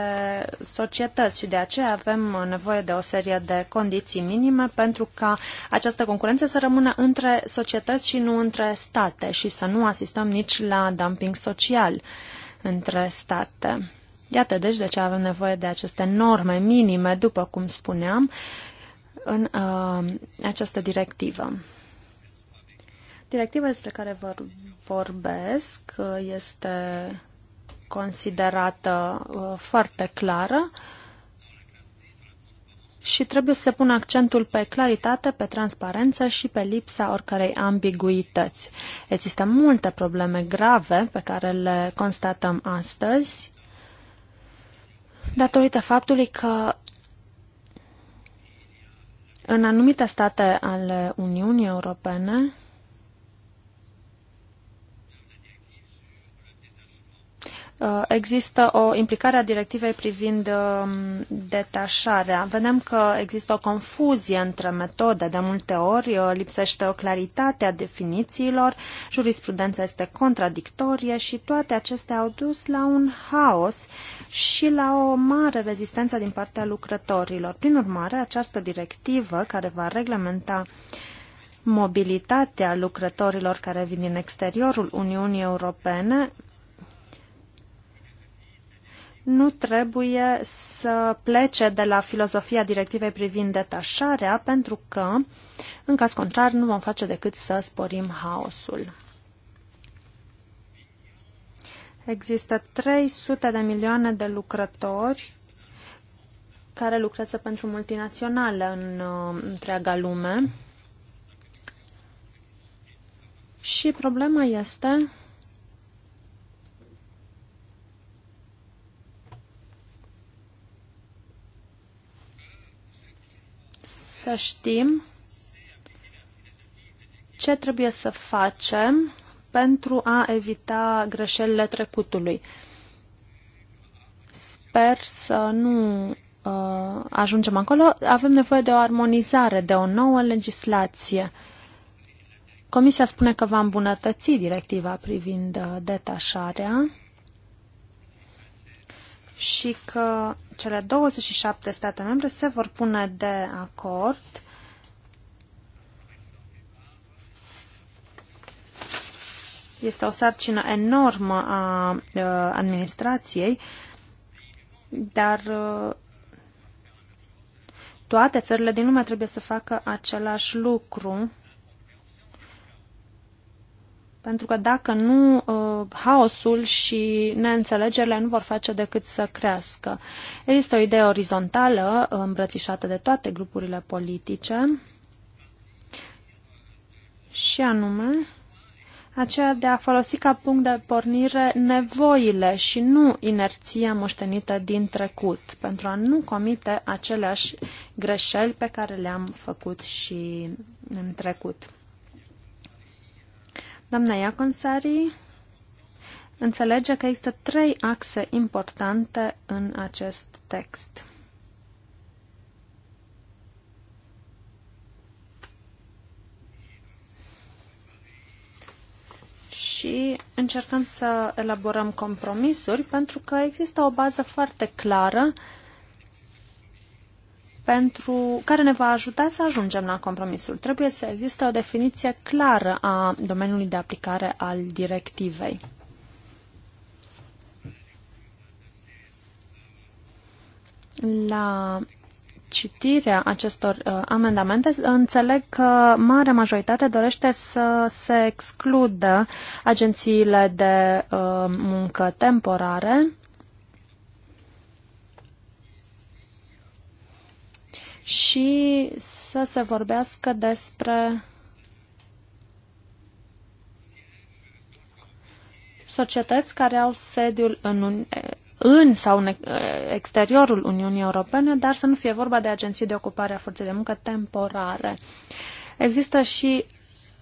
[SPEAKER 1] societăți și de aceea avem uh, nevoie de o serie de condiții minime pentru ca această concurență să rămână între societăți și nu între state și să nu asistăm nici la dumping social între state. Iată deci de ce avem nevoie de aceste norme minime, după cum spuneam, în uh, această directivă. Directiva despre care vor, vorbesc uh, este considerată uh, foarte clară și trebuie să se pună accentul pe claritate, pe transparență și pe lipsa oricărei ambiguități. Există multe probleme grave pe care le constatăm astăzi datorită faptului că în anumite state ale Uniunii Europene, Uh, există o implicare a directivei privind um, detașarea. Vedem că există o confuzie între metode. De multe ori uh, lipsește o claritate a definițiilor, jurisprudența este contradictorie și toate acestea au dus la un haos și la o mare rezistență din partea lucrătorilor. Prin urmare, această directivă care va reglementa mobilitatea lucrătorilor care vin din exteriorul Uniunii Europene nu trebuie să plece de la filozofia directivei privind detașarea, pentru că, în caz contrar, nu vom face decât să sporim haosul. Există 300 de milioane de lucrători care lucrează pentru multinaționale în uh, întreaga lume. Și problema este să știm ce trebuie să facem pentru a evita greșelile trecutului. Sper să nu uh, ajungem acolo. Avem nevoie de o armonizare, de o nouă legislație. Comisia spune că va îmbunătăți directiva privind uh, detașarea și că cele 27 state membre se vor pune de acord Este o sarcină enormă a administrației, dar toate țările din lume trebuie să facă același lucru pentru că dacă nu, uh, haosul și neînțelegerile nu vor face decât să crească. Există o idee orizontală uh, îmbrățișată de toate grupurile politice și anume aceea de a folosi ca punct de pornire nevoile și nu inerția moștenită din trecut, pentru a nu comite aceleași greșeli pe care le-am făcut și în trecut. Doamna Iaconsari înțelege că există trei axe importante în acest text. și încercăm să elaborăm compromisuri pentru că există o bază foarte clară pentru, care ne va ajuta să ajungem la compromisul. Trebuie să existe o definiție clară a domeniului de aplicare al directivei. La citirea acestor uh, amendamente, înțeleg că marea majoritate dorește să se excludă agențiile de uh, muncă temporare și să se vorbească despre societăți care au sediul în, în sau în exteriorul Uniunii Europene, dar să nu fie vorba de agenții de ocupare a forței de muncă temporare. Există și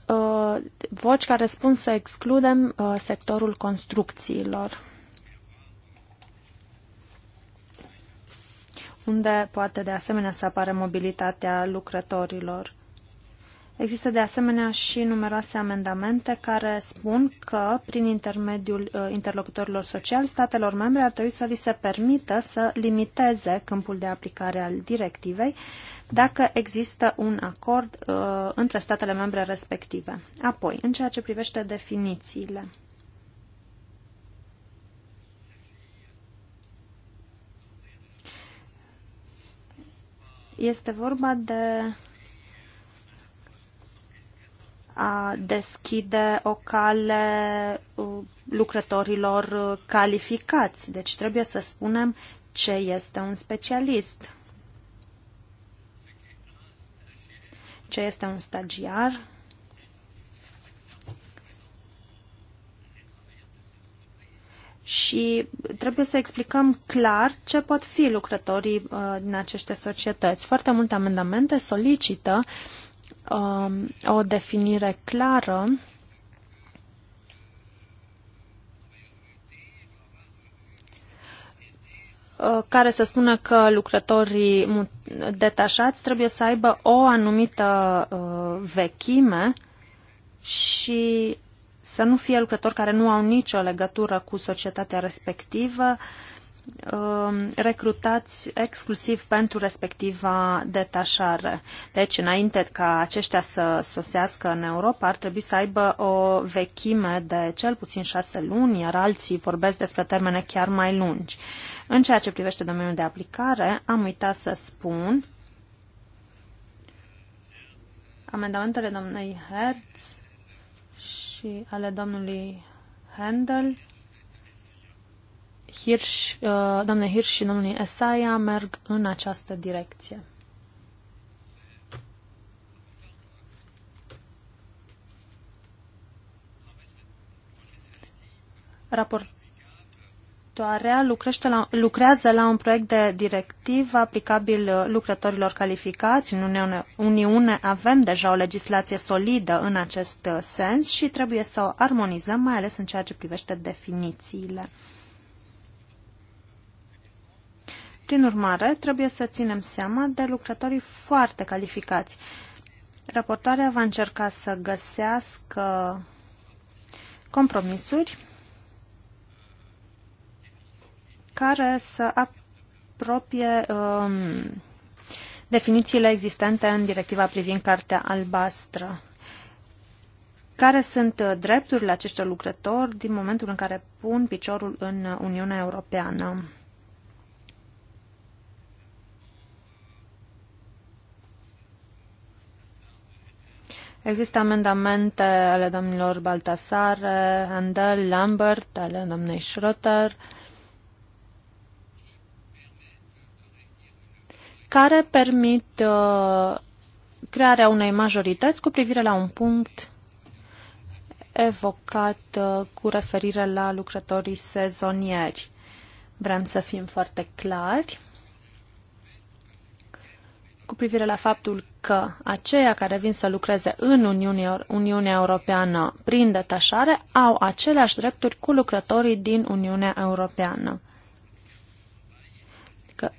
[SPEAKER 1] uh, voci care spun să excludem uh, sectorul construcțiilor. unde poate de asemenea să apară mobilitatea lucrătorilor. Există de asemenea și numeroase amendamente care spun că, prin intermediul uh, interlocutorilor sociali, statelor membre ar trebui să li se permită să limiteze câmpul de aplicare al directivei dacă există un acord uh, între statele membre respective. Apoi, în ceea ce privește definițiile. Este vorba de a deschide o cale uh, lucrătorilor uh, calificați. Deci trebuie să spunem ce este un specialist, ce este un stagiar, și trebuie să explicăm clar ce pot fi lucrătorii uh, din aceste societăți. Foarte multe amendamente solicită uh, o definire clară uh, care să spună că lucrătorii detașați trebuie să aibă o anumită uh, vechime și să nu fie lucrători care nu au nicio legătură cu societatea respectivă, um, recrutați exclusiv pentru respectiva detașare. Deci, înainte ca aceștia să sosească în Europa, ar trebui să aibă o vechime de cel puțin șase luni, iar alții vorbesc despre termene chiar mai lungi. În ceea ce privește domeniul de aplicare, am uitat să spun amendamentele domnului Hertz și ale domnului Handel. Hirsch, uh, domnule Hirsch și domnului Esaia merg în această direcție. Raport Următoarea la, lucrează la un proiect de directivă aplicabil uh, lucrătorilor calificați. În Uniune, Uniune avem deja o legislație solidă în acest uh, sens și trebuie să o armonizăm, mai ales în ceea ce privește definițiile. Prin urmare, trebuie să ținem seama de lucrătorii foarte calificați. Raportoarea va încerca să găsească compromisuri care să apropie um, definițiile existente în directiva privind cartea albastră. Care sunt uh, drepturile acestor lucrători din momentul în care pun piciorul în Uniunea Europeană? Există amendamente ale domnilor Baltasar, Handel, Lambert, ale domnului Schroeter. care permit uh, crearea unei majorități cu privire la un punct evocat uh, cu referire la lucrătorii sezonieri. Vrem să fim foarte clari cu privire la faptul că aceia care vin să lucreze în Uniunea, Uniunea Europeană prin detașare au aceleași drepturi cu lucrătorii din Uniunea Europeană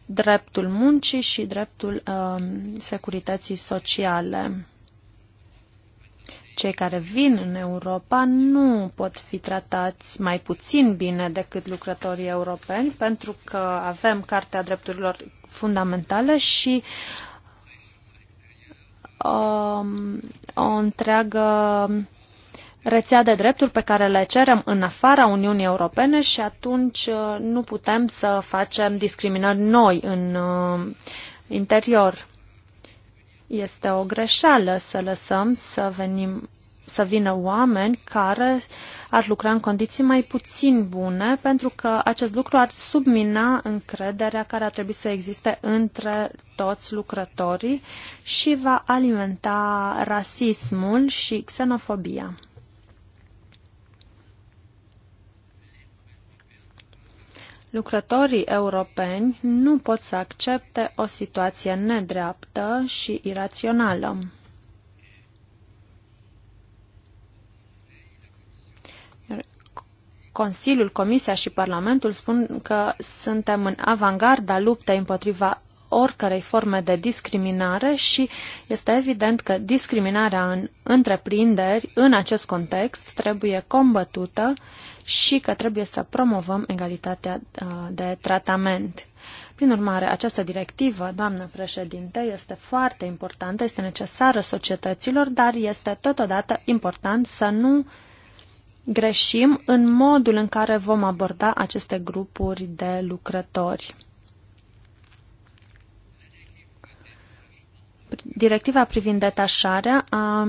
[SPEAKER 1] dreptul muncii și dreptul uh, securității sociale. Cei care vin în Europa nu pot fi tratați mai puțin bine decât lucrătorii europeni, pentru că avem Cartea Drepturilor Fundamentale și uh, o întreagă rețea de drepturi pe care le cerem în afara Uniunii Europene și atunci uh, nu putem să facem discriminări noi în uh, interior. Este o greșeală să lăsăm să, venim, să vină oameni care ar lucra în condiții mai puțin bune, pentru că acest lucru ar submina încrederea care ar trebui să existe între toți lucrătorii și va alimenta rasismul și xenofobia. lucrătorii europeni nu pot să accepte o situație nedreaptă și irațională. Consiliul, Comisia și Parlamentul spun că suntem în avangarda luptei împotriva oricărei forme de discriminare și este evident că discriminarea în întreprinderi în acest context trebuie combătută și că trebuie să promovăm egalitatea uh, de tratament. Prin urmare, această directivă, doamnă președinte, este foarte importantă, este necesară societăților, dar este totodată important să nu greșim în modul în care vom aborda aceste grupuri de lucrători. directiva privind detașarea a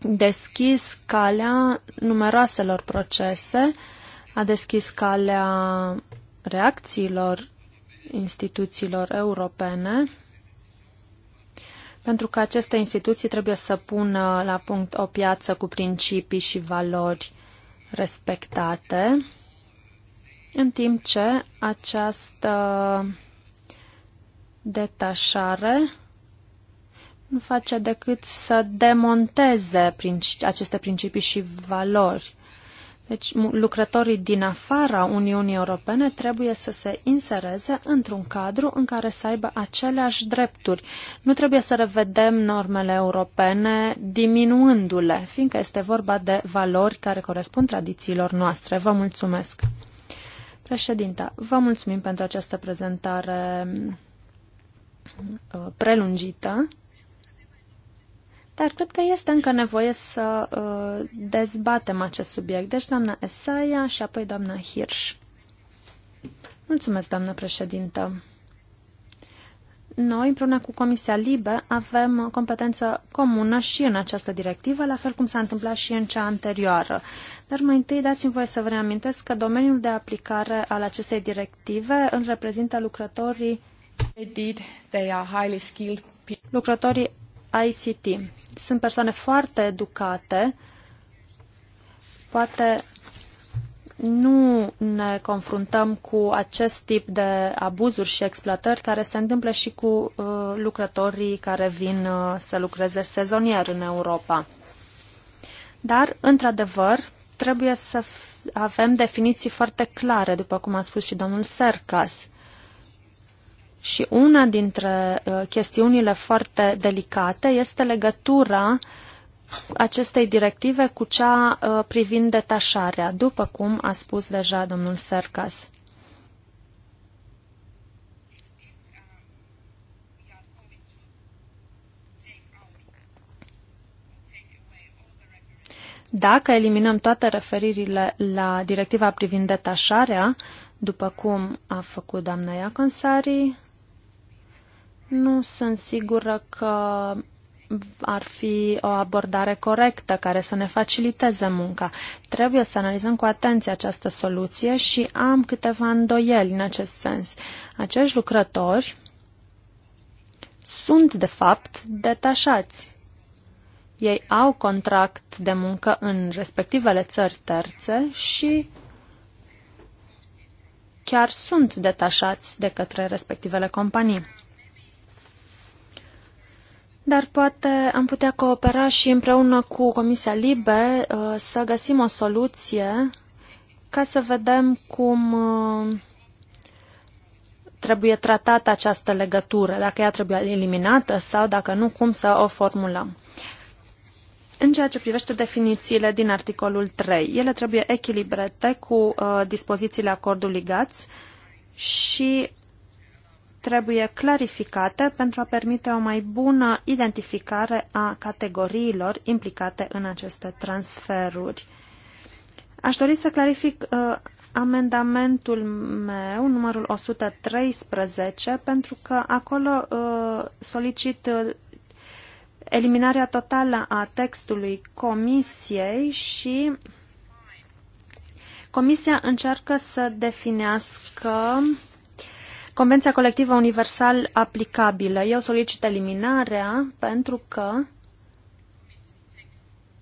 [SPEAKER 1] deschis calea numeroaselor procese, a deschis calea reacțiilor instituțiilor europene, pentru că aceste instituții trebuie să pună la punct o piață cu principii și valori respectate, în timp ce această detașare nu face decât să demonteze principi, aceste principii și valori. Deci lucrătorii din afara Uniunii Europene trebuie să se insereze într-un cadru în care să aibă aceleași drepturi. Nu trebuie să revedem normele europene diminuându-le, fiindcă este vorba de valori care corespund tradițiilor noastre. Vă mulțumesc. Președinta, vă mulțumim pentru această prezentare uh, prelungită. Dar cred că este încă nevoie să uh, dezbatem acest subiect. Deci, doamna Esaia și apoi doamna Hirsch. Mulțumesc, doamnă președintă. Noi, împreună cu Comisia Libe, avem competență comună și în această directivă, la fel cum s-a întâmplat și în cea anterioară. Dar mai întâi dați-mi voie să vă reamintesc că domeniul de aplicare al acestei directive îl reprezintă lucrătorii Indeed, they are highly skilled lucrătorii ICT. Sunt persoane foarte educate, poate nu ne confruntăm cu acest tip de abuzuri și exploatări care se întâmplă și cu uh, lucrătorii care vin uh, să lucreze sezonier în Europa. Dar, într-adevăr, trebuie să avem definiții foarte clare, după cum a spus și domnul Sercas. Uh, și una dintre uh, chestiunile foarte delicate este legătura acestei directive cu cea uh, privind detașarea, după cum a spus deja domnul Sercas. Dacă eliminăm toate referirile la directiva privind detașarea, după cum a făcut doamna Iaconsari, nu sunt sigură că ar fi o abordare corectă care să ne faciliteze munca. Trebuie să analizăm cu atenție această soluție și am câteva îndoieli în acest sens. Acești lucrători sunt, de fapt, detașați. Ei au contract de muncă în respectivele țări terțe și chiar sunt detașați de către respectivele companii. Dar poate am putea coopera și împreună cu Comisia Libe uh, să găsim o soluție ca să vedem cum uh, trebuie tratată această legătură, dacă ea trebuie eliminată sau, dacă nu, cum să o formulăm. În ceea ce privește definițiile din articolul 3, ele trebuie echilibrate cu uh, dispozițiile acordului GATS și trebuie clarificate pentru a permite o mai bună identificare a categoriilor implicate în aceste transferuri. Aș dori să clarific uh, amendamentul meu, numărul 113, pentru că acolo uh, solicit uh, eliminarea totală a textului comisiei și comisia încearcă să definească Convenția colectivă universal aplicabilă. Eu solicit eliminarea pentru că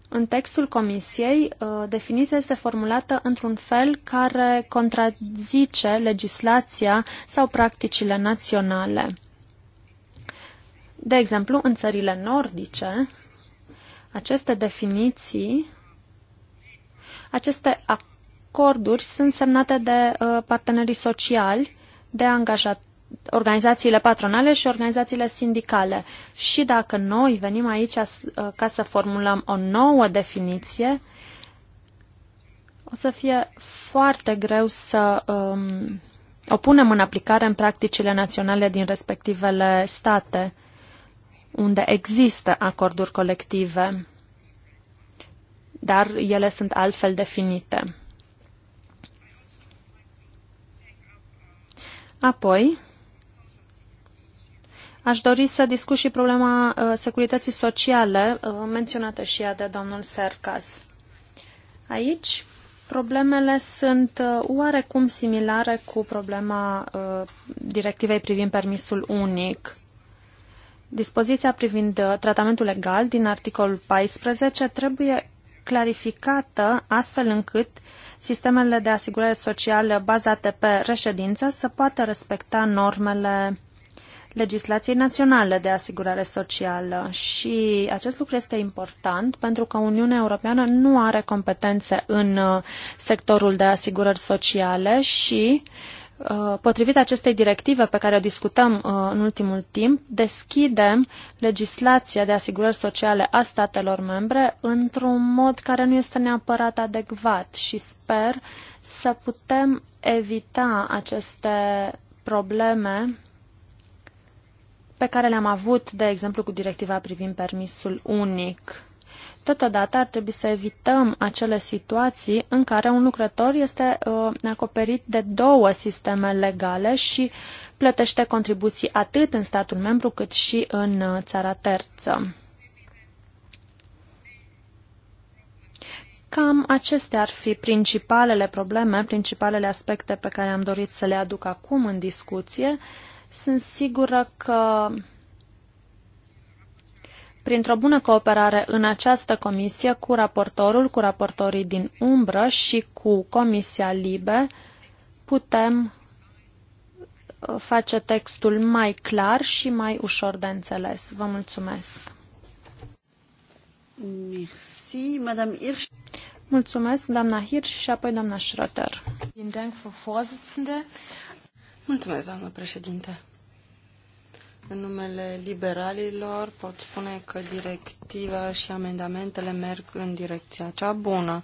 [SPEAKER 1] în textul Comisiei, uh, definiția este formulată într-un fel care contrazice legislația sau practicile naționale. De exemplu, în țările nordice, aceste definiții, aceste acorduri sunt semnate de uh, partenerii sociali de angajat, organizațiile patronale și organizațiile sindicale. Și dacă noi venim aici ă, ca să formulăm o nouă definiție, o să fie foarte greu să um, o punem în aplicare în practicile naționale din respectivele state, unde există acorduri colective, dar ele sunt altfel definite. Apoi, aș dori să discut și problema uh, securității sociale, uh, menționată și ea de domnul Sercas. Aici, problemele sunt uh, oarecum similare cu problema directivei privind permisul unic. Dispoziția privind tratamentul legal din articolul 14 trebuie clarificată astfel încât uh, sistemele de asigurare socială bazate pe reședință să poată respecta normele legislației naționale de asigurare socială și acest lucru este important pentru că Uniunea Europeană nu are competențe în uh, sectorul de asigurări sociale și uh, Uh, potrivit acestei directive pe care o discutăm uh, în ultimul timp, deschidem legislația de asigurări sociale a statelor membre într-un mod care nu este neapărat adecvat și sper să putem evita aceste probleme pe care le-am avut, de exemplu, cu directiva privind permisul unic. Totodată ar trebui să evităm acele situații în care un lucrător este uh, acoperit de două sisteme legale și plătește contribuții atât în statul membru cât și în uh, țara terță. Cam acestea ar fi principalele probleme, principalele aspecte pe care am dorit să le aduc acum în discuție. Sunt sigură că printr-o bună cooperare în această comisie cu raportorul, cu raportorii din umbră și cu Comisia Libe, putem uh, face textul mai clar și mai ușor de înțeles. Vă mulțumesc.
[SPEAKER 2] Merci, Madame Hirsch.
[SPEAKER 1] Mulțumesc, doamna Hirsch și apoi doamna Schröter.
[SPEAKER 3] Mulțumesc, doamnă președinte. În numele liberalilor pot spune că directiva și amendamentele merg în direcția cea bună.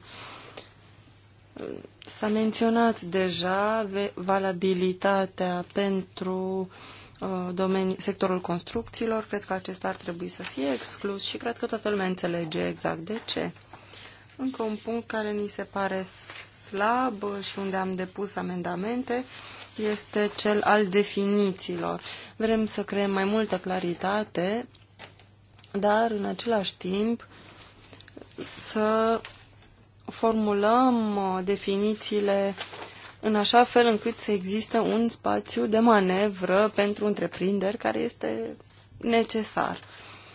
[SPEAKER 3] S-a menționat deja valabilitatea pentru uh, domeniu, sectorul construcțiilor. Cred că acesta ar trebui să fie exclus și cred că toată lumea înțelege exact de ce. Încă un punct care ni se pare slab și unde am depus amendamente este cel al definițiilor. Vrem să creăm mai multă claritate, dar în același timp să formulăm uh, definițiile în așa fel încât să existe un spațiu de manevră pentru întreprinderi care este necesar.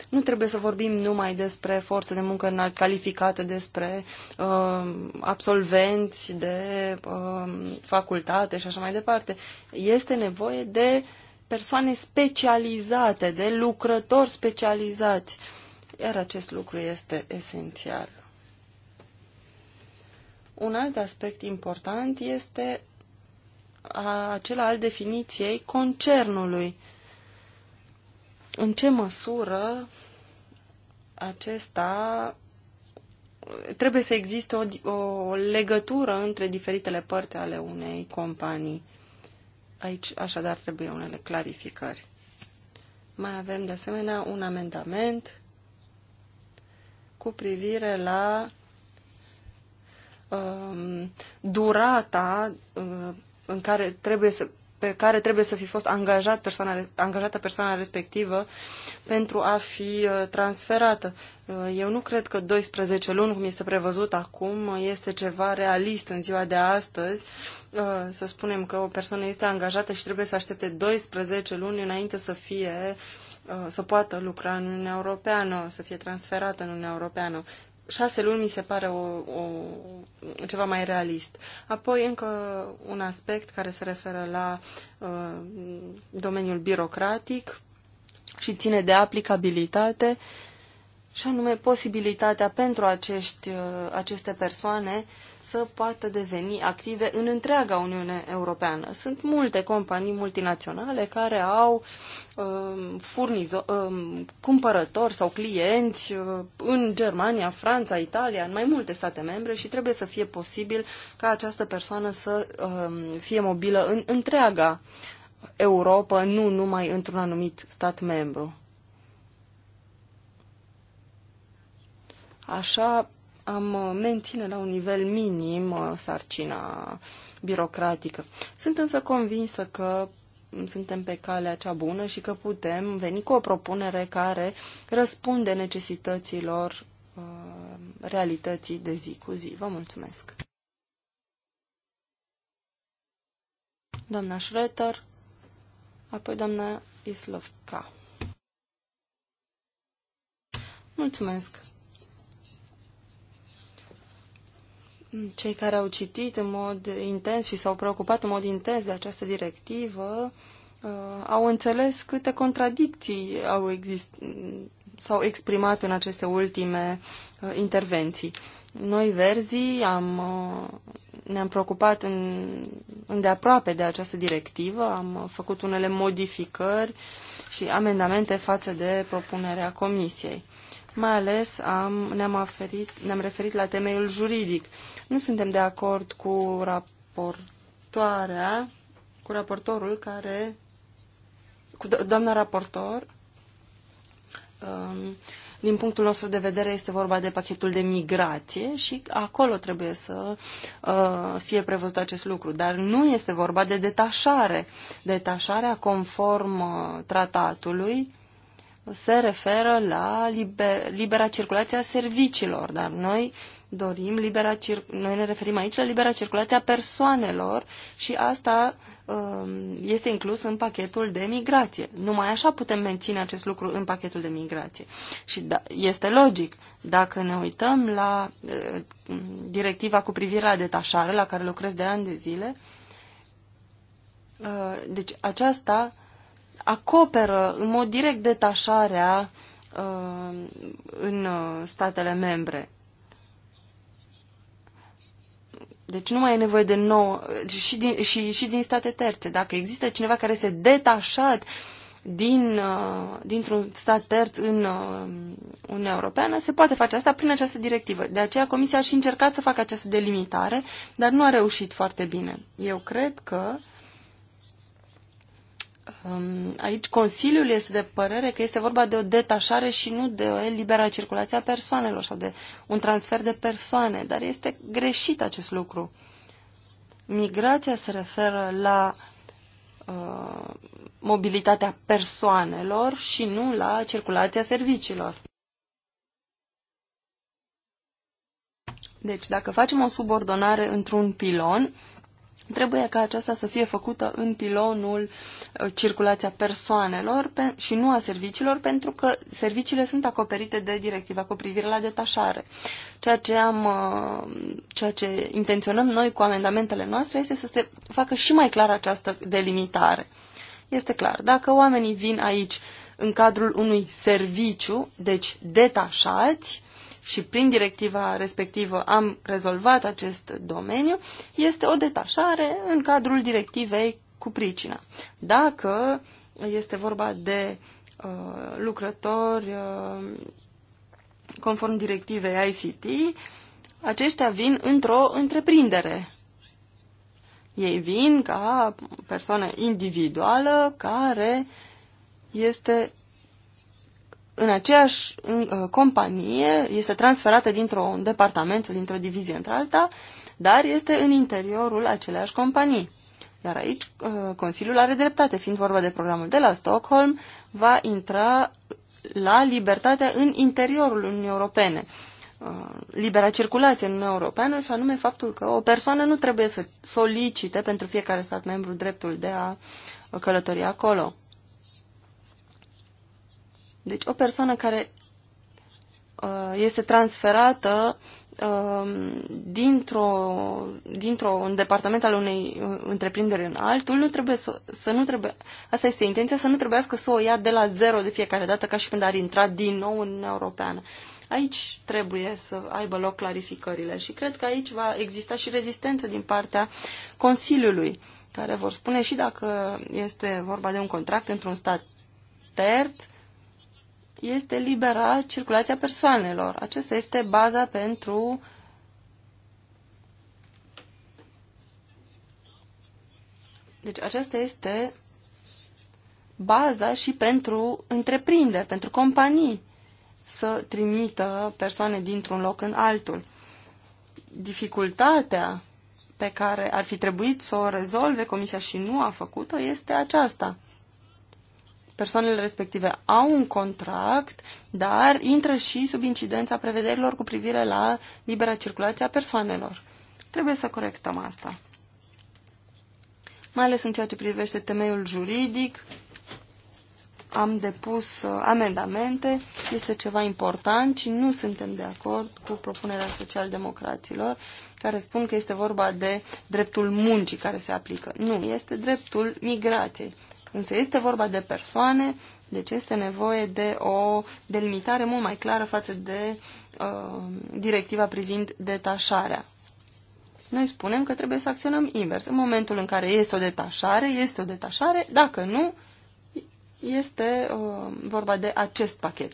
[SPEAKER 3] Nu trebuie să vorbim numai despre forță de muncă înalt calificată, despre uh, absolvenți de uh, facultate și așa mai departe. Este nevoie de persoane specializate, de lucrători specializați. Iar acest lucru este esențial. Un alt aspect important este acela al definiției concernului. În ce măsură acesta trebuie să existe o, o legătură între diferitele părți ale unei companii. Aici așadar trebuie unele clarificări. Mai avem de asemenea un amendament cu privire la um, durata um, în care trebuie să pe care trebuie să fi fost angajat persoana, angajată persoana respectivă pentru a fi uh, transferată. Uh, eu nu cred că 12 luni, cum este prevăzut acum, este ceva realist în ziua de astăzi. Uh, să spunem că o persoană este angajată și trebuie să aștepte 12 luni înainte să fie să poată lucra în Uniunea Europeană, să fie transferată în Uniunea Europeană șase luni mi se pare o, o, ceva mai realist. Apoi încă un aspect care se referă la uh, domeniul birocratic și ține de aplicabilitate și anume posibilitatea pentru acești, uh, aceste persoane să poată deveni active în întreaga Uniune Europeană. Sunt multe companii multinaționale care au uh, furnizo- uh, cumpărători sau clienți uh, în Germania, Franța, Italia, în mai multe state membre și trebuie să fie posibil ca această persoană să uh, fie mobilă în întreaga Europa, nu numai într-un anumit stat membru. Așa am uh, menține la un nivel minim uh, sarcina birocratică. Sunt însă convinsă că suntem pe calea cea bună și că putem veni cu o propunere care răspunde necesităților uh, realității de zi cu zi. Vă mulțumesc! Doamna Schroeter, apoi doamna Islovska. Mulțumesc! Cei care au citit în mod intens și s-au preocupat în mod intens de această directivă uh, au înțeles câte contradicții au exist s-au exprimat în aceste ultime uh, intervenții. Noi, verzii, am, uh, ne-am preocupat în, îndeaproape de această directivă, am făcut unele modificări și amendamente față de propunerea Comisiei. Uh, mai ales am, ne-am, aferit, ne-am referit la temeiul juridic. Nu suntem de acord cu raportoarea, cu raportorul care, cu do doamna raportor, um, din punctul nostru de vedere este vorba de pachetul de migrație și acolo trebuie să uh, fie prevăzut acest lucru. Dar nu este vorba de detașare. Detașarea conform uh, tratatului se referă la liber, libera circulație a serviciilor, dar noi dorim libera noi ne referim aici la libera circulație a persoanelor și asta um, este inclus în pachetul de migrație. Numai așa putem menține acest lucru în pachetul de migrație. Și da, este logic. Dacă ne uităm la uh, directiva cu privire la detașare, la care lucrez de ani de zile, uh, deci aceasta acoperă în mod direct detașarea uh, în uh, statele membre. Deci nu mai e nevoie de nou și din, și, și din state terțe. Dacă există cineva care este detașat din, uh, dintr-un stat terț în Uniunea Europeană, se poate face asta prin această directivă. De aceea Comisia a și încercat să facă această delimitare, dar nu a reușit foarte bine. Eu cred că uh, Um, aici Consiliul este de părere că este vorba de o detașare și nu de o liberă circulație a persoanelor sau de un transfer de persoane, dar este greșit acest lucru. Migrația se referă la uh, mobilitatea persoanelor și nu la circulația serviciilor. Deci, dacă facem o subordonare într-un pilon, Trebuie ca aceasta să fie făcută în pilonul uh, circulația persoanelor și nu a serviciilor, pentru că serviciile sunt acoperite de directiva cu privire la detașare. Ceea ce, am, uh, ceea ce intenționăm noi cu amendamentele noastre este să se facă și mai clar această delimitare. Este clar, dacă oamenii vin aici în cadrul unui serviciu, deci detașați, și prin directiva respectivă am rezolvat acest domeniu, este o detașare în cadrul directivei cu pricina. Dacă este vorba de uh, lucrători uh, conform directivei ICT, aceștia vin într-o întreprindere. Ei vin ca persoană individuală care este în aceeași în, uh, companie este transferată dintr-un departament, dintr-o divizie într-alta, dar este în interiorul aceleași companii. Iar aici uh, Consiliul are dreptate, fiind vorba de programul de la Stockholm, va intra la libertatea în interiorul Uniunii Europene. Uh, libera circulație în Uniunea Europeană și anume faptul că o persoană nu trebuie să solicite pentru fiecare stat membru dreptul de a călători acolo. Deci o persoană care uh, este transferată uh, dintr-o, dintr-un departament al unei uh, întreprinderi în altul, nu trebuie să, să nu trebuie, asta este intenția, să nu trebuiască să o ia de la zero de fiecare dată, ca și când ar intra din nou în Uniunea Europeană. Aici trebuie să aibă loc clarificările și cred că aici va exista și rezistență din partea Consiliului, care vor spune și dacă este vorba de un contract într-un stat terț, este libera circulația persoanelor. Aceasta este baza pentru Deci aceasta este baza și pentru întreprinderi, pentru companii să trimită persoane dintr-un loc în altul. Dificultatea pe care ar fi trebuit să o rezolve Comisia și nu a făcut-o este aceasta – persoanele respective au un contract, dar intră și sub incidența prevederilor cu privire la libera circulație a persoanelor. Trebuie să corectăm asta. Mai ales în ceea ce privește temeiul juridic, am depus uh, amendamente, este ceva important și nu suntem de acord cu propunerea socialdemocraților care spun că este vorba de dreptul muncii care se aplică. Nu, este dreptul migrației. Însă este vorba de persoane, deci este nevoie de o delimitare mult mai clară față de uh, directiva privind detașarea. Noi spunem că trebuie să acționăm invers. În momentul în care este o detașare, este o detașare, dacă nu, este uh, vorba de acest pachet.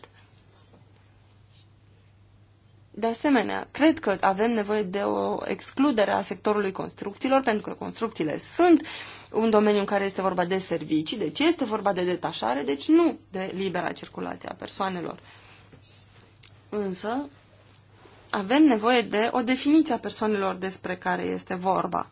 [SPEAKER 3] De asemenea, cred că avem nevoie de o excludere a sectorului construcțiilor, pentru că construcțiile sunt un domeniu în care este vorba de servicii, deci este vorba de detașare, deci nu de libera circulație a persoanelor. Însă, avem nevoie de o definiție a persoanelor despre care este vorba.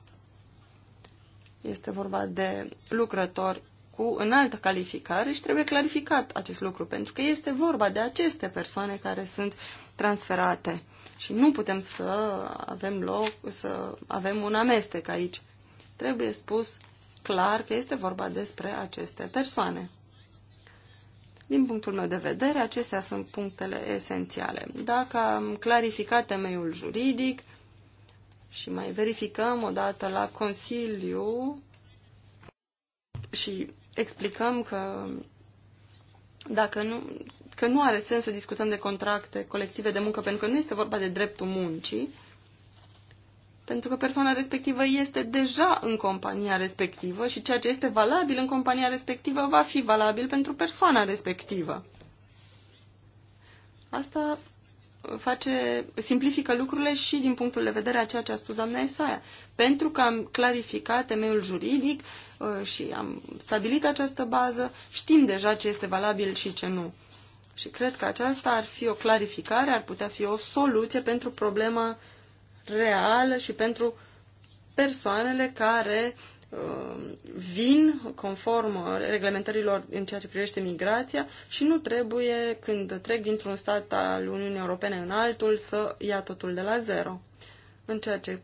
[SPEAKER 3] Este vorba de lucrători cu înaltă calificare și trebuie clarificat acest lucru, pentru că este vorba de aceste persoane care sunt transferate și nu putem să avem loc, să avem un amestec aici. Trebuie spus clar că este vorba despre aceste persoane. Din punctul meu de vedere, acestea sunt punctele esențiale. Dacă am clarificat temeiul juridic și mai verificăm odată la Consiliu și explicăm că dacă nu, că nu are sens să discutăm de contracte colective de muncă pentru că nu este vorba de dreptul muncii, pentru că persoana respectivă este deja în compania respectivă și ceea ce este valabil în compania respectivă va fi valabil pentru persoana respectivă. Asta face, simplifică lucrurile și din punctul de vedere a ceea ce a spus doamna Esaia. Pentru că am clarificat temeiul juridic uh, și am stabilit această bază, știm deja ce este valabil și ce nu. Și cred că aceasta ar fi o clarificare, ar putea fi o soluție pentru problema uh, reală și pentru persoanele care uh, vin conform reglementărilor în ceea ce privește migrația și nu trebuie, când trec dintr-un stat al Uniunii Europene în altul, să ia totul de la zero. În ceea ce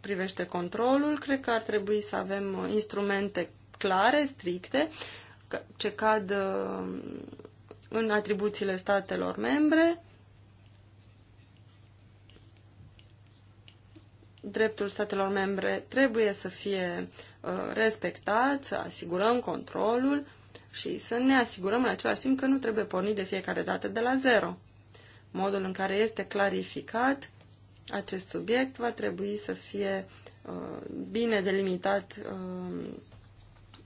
[SPEAKER 3] privește controlul, cred că ar trebui să avem instrumente clare, stricte, ce cad uh, în atribuțiile statelor membre dreptul statelor membre trebuie să fie uh, respectat, să asigurăm controlul și să ne asigurăm în același timp că nu trebuie pornit de fiecare dată de la zero. Modul în care este clarificat acest subiect va trebui să fie uh, bine delimitat uh,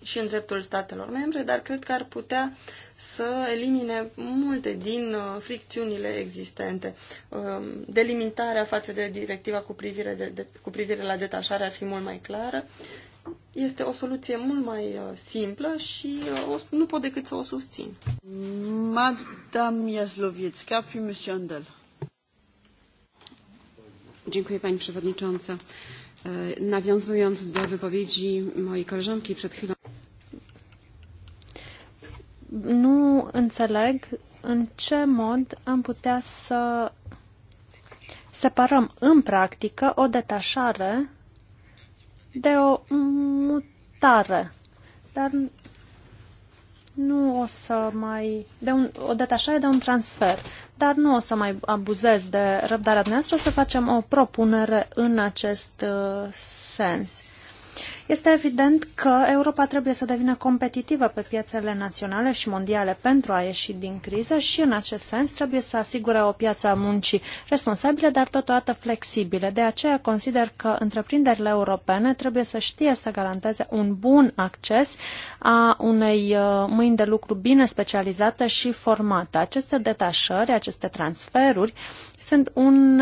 [SPEAKER 3] și în dreptul statelor membre, dar cred că ar putea să elimine multe din uh, fricțiunile existente. Um, delimitarea față de directiva cu privire, de, de, cu privire la detașare ar fi mult mai clară. Este o soluție mult mai uh, simplă și uh, o, nu pot decât să o susțin.
[SPEAKER 2] Madame Jaslowiecka, puis Monsieur Andel. Dziękuję Pani Przewodnicząca. Nawiązując do wypowiedzi mojej
[SPEAKER 1] koleżanki przed chwilą nu înțeleg în ce mod am putea să separăm în practică o detașare de o mutare. Dar nu o să mai... De un, o detașare de un transfer. Dar nu o să mai abuzez de răbdarea noastră, o să facem o propunere în acest uh, sens. Este evident că Europa trebuie să devină competitivă pe piețele naționale și mondiale pentru a ieși din criză și în acest sens trebuie să asigure o piață a muncii responsabilă, dar totodată flexibilă. De aceea consider că întreprinderile europene trebuie să știe să garanteze un bun acces a unei uh, mâini de lucru bine specializată și formată. Aceste detașări, aceste transferuri sunt un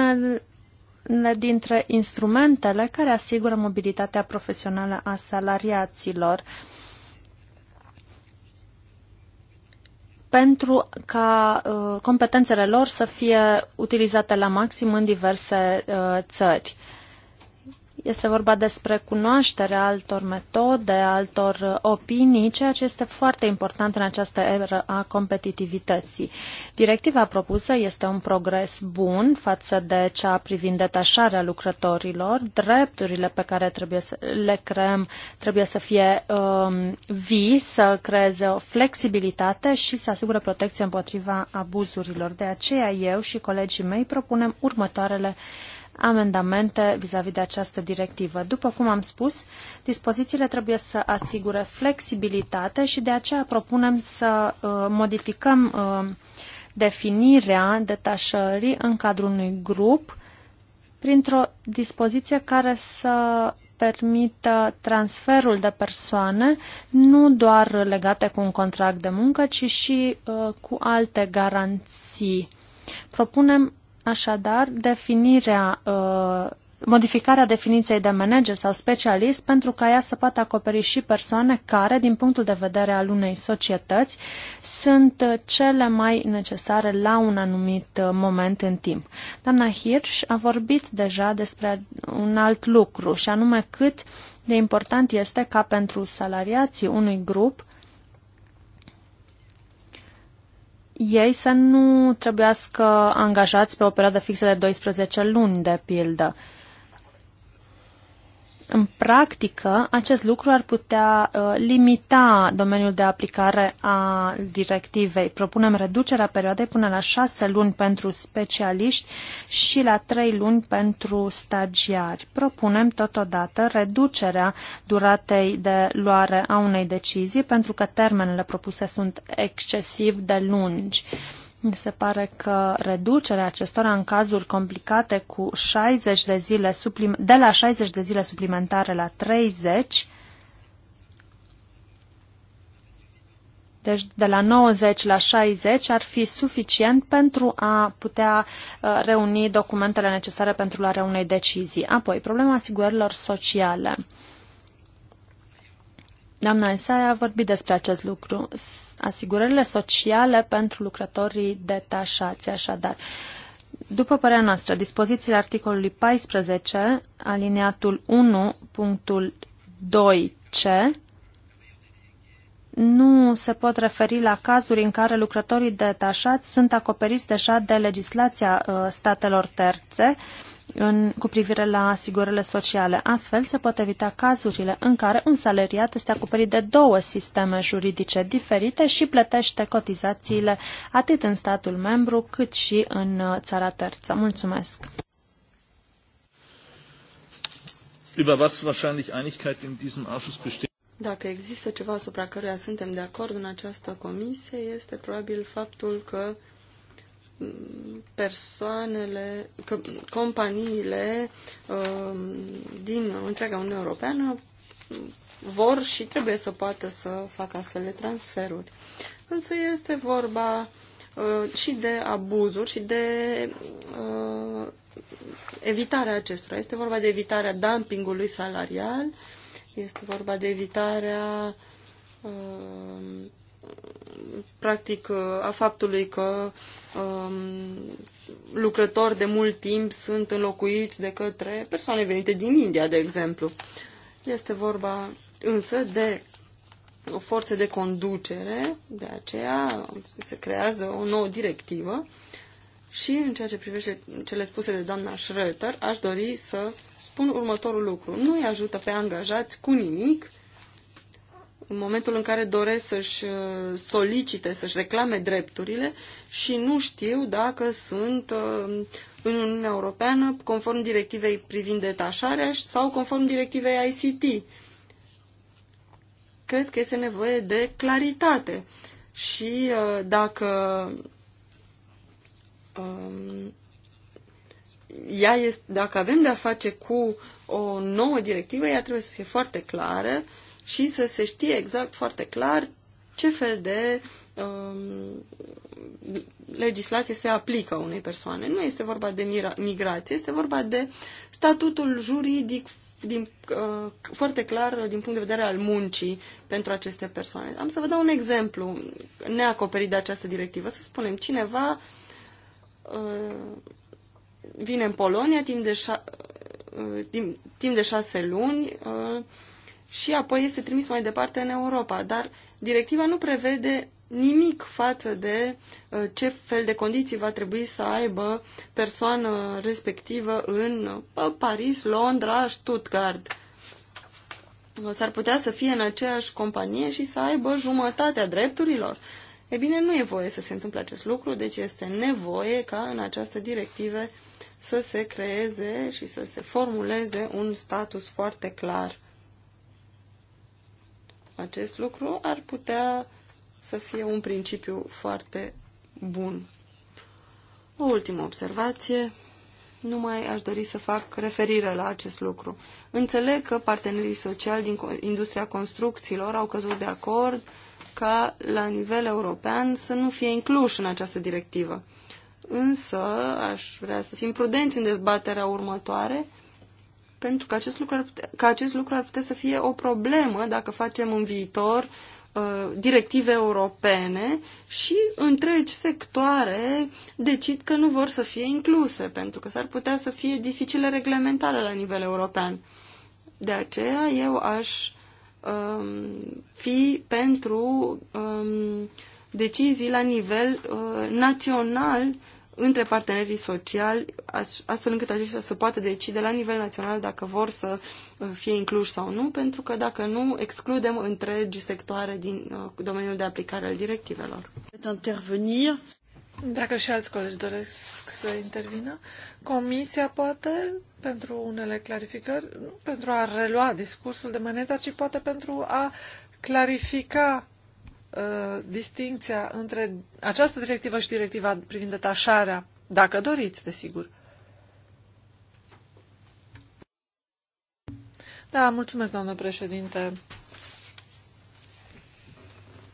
[SPEAKER 1] dintre instrumentele care asigură mobilitatea profesională a salariaților. pentru ca uh, competențele lor să fie utilizate la maxim în diverse uh, țări. Este vorba despre cunoașterea altor metode, altor opinii, ceea ce este foarte important în această eră a competitivității. Directiva propusă este un progres bun față de cea privind detașarea lucrătorilor. Drepturile pe care trebuie să le creăm trebuie să fie um, vii, să creeze o flexibilitate și să asigure protecție împotriva abuzurilor. De aceea eu și colegii mei propunem următoarele amendamente vis-a-vis de această directivă. După cum am spus, dispozițiile trebuie să asigure flexibilitate și de aceea propunem să uh, modificăm uh, definirea detașării în cadrul unui grup printr-o dispoziție care să permită transferul de persoane nu doar legate cu un contract de muncă, ci și uh, cu alte garanții. Propunem Așadar, definirea, uh, modificarea definiției de manager sau specialist pentru ca ea să poată acoperi și persoane care, din punctul de vedere al unei societăți, sunt uh, cele mai necesare la un anumit uh, moment în timp. Doamna Hirsch a vorbit deja despre un alt lucru și anume cât de important este ca pentru salariații unui grup ei să nu trebuiască angajați pe o perioadă fixă de 12 luni, de pildă. În practică, acest lucru ar putea uh, limita domeniul de aplicare a directivei. Propunem reducerea perioadei până la șase luni pentru specialiști și la trei luni pentru stagiari. Propunem totodată reducerea duratei de luare a unei decizii pentru că termenele propuse sunt excesiv de lungi. Uh, mi se pare că reducerea acestora în cazuri complicate cu 60 de zile de la 60 de zile suplimentare la 30 deci de la 90 la 60 ar fi suficient pentru a putea uh, reuni documentele necesare pentru luarea unei decizii. Apoi, problema asigurărilor sociale. Doamna Isaia a vorbit despre acest lucru, asigurările sociale pentru lucrătorii detașați, așadar. După părerea noastră, dispozițiile articolului 14, aliniatul 1, punctul 2c, nu se pot referi la cazuri în care lucrătorii detașați sunt acoperiți deja de legislația uh, statelor terțe, în, cu privire la asigurările sociale. Astfel, se pot evita cazurile în care un salariat este acoperit de două sisteme juridice diferite și plătește cotizațiile atât în statul membru cât și în uh, țara terță. Mulțumesc!
[SPEAKER 3] Dacă există ceva asupra căruia suntem de acord în această comisie, este probabil faptul că persoanele, companiile um, din întreaga Uniune Europeană vor și trebuie să poată să facă astfel de transferuri. Însă este vorba uh, și de abuzuri și de uh, evitarea acestora. Este vorba de evitarea dumpingului salarial, este vorba de evitarea uh, practic uh, a faptului că um, lucrători de mult timp sunt înlocuiți de către persoane venite din India, de exemplu. Este vorba însă de o forță de conducere, de aceea se creează o nouă directivă și în ceea ce privește cele spuse de doamna Schröter, aș dori să spun următorul lucru. Nu îi ajută pe angajați cu nimic în momentul în care doresc să-și uh, solicite, să-și reclame drepturile și nu știu dacă sunt uh, în Uniunea Europeană conform directivei privind detașarea sau conform directivei ICT. Cred că este nevoie de claritate și uh, dacă um, ea este, dacă avem de-a face cu o nouă directivă, ea trebuie să fie foarte clară și să se știe exact foarte clar ce fel de um, legislație se aplică unei persoane. Nu este vorba de migrație, este vorba de statutul juridic din, uh, foarte clar din punct de vedere al muncii pentru aceste persoane. Am să vă dau un exemplu neacoperit de această directivă. Să spunem, cineva uh, vine în Polonia timp de, șa, uh, timp, timp de șase luni, uh, și apoi este trimis mai departe în Europa. Dar directiva nu prevede nimic față de uh, ce fel de condiții va trebui să aibă persoana respectivă în uh, Paris, Londra, Stuttgart. S-ar putea să fie în aceeași companie și să aibă jumătatea drepturilor. E bine, nu e voie să se întâmple acest lucru, deci este nevoie ca în această directive să se creeze și să se formuleze un status foarte clar acest lucru ar putea să fie un principiu foarte bun. O ultimă observație. Nu mai aș dori să fac referire la acest lucru. Înțeleg că partenerii sociali din industria construcțiilor au căzut de acord ca la nivel european să nu fie incluși în această directivă. Însă aș vrea să fim prudenți în dezbaterea următoare pentru că acest lucru ar putea, că acest lucru ar putea să fie o problemă dacă facem în viitor uh, directive europene și întregi sectoare decid că nu vor să fie incluse, pentru că s-ar putea să fie dificile reglementare la nivel european. De aceea eu aș um, fi pentru um, decizii la nivel uh, național între partenerii sociali, astfel încât aceștia să poată decide la nivel național dacă vor să uh, fie incluși sau nu, pentru că dacă nu, excludem întregi sectoare din uh, domeniul de aplicare al directivelor.
[SPEAKER 4] Dacă și alți colegi doresc să intervină, comisia poate, pentru unele clarificări, nu pentru a relua discursul de maneta, ci poate pentru a clarifica Uh, distinția între această directivă și directiva privind detașarea, dacă doriți, desigur. Da, mulțumesc, doamnă președinte.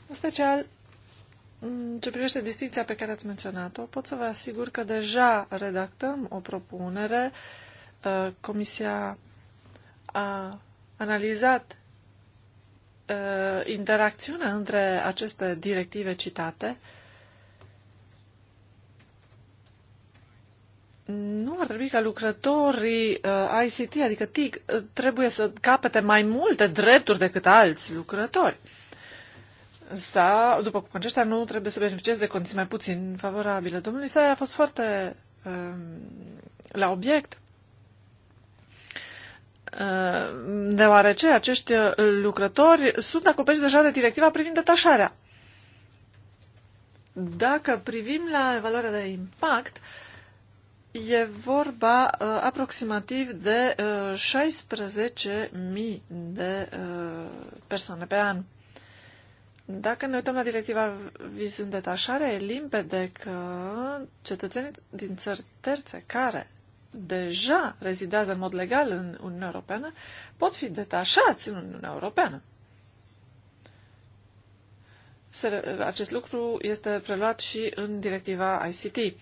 [SPEAKER 4] În special, ce privește distinția pe care ați menționat-o, pot să vă asigur că deja redactăm o propunere. Uh, Comisia a analizat uh, între aceste directive citate nu ar trebui ca lucrătorii uh, ICT, adică TIC, uh, trebuie să capete mai multe drepturi decât alți lucrători. Sau, după cum aceștia nu trebuie să beneficieze de condiții mai puțin favorabile. Domnul Isaia a fost foarte uh, la obiect Uh, deoarece acești uh, lucrători sunt acoperiți deja de directiva privind detașarea. Dacă privim la evaluarea de impact, e vorba uh, aproximativ de uh, 16.000 de uh, persoane pe an. Dacă ne uităm la directiva vizând detașarea, e limpede că cetățenii din țări terțe care deja rezidează în mod legal în Uniunea Europeană pot fi detașați în Uniunea Europeană. Acest lucru este preluat și în directiva ICT.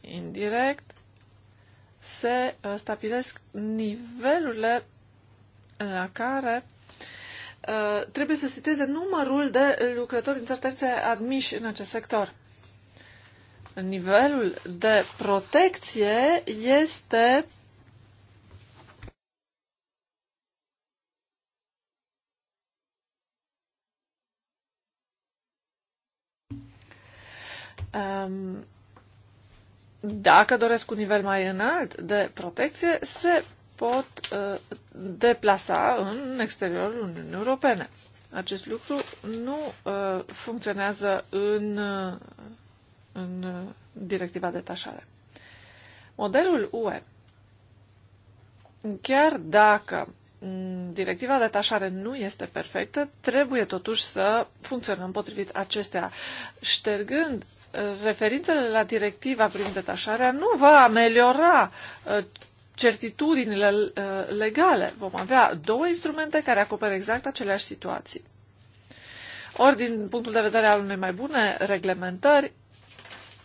[SPEAKER 4] Indirect se uh, stabilesc nivelurile uh, la care uh, trebuie să citeze numărul de lucrători din țări terțe admiși în acest sector nivelul de protecție este um, dacă doresc un nivel mai înalt de protecție, se pot uh, deplasa în exteriorul Uniunii Europene. Acest lucru nu uh, funcționează în uh, în uh, directiva detașare. Modelul UE, chiar dacă mm, directiva detașare nu este perfectă, trebuie totuși să funcționăm potrivit acestea. Ștergând uh, referințele la directiva prin detașarea, nu va ameliora uh, certitudinile legale. Vom avea două instrumente care acoperă exact aceleași situații. Ori din punctul de vedere al unei mai bune reglementări,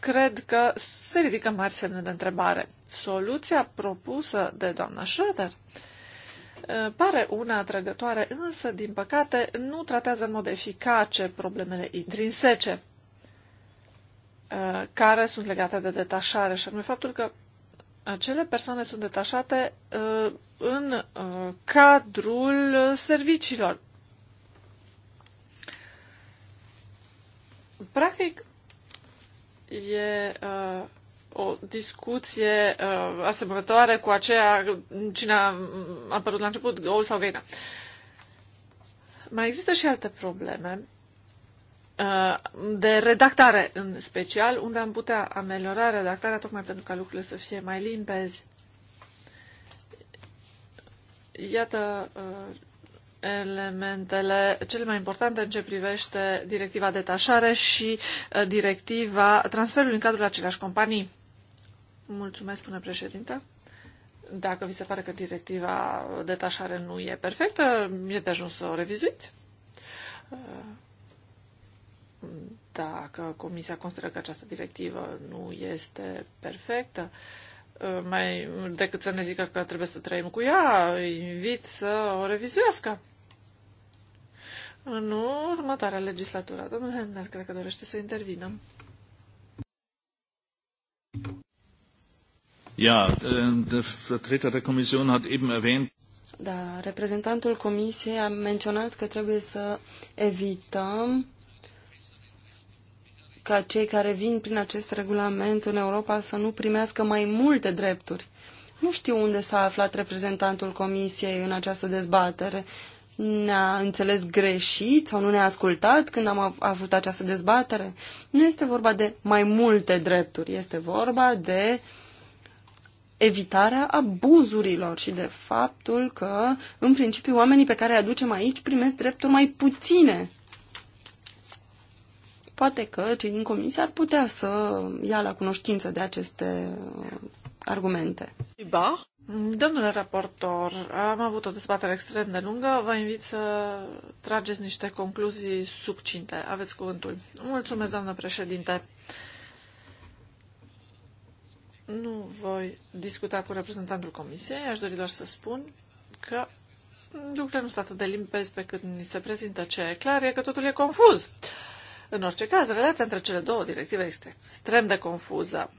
[SPEAKER 4] cred că se ridică mari semne de întrebare. Soluția propusă de doamna Schroeder pare una atrăgătoare, însă, din păcate, nu tratează în mod eficace problemele intrinsece care sunt legate de detașare și anume faptul că acele persoane sunt detașate în cadrul serviciilor. Practic, e uh, o discuție uh, asemănătoare cu aceea cine a apărut la început, Goul sau Gaina. Mai există și alte probleme uh, de redactare în special, unde am putea ameliora redactarea tocmai pentru ca lucrurile să fie mai limpezi. Iată uh, elementele cele mai importante în ce privește directiva detașare și uh, directiva transferului în cadrul aceleași companii. Mulțumesc, spune președinte. Dacă vi se pare că directiva detașare nu e perfectă, e de ajuns să o revizuiți. Uh, dacă Comisia consideră că această directivă nu este perfectă, uh, mai decât să ne zică că trebuie să trăim cu ea, invit să o revizuiască. În următoarea legislatură, domnul Hendner cred că dorește să intervină.
[SPEAKER 2] Ja, äh, der Vertreter der
[SPEAKER 4] Kommission hat eben erwähnt.
[SPEAKER 3] Da, reprezentantul Comisiei a menționat că trebuie să evităm ca cei care vin prin acest regulament în Europa să nu primească mai multe drepturi. Nu știu unde s-a aflat reprezentantul Comisiei în această dezbatere ne-a înțeles greșit sau nu ne-a ascultat când am avut această dezbatere. Nu este vorba de mai multe drepturi, este vorba de evitarea abuzurilor și de faptul că, în principiu, oamenii pe care îi aducem aici primesc drepturi mai puține. Poate că cei din comisie ar putea să ia la cunoștință de aceste uh, argumente. Ba?
[SPEAKER 4] Domnule raportor, am avut o dezbatere extrem de lungă. Vă invit să trageți niște concluzii succinte. Aveți cuvântul. Mulțumesc, doamnă președinte. Nu voi discuta cu reprezentantul comisiei. Aș dori doar să spun că lucrurile nu sunt atât de limpezi pe cât ni se prezintă ce e clar, e că totul e confuz. În orice caz, relația între cele două directive este extrem de confuză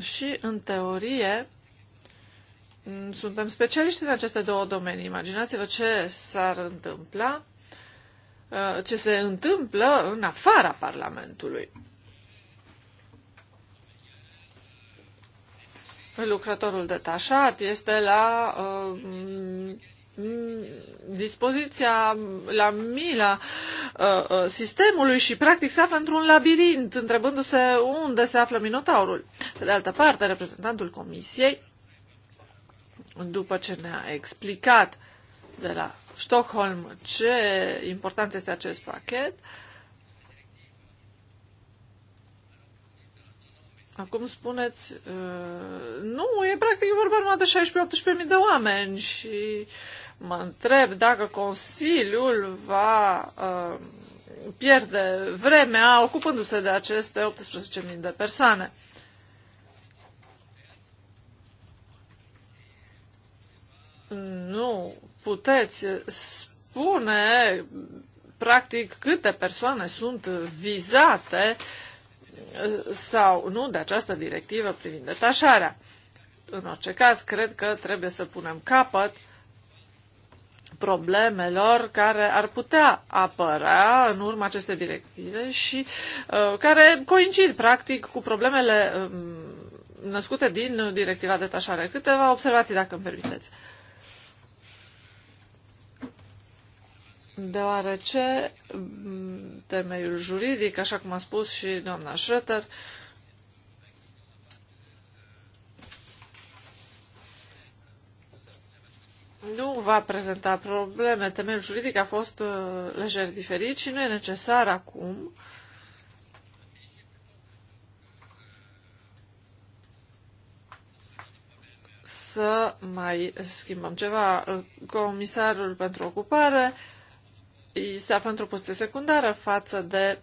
[SPEAKER 4] și în teorie mm, suntem specialiști în aceste două domenii. Imaginați-vă ce s-ar întâmpla, uh, ce se întâmplă în afara Parlamentului. Lucrătorul detașat este la uh, Mm, dispoziția la mila uh, uh, sistemului și practic se află într-un labirint, întrebându-se unde se află Minotaurul. Pe de altă parte, reprezentantul comisiei, după ce ne-a explicat de la Stockholm ce important este acest pachet, uh, Acum spuneți, uh, nu, e practic vorba numai de 16-18.000 de oameni și mă întreb dacă Consiliul va uh, pierde vremea ocupându-se de aceste 18.000 de persoane. Nu puteți spune practic câte persoane sunt vizate uh, sau nu de această directivă privind detașarea. În orice caz, cred că trebuie să punem capăt problemelor care ar putea apărea în urma acestei directive și uh, care coincid practic cu problemele um, născute din directiva detașare. Câteva observații, dacă îmi permiteți. Uh, deoarece temeiul juridic, așa cum a spus și doamna Schröter, nu va prezenta probleme. Temeiul juridic a fost uh, lejer diferit și nu e necesar acum să mai schimbăm ceva. Comisarul pentru ocupare se află într-o poziție secundară față de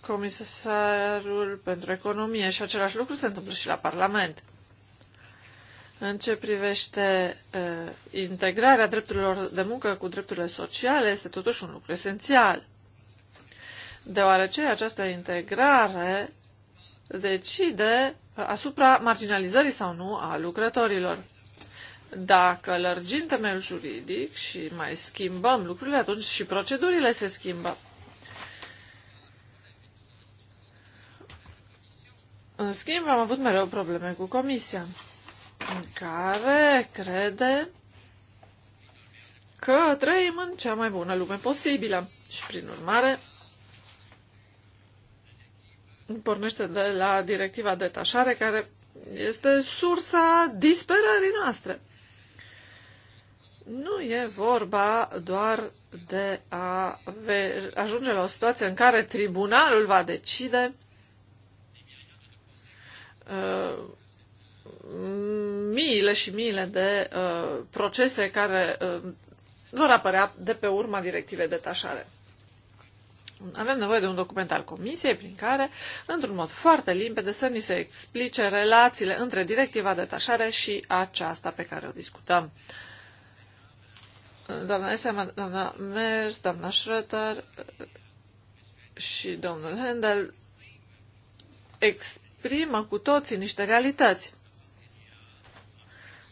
[SPEAKER 4] comisarul pentru economie și același lucru se întâmplă și la Parlament. În ce privește uh, integrarea drepturilor de muncă cu drepturile sociale, este totuși un lucru esențial, deoarece această integrare decide uh, asupra marginalizării sau nu a lucrătorilor. Dacă lărgim temeiul juridic și mai schimbăm lucrurile, atunci și procedurile se schimbă. În schimb, am avut mereu probleme cu comisia, în care crede că trăim în cea mai bună lume posibilă și, prin urmare, pornește de la directiva detașare, care este sursa disperării noastre. Nu e vorba doar de a ajunge la o situație în care tribunalul va decide uh, miile și miile de uh, procese care uh, vor apărea de pe urma directivei detașare. Avem nevoie de un document al Comisiei prin care, într-un mod foarte limpede, să ni se explice relațiile între directiva de detașare și aceasta pe care o discutăm. Doamna Esema, doamna Mers, doamna Schröter și domnul Handel exprimă cu toții niște realități,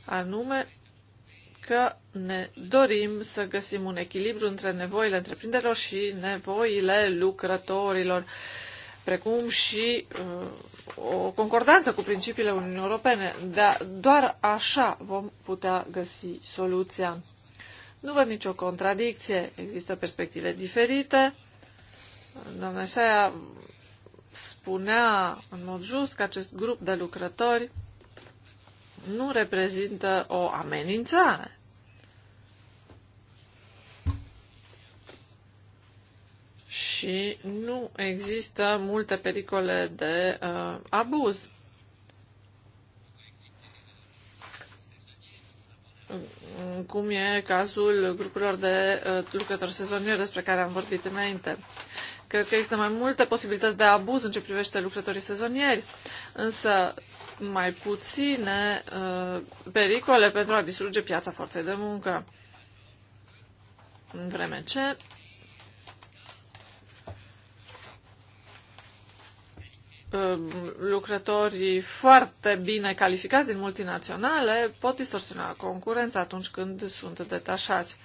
[SPEAKER 4] anume că ne dorim să găsim un echilibru între nevoile întreprinderilor și nevoile lucrătorilor, precum și uh, o concordanță cu principiile Uniunii Europene. Dar doar așa vom putea găsi soluția. Nu văd nicio contradicție, există perspective diferite. Doamna Isaia spunea în mod just că acest grup de lucrători nu reprezintă o amenințare. Și nu există multe pericole de uh, abuz. cum e cazul grupurilor de uh, lucrători sezonieri despre care am vorbit înainte. Cred că există mai multe posibilități de abuz în ce privește lucrătorii sezonieri, însă mai puține uh, pericole pentru a distruge piața forței de muncă. În vreme ce uh, lucrătorii foarte bine calificați din multinaționale pot distorsiona concurența atunci când sunt detașați.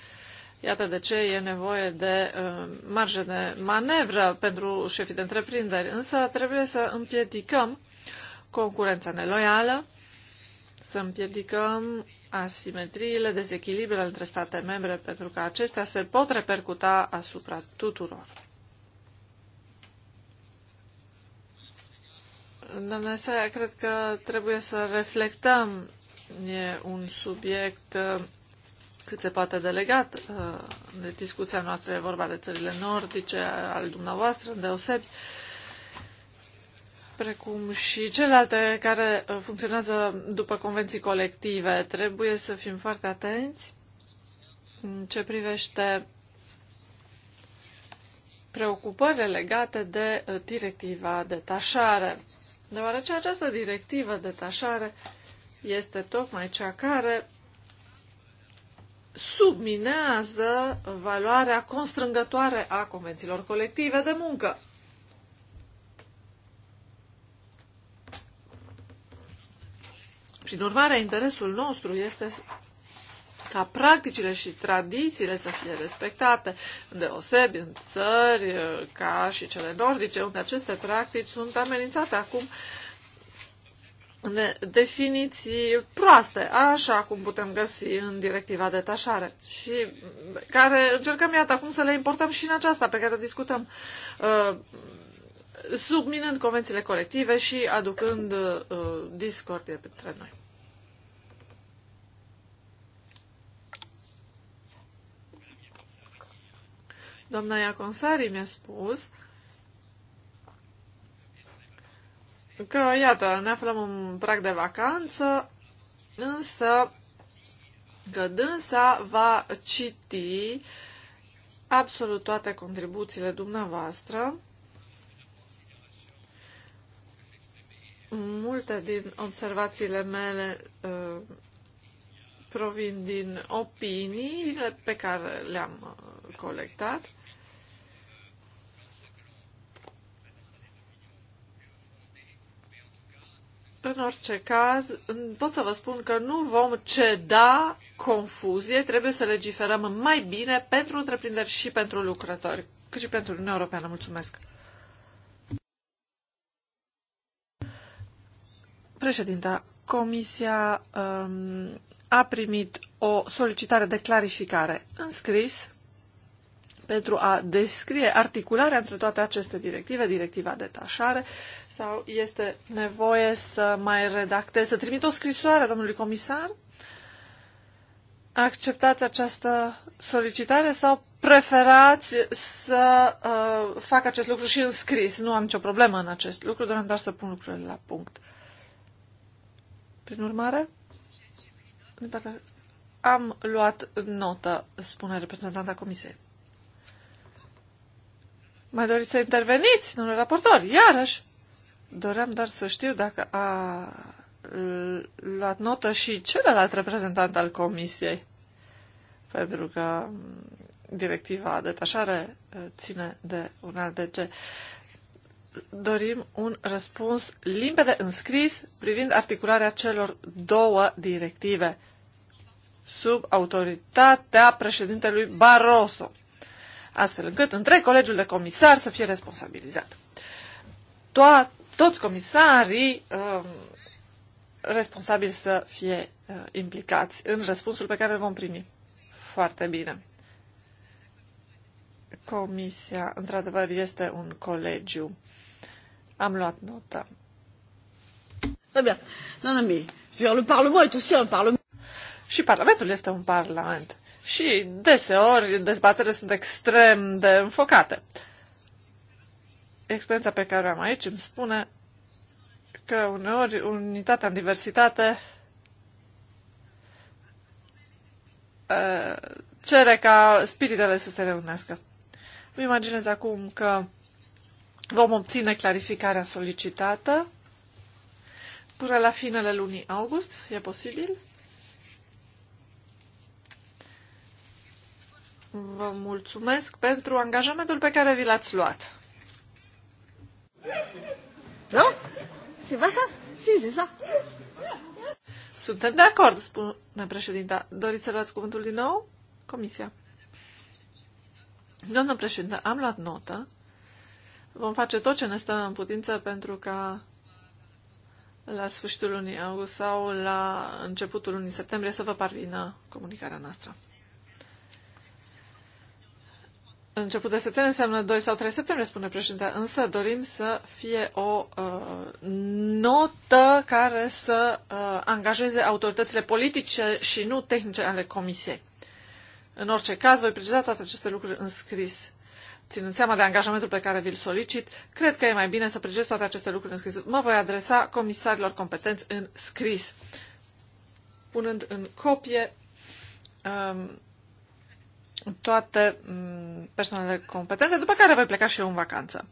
[SPEAKER 4] Iată de ce e nevoie de uh, marge de manevră pentru șefii de întreprinderi, însă trebuie să împiedicăm concurența neloială, să împiedicăm asimetriile, dezechilibrele între state membre, pentru că acestea se pot repercuta asupra tuturor. Doamne Saia, cred că trebuie să reflectăm. E un subiect uh, cât se poate delegat uh, de discuția noastră. E vorba de țările nordice, al dumneavoastră, îndeosebi. deosebi precum și celelalte care uh, funcționează după convenții colective. Trebuie să fim foarte atenți în ce privește preocupările legate de uh, directiva detașare, deoarece această directivă detașare este tocmai cea care subminează valoarea constrângătoare a convențiilor colective de muncă. Prin urmare, interesul nostru este ca practicile și tradițiile să fie respectate, deosebi în țări eh, ca și cele nordice, unde aceste practici sunt amenințate acum de definiții proaste, așa cum putem găsi în directiva tașare și care încercăm, iată, acum să le importăm și în aceasta pe care o discutăm, eh, subminând convențiile colective și aducând eh, discordie între noi. Doamna Iaconsari mi-a spus că, iată, ne aflăm în prag de vacanță, însă că dânsa va citi absolut toate contribuțiile dumneavoastră. Multe din observațiile mele uh, provin din opiniile pe care le-am uh, colectat. În orice caz, pot să vă spun că nu vom ceda confuzie, trebuie să legiferăm mai bine pentru întreprinderi și pentru lucrători, cât și pentru Uniunea Europeană. Mulțumesc! Președinta, Comisia um, a primit o solicitare de clarificare în scris pentru a descrie articularea între toate aceste directive, directiva detașare, sau este nevoie să mai redactez, să trimit o scrisoare domnului comisar? Acceptați această solicitare sau preferați să uh, fac acest lucru și în scris? Nu am nicio problemă în acest lucru, doream doar să pun lucrurile la punct. Prin urmare, din partea am luat notă, spune reprezentanta comisiei. Mai doriți să interveniți, domnule raportor? Iarăși! Doream doar să știu dacă a luat notă și celălalt reprezentant al comisiei. Pentru că mm, directiva detașare uh, ține de un alt DG. Dorim un răspuns limpede înscris privind articularea celor două directive sub autoritatea președintelui Barroso astfel încât întreg colegiul de comisari să fie responsabilizat. To- toți comisarii uh, responsabili să fie uh, implicați în răspunsul pe care îl vom primi. Foarte bine. Comisia, într-adevăr, este un colegiu. Am luat notă. Très bien. Non, non, mais le Și Parlamentul este un Parlament. Și deseori dezbaterile sunt extrem de înfocate. Experiența pe care o am aici îmi spune că uneori unitatea în diversitate cere ca spiritele să se reunească. Îmi imaginez acum că vom obține clarificarea solicitată până la finele lunii august, e posibil? Vă mulțumesc pentru angajamentul pe care vi l-ați luat. Nu?
[SPEAKER 2] Se va să? Si, si, sa.
[SPEAKER 4] Suntem de acord, spune președinta. Doriți să luați cuvântul din nou? Comisia. Doamnă președintă, am luat notă. Vom face tot ce ne stă în putință pentru ca la sfârșitul lunii august sau la începutul lunii septembrie să vă parvină comunicarea noastră. Început de septembrie înseamnă 2 sau 3 septembrie, spune președinte, însă dorim să fie o uh, notă care să uh, angajeze autoritățile politice și nu tehnice ale Comisiei. În orice caz, voi preciza toate aceste lucruri în scris. Ținând seama de angajamentul pe care vi-l solicit, cred că e mai bine să precizez toate aceste lucruri în scris. Mă voi adresa comisarilor competenți în scris, punând în copie um, toate mm, persoanele competente, după care voi pleca și eu în vacanță.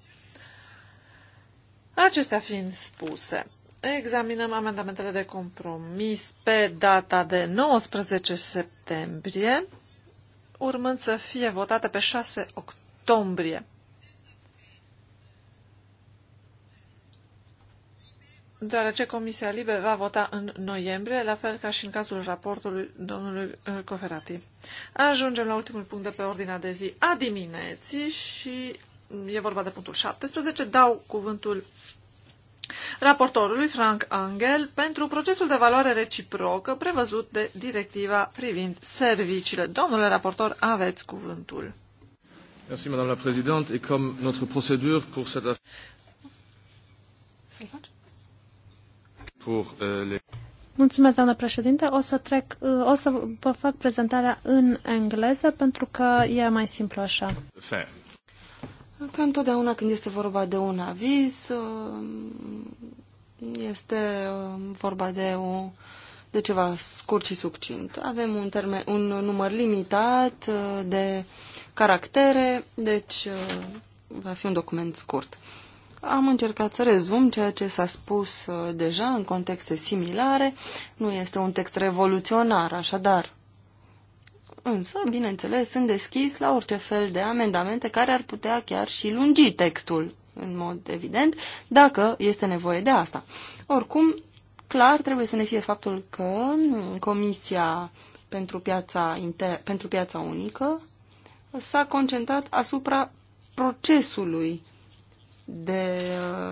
[SPEAKER 4] Acestea fiind spuse, examinăm amendamentele de compromis pe data de 19 septembrie, urmând să fie votate pe 6 octombrie. deoarece Comisia Libe va vota în noiembrie, la fel ca și în cazul raportului domnului uh, Coferati. Ajungem la ultimul punct de pe ordinea de zi a dimineții și mm, e vorba de punctul 17. Dau cuvântul raportorului Frank Angel pentru procesul de valoare reciprocă prevăzut de directiva privind serviciile. Domnule raportor, aveți cuvântul. Merci, Madame la Présidente. Et comme notre procédure pour cette affaire
[SPEAKER 2] pour, euh, les...
[SPEAKER 1] Mulțumesc, doamnă președinte. O să, trec, uh, o să vă fac prezentarea în engleză pentru că e mai simplu așa.
[SPEAKER 2] Fair.
[SPEAKER 3] Ca întotdeauna când este vorba de un aviz, uh, este uh, vorba de, o, de ceva scurt și succint. Avem un, termen, un număr limitat de caractere, deci va fi un document scurt. Am încercat să rezum ceea ce s-a spus uh, deja în contexte similare. Nu este un text revoluționar, așadar. Însă, bineînțeles, sunt deschis la orice fel de amendamente care ar putea chiar și lungi textul, în mod evident, dacă este nevoie de asta. Oricum, clar trebuie să ne fie faptul că mm, Comisia pentru Piața, Inter- pentru piața Unică s-a concentrat asupra procesului de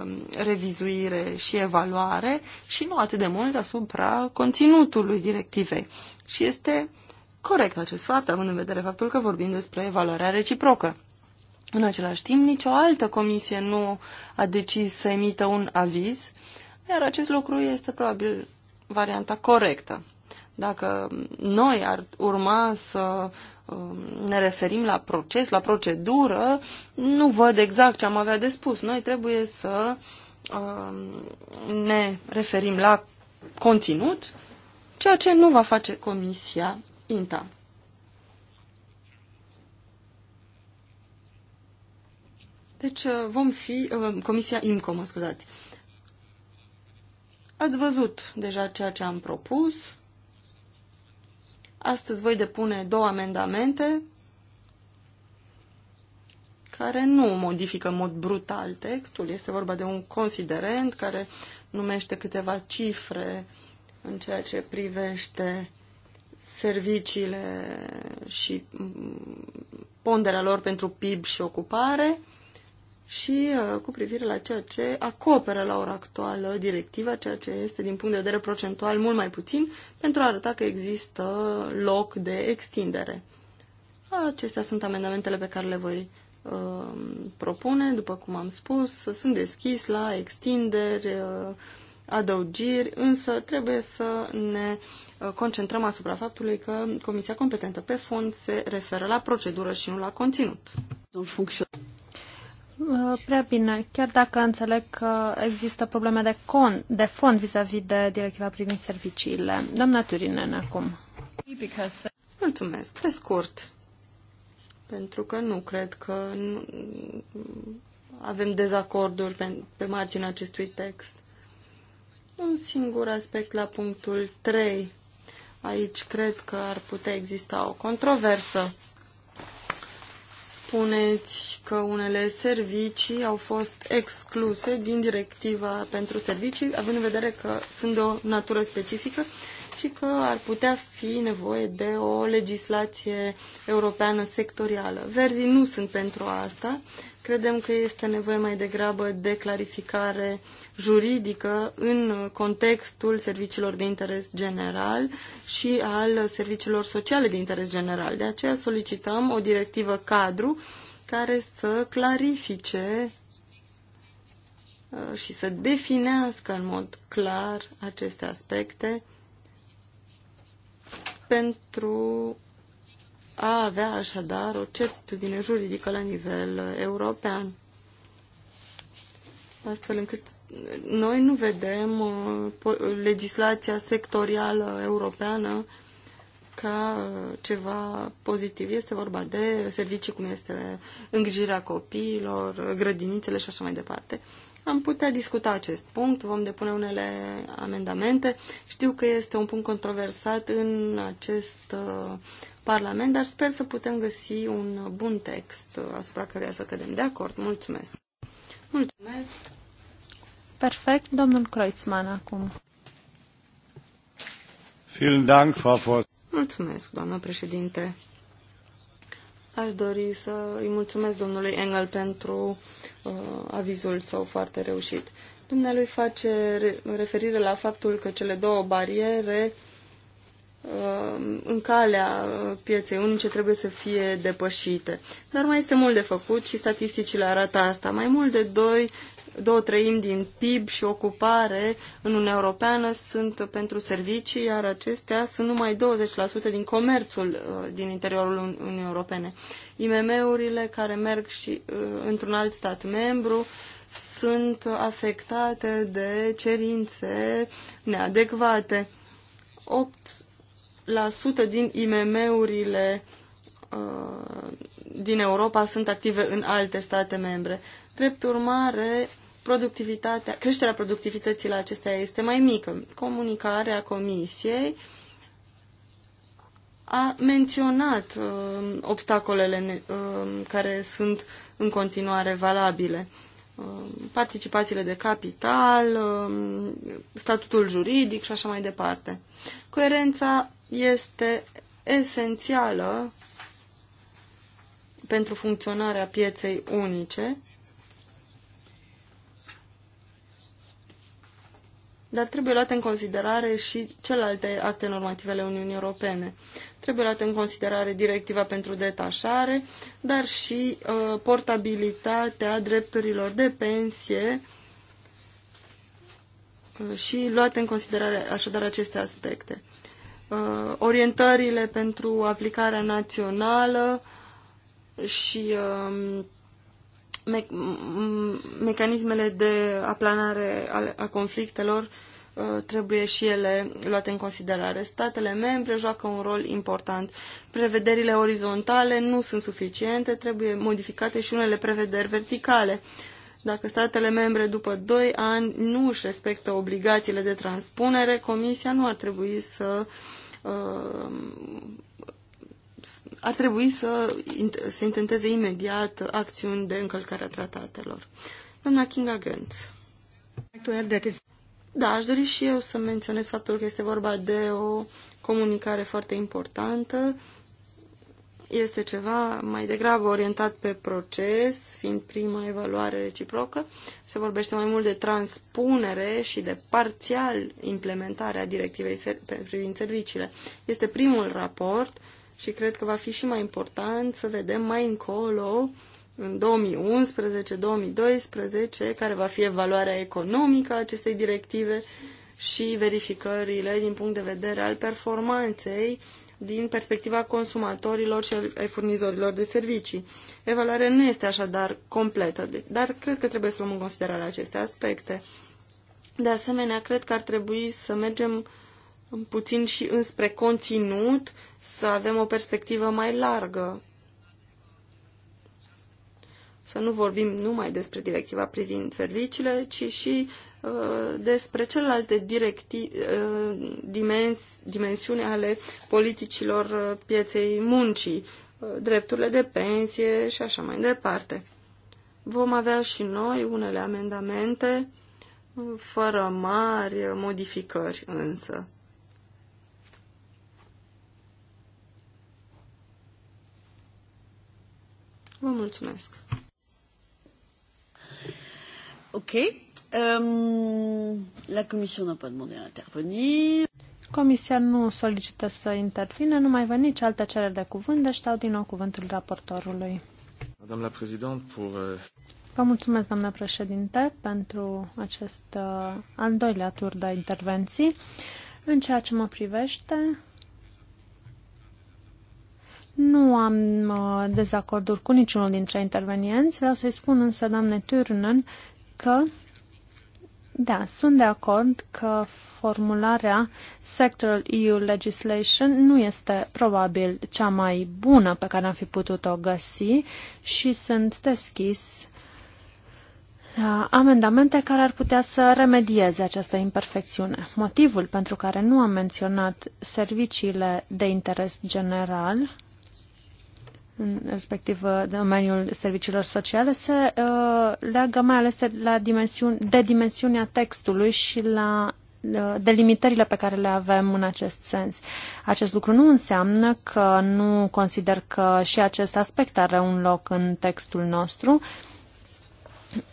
[SPEAKER 3] uh, revizuire și evaluare și nu atât de mult asupra conținutului directivei. Și este corect acest fapt, având în vedere faptul că vorbim despre evaluarea reciprocă. În același timp, nicio altă comisie nu a decis să emită un aviz, iar acest lucru este probabil varianta corectă. Dacă noi ar urma să um, ne referim la proces, la procedură, nu văd exact ce am avea de spus. Noi trebuie să um, ne referim la conținut, ceea ce nu va face Comisia INTA. Deci uh, vom fi, uh, Comisia IMCO, mă scuzați. Ați văzut deja ceea ce am propus. Astăzi voi depune două amendamente care nu modifică în mod brutal textul. Este vorba de un considerent care numește câteva cifre în ceea ce privește serviciile și ponderea lor pentru PIB și ocupare și uh, cu privire la ceea ce acoperă la ora actuală directiva, ceea ce este din punct de vedere procentual mult mai puțin, pentru a arăta că există loc de extindere. Acestea sunt amendamentele pe care le voi uh, propune, după cum am spus, sunt deschis la extinderi, uh, adăugiri, însă trebuie să ne uh, concentrăm asupra faptului că Comisia competentă pe fond se referă la procedură și nu la conținut.
[SPEAKER 1] Uh, prea bine, chiar dacă înțeleg că există probleme de, con, de fond vis-a-vis -vis de directiva privind serviciile. Doamna Turinen, acum.
[SPEAKER 3] Mulțumesc, pe scurt. Pentru că nu cred că nu, avem dezacorduri pe, pe marginea acestui text. Un singur aspect la punctul 3. Aici cred că ar putea exista o controversă spuneți că unele servicii au fost excluse din directiva pentru servicii, având în vedere că sunt de o natură specifică și că ar putea fi nevoie de o legislație europeană sectorială. Verzii nu sunt pentru asta. Credem că este nevoie mai degrabă de clarificare uh, juridică în contextul serviciilor de interes general și al serviciilor sociale de interes general. De aceea solicităm o directivă cadru care să clarifice uh, și să definească în mod clar aceste aspecte pentru a avea așadar o certitudine juridică la nivel european, astfel încât noi nu vedem uh, legislația sectorială europeană ca uh, ceva pozitiv. Este vorba de servicii cum este îngrijirea copiilor, grădinițele și așa mai departe. Am putea discuta acest punct, vom depune unele amendamente. Știu că este un punct controversat în acest uh, Parlament, dar sper să putem găsi un bun text asupra căruia să cădem de acord. Mulțumesc!
[SPEAKER 1] Mulțumesc! Perfect. Domnul Kreutzmann acum. Mulțumesc, doamnă președinte.
[SPEAKER 3] Aș dori să îi mulțumesc domnului Engel pentru uh, avizul său foarte reușit. Dumnealui face referire la faptul că cele două bariere uh, în calea pieței unice trebuie să fie depășite. Dar mai este mult de făcut și statisticile arată asta. Mai mult de două treimi din PIB și ocupare în Uniunea Europeană sunt pentru servicii, iar acestea sunt numai 20% din comerțul uh, din interiorul Uniunii Europene. IMM-urile care merg și uh, într-un alt stat membru sunt afectate de cerințe neadecvate. 8% din IMM-urile uh, din Europa sunt active în alte state membre. Drept urmare, productivitatea, creșterea productivității la acestea este mai mică. Comunicarea comisiei a menționat uh, obstacolele uh, care sunt în continuare valabile. Uh, participațiile de capital, uh, statutul juridic și așa mai departe. Coerența este esențială pentru funcționarea pieței unice dar trebuie luate în considerare și celelalte acte normative ale Uniunii Europene. Trebuie luate în considerare directiva pentru detașare, dar și uh, portabilitatea drepturilor de pensie uh, și luate în considerare așadar aceste aspecte. Uh, orientările pentru aplicarea națională și uh, me mecanismele de aplanare a conflictelor Uh, trebuie și ele luate în considerare. Statele membre joacă un rol important. Prevederile orizontale nu sunt suficiente, trebuie modificate și unele prevederi verticale. Dacă statele membre după 2 ani nu își respectă obligațiile de transpunere, Comisia nu ar trebui să uh, ar trebui să se intenteze imediat acțiuni de încălcare a tratatelor. Doamna Kinga Gantz. Da, aș dori și eu să menționez faptul că este vorba de o comunicare foarte importantă. Este ceva mai degrabă orientat pe proces, fiind prima evaluare reciprocă. Se vorbește mai mult de transpunere și de parțial implementare a directivei privind serviciile. Este primul raport și cred că va fi și mai important să vedem mai încolo uh, în 2011-2012, care va fi evaluarea economică a acestei directive și verificările din punct de vedere al performanței din perspectiva consumatorilor și ai furnizorilor de servicii. Evaluarea nu este așadar completă, dar cred că trebuie să luăm în considerare aceste aspecte. De asemenea, cred că ar trebui să mergem puțin și înspre conținut, să avem o perspectivă mai largă să nu vorbim numai despre directiva privind serviciile, ci și uh, despre celelalte directi, uh, dimens, dimensiuni ale politicilor uh, pieței muncii, uh, drepturile de pensie și așa mai departe. Vom avea și noi unele amendamente, uh, fără mari modificări însă. Vă mulțumesc!
[SPEAKER 1] Ok. Ehm, la Comisia n Comisia nu solicită să intervină, nu mai văd nici altă cerere de cuvânt, deci dau din nou cuvântul raportorului.
[SPEAKER 4] Euh,
[SPEAKER 1] Vă mulțumesc, doamnă președinte, pentru acest uh, al doilea tur de intervenții. În ceea ce mă privește, nu am uh, dezacorduri cu niciunul dintre intervenienți. Vreau să-i spun însă, doamne Turnen, că da, sunt de acord că formularea Sectoral EU Legislation nu este probabil cea mai bună pe care am fi putut-o găsi și sunt deschis la amendamente care ar putea să remedieze această imperfecțiune. Motivul pentru care nu am menționat serviciile de interes general în respectiv uh, domeniul serviciilor sociale se uh, leagă mai ales la dimensiuni, de dimensiunea textului și la uh, delimitările pe care le avem în acest sens. Acest lucru nu înseamnă că nu consider că și acest aspect are un loc în textul nostru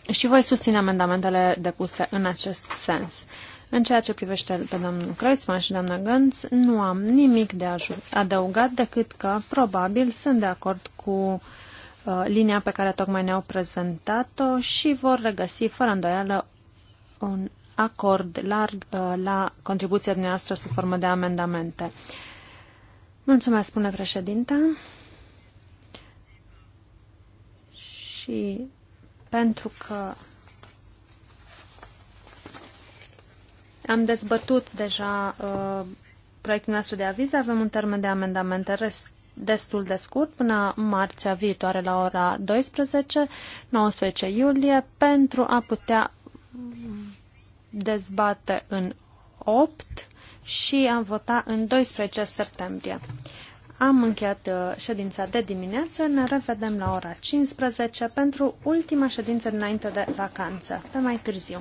[SPEAKER 1] și voi susține amendamentele depuse în acest sens. Uh, în ceea ce privește pe domnul Kreutzmann și doamna Gânț, nu am nimic de adăugat decât că probabil sunt de acord cu uh, linia pe care tocmai ne-au prezentat-o și vor regăsi fără îndoială un acord larg uh, la contribuția dumneavoastră sub formă de amendamente. Mulțumesc, spune președinta. Și pentru că Am dezbătut deja uh, proiectul nostru de aviz. Avem un termen de amendamente rest destul de scurt, până marțea viitoare la ora 12, 19 iulie, pentru a putea dezbate în 8 și am vota în 12 septembrie. Am încheiat uh, ședința de dimineață, ne revedem la ora 15 pentru ultima ședință înainte de vacanță, pe mai târziu.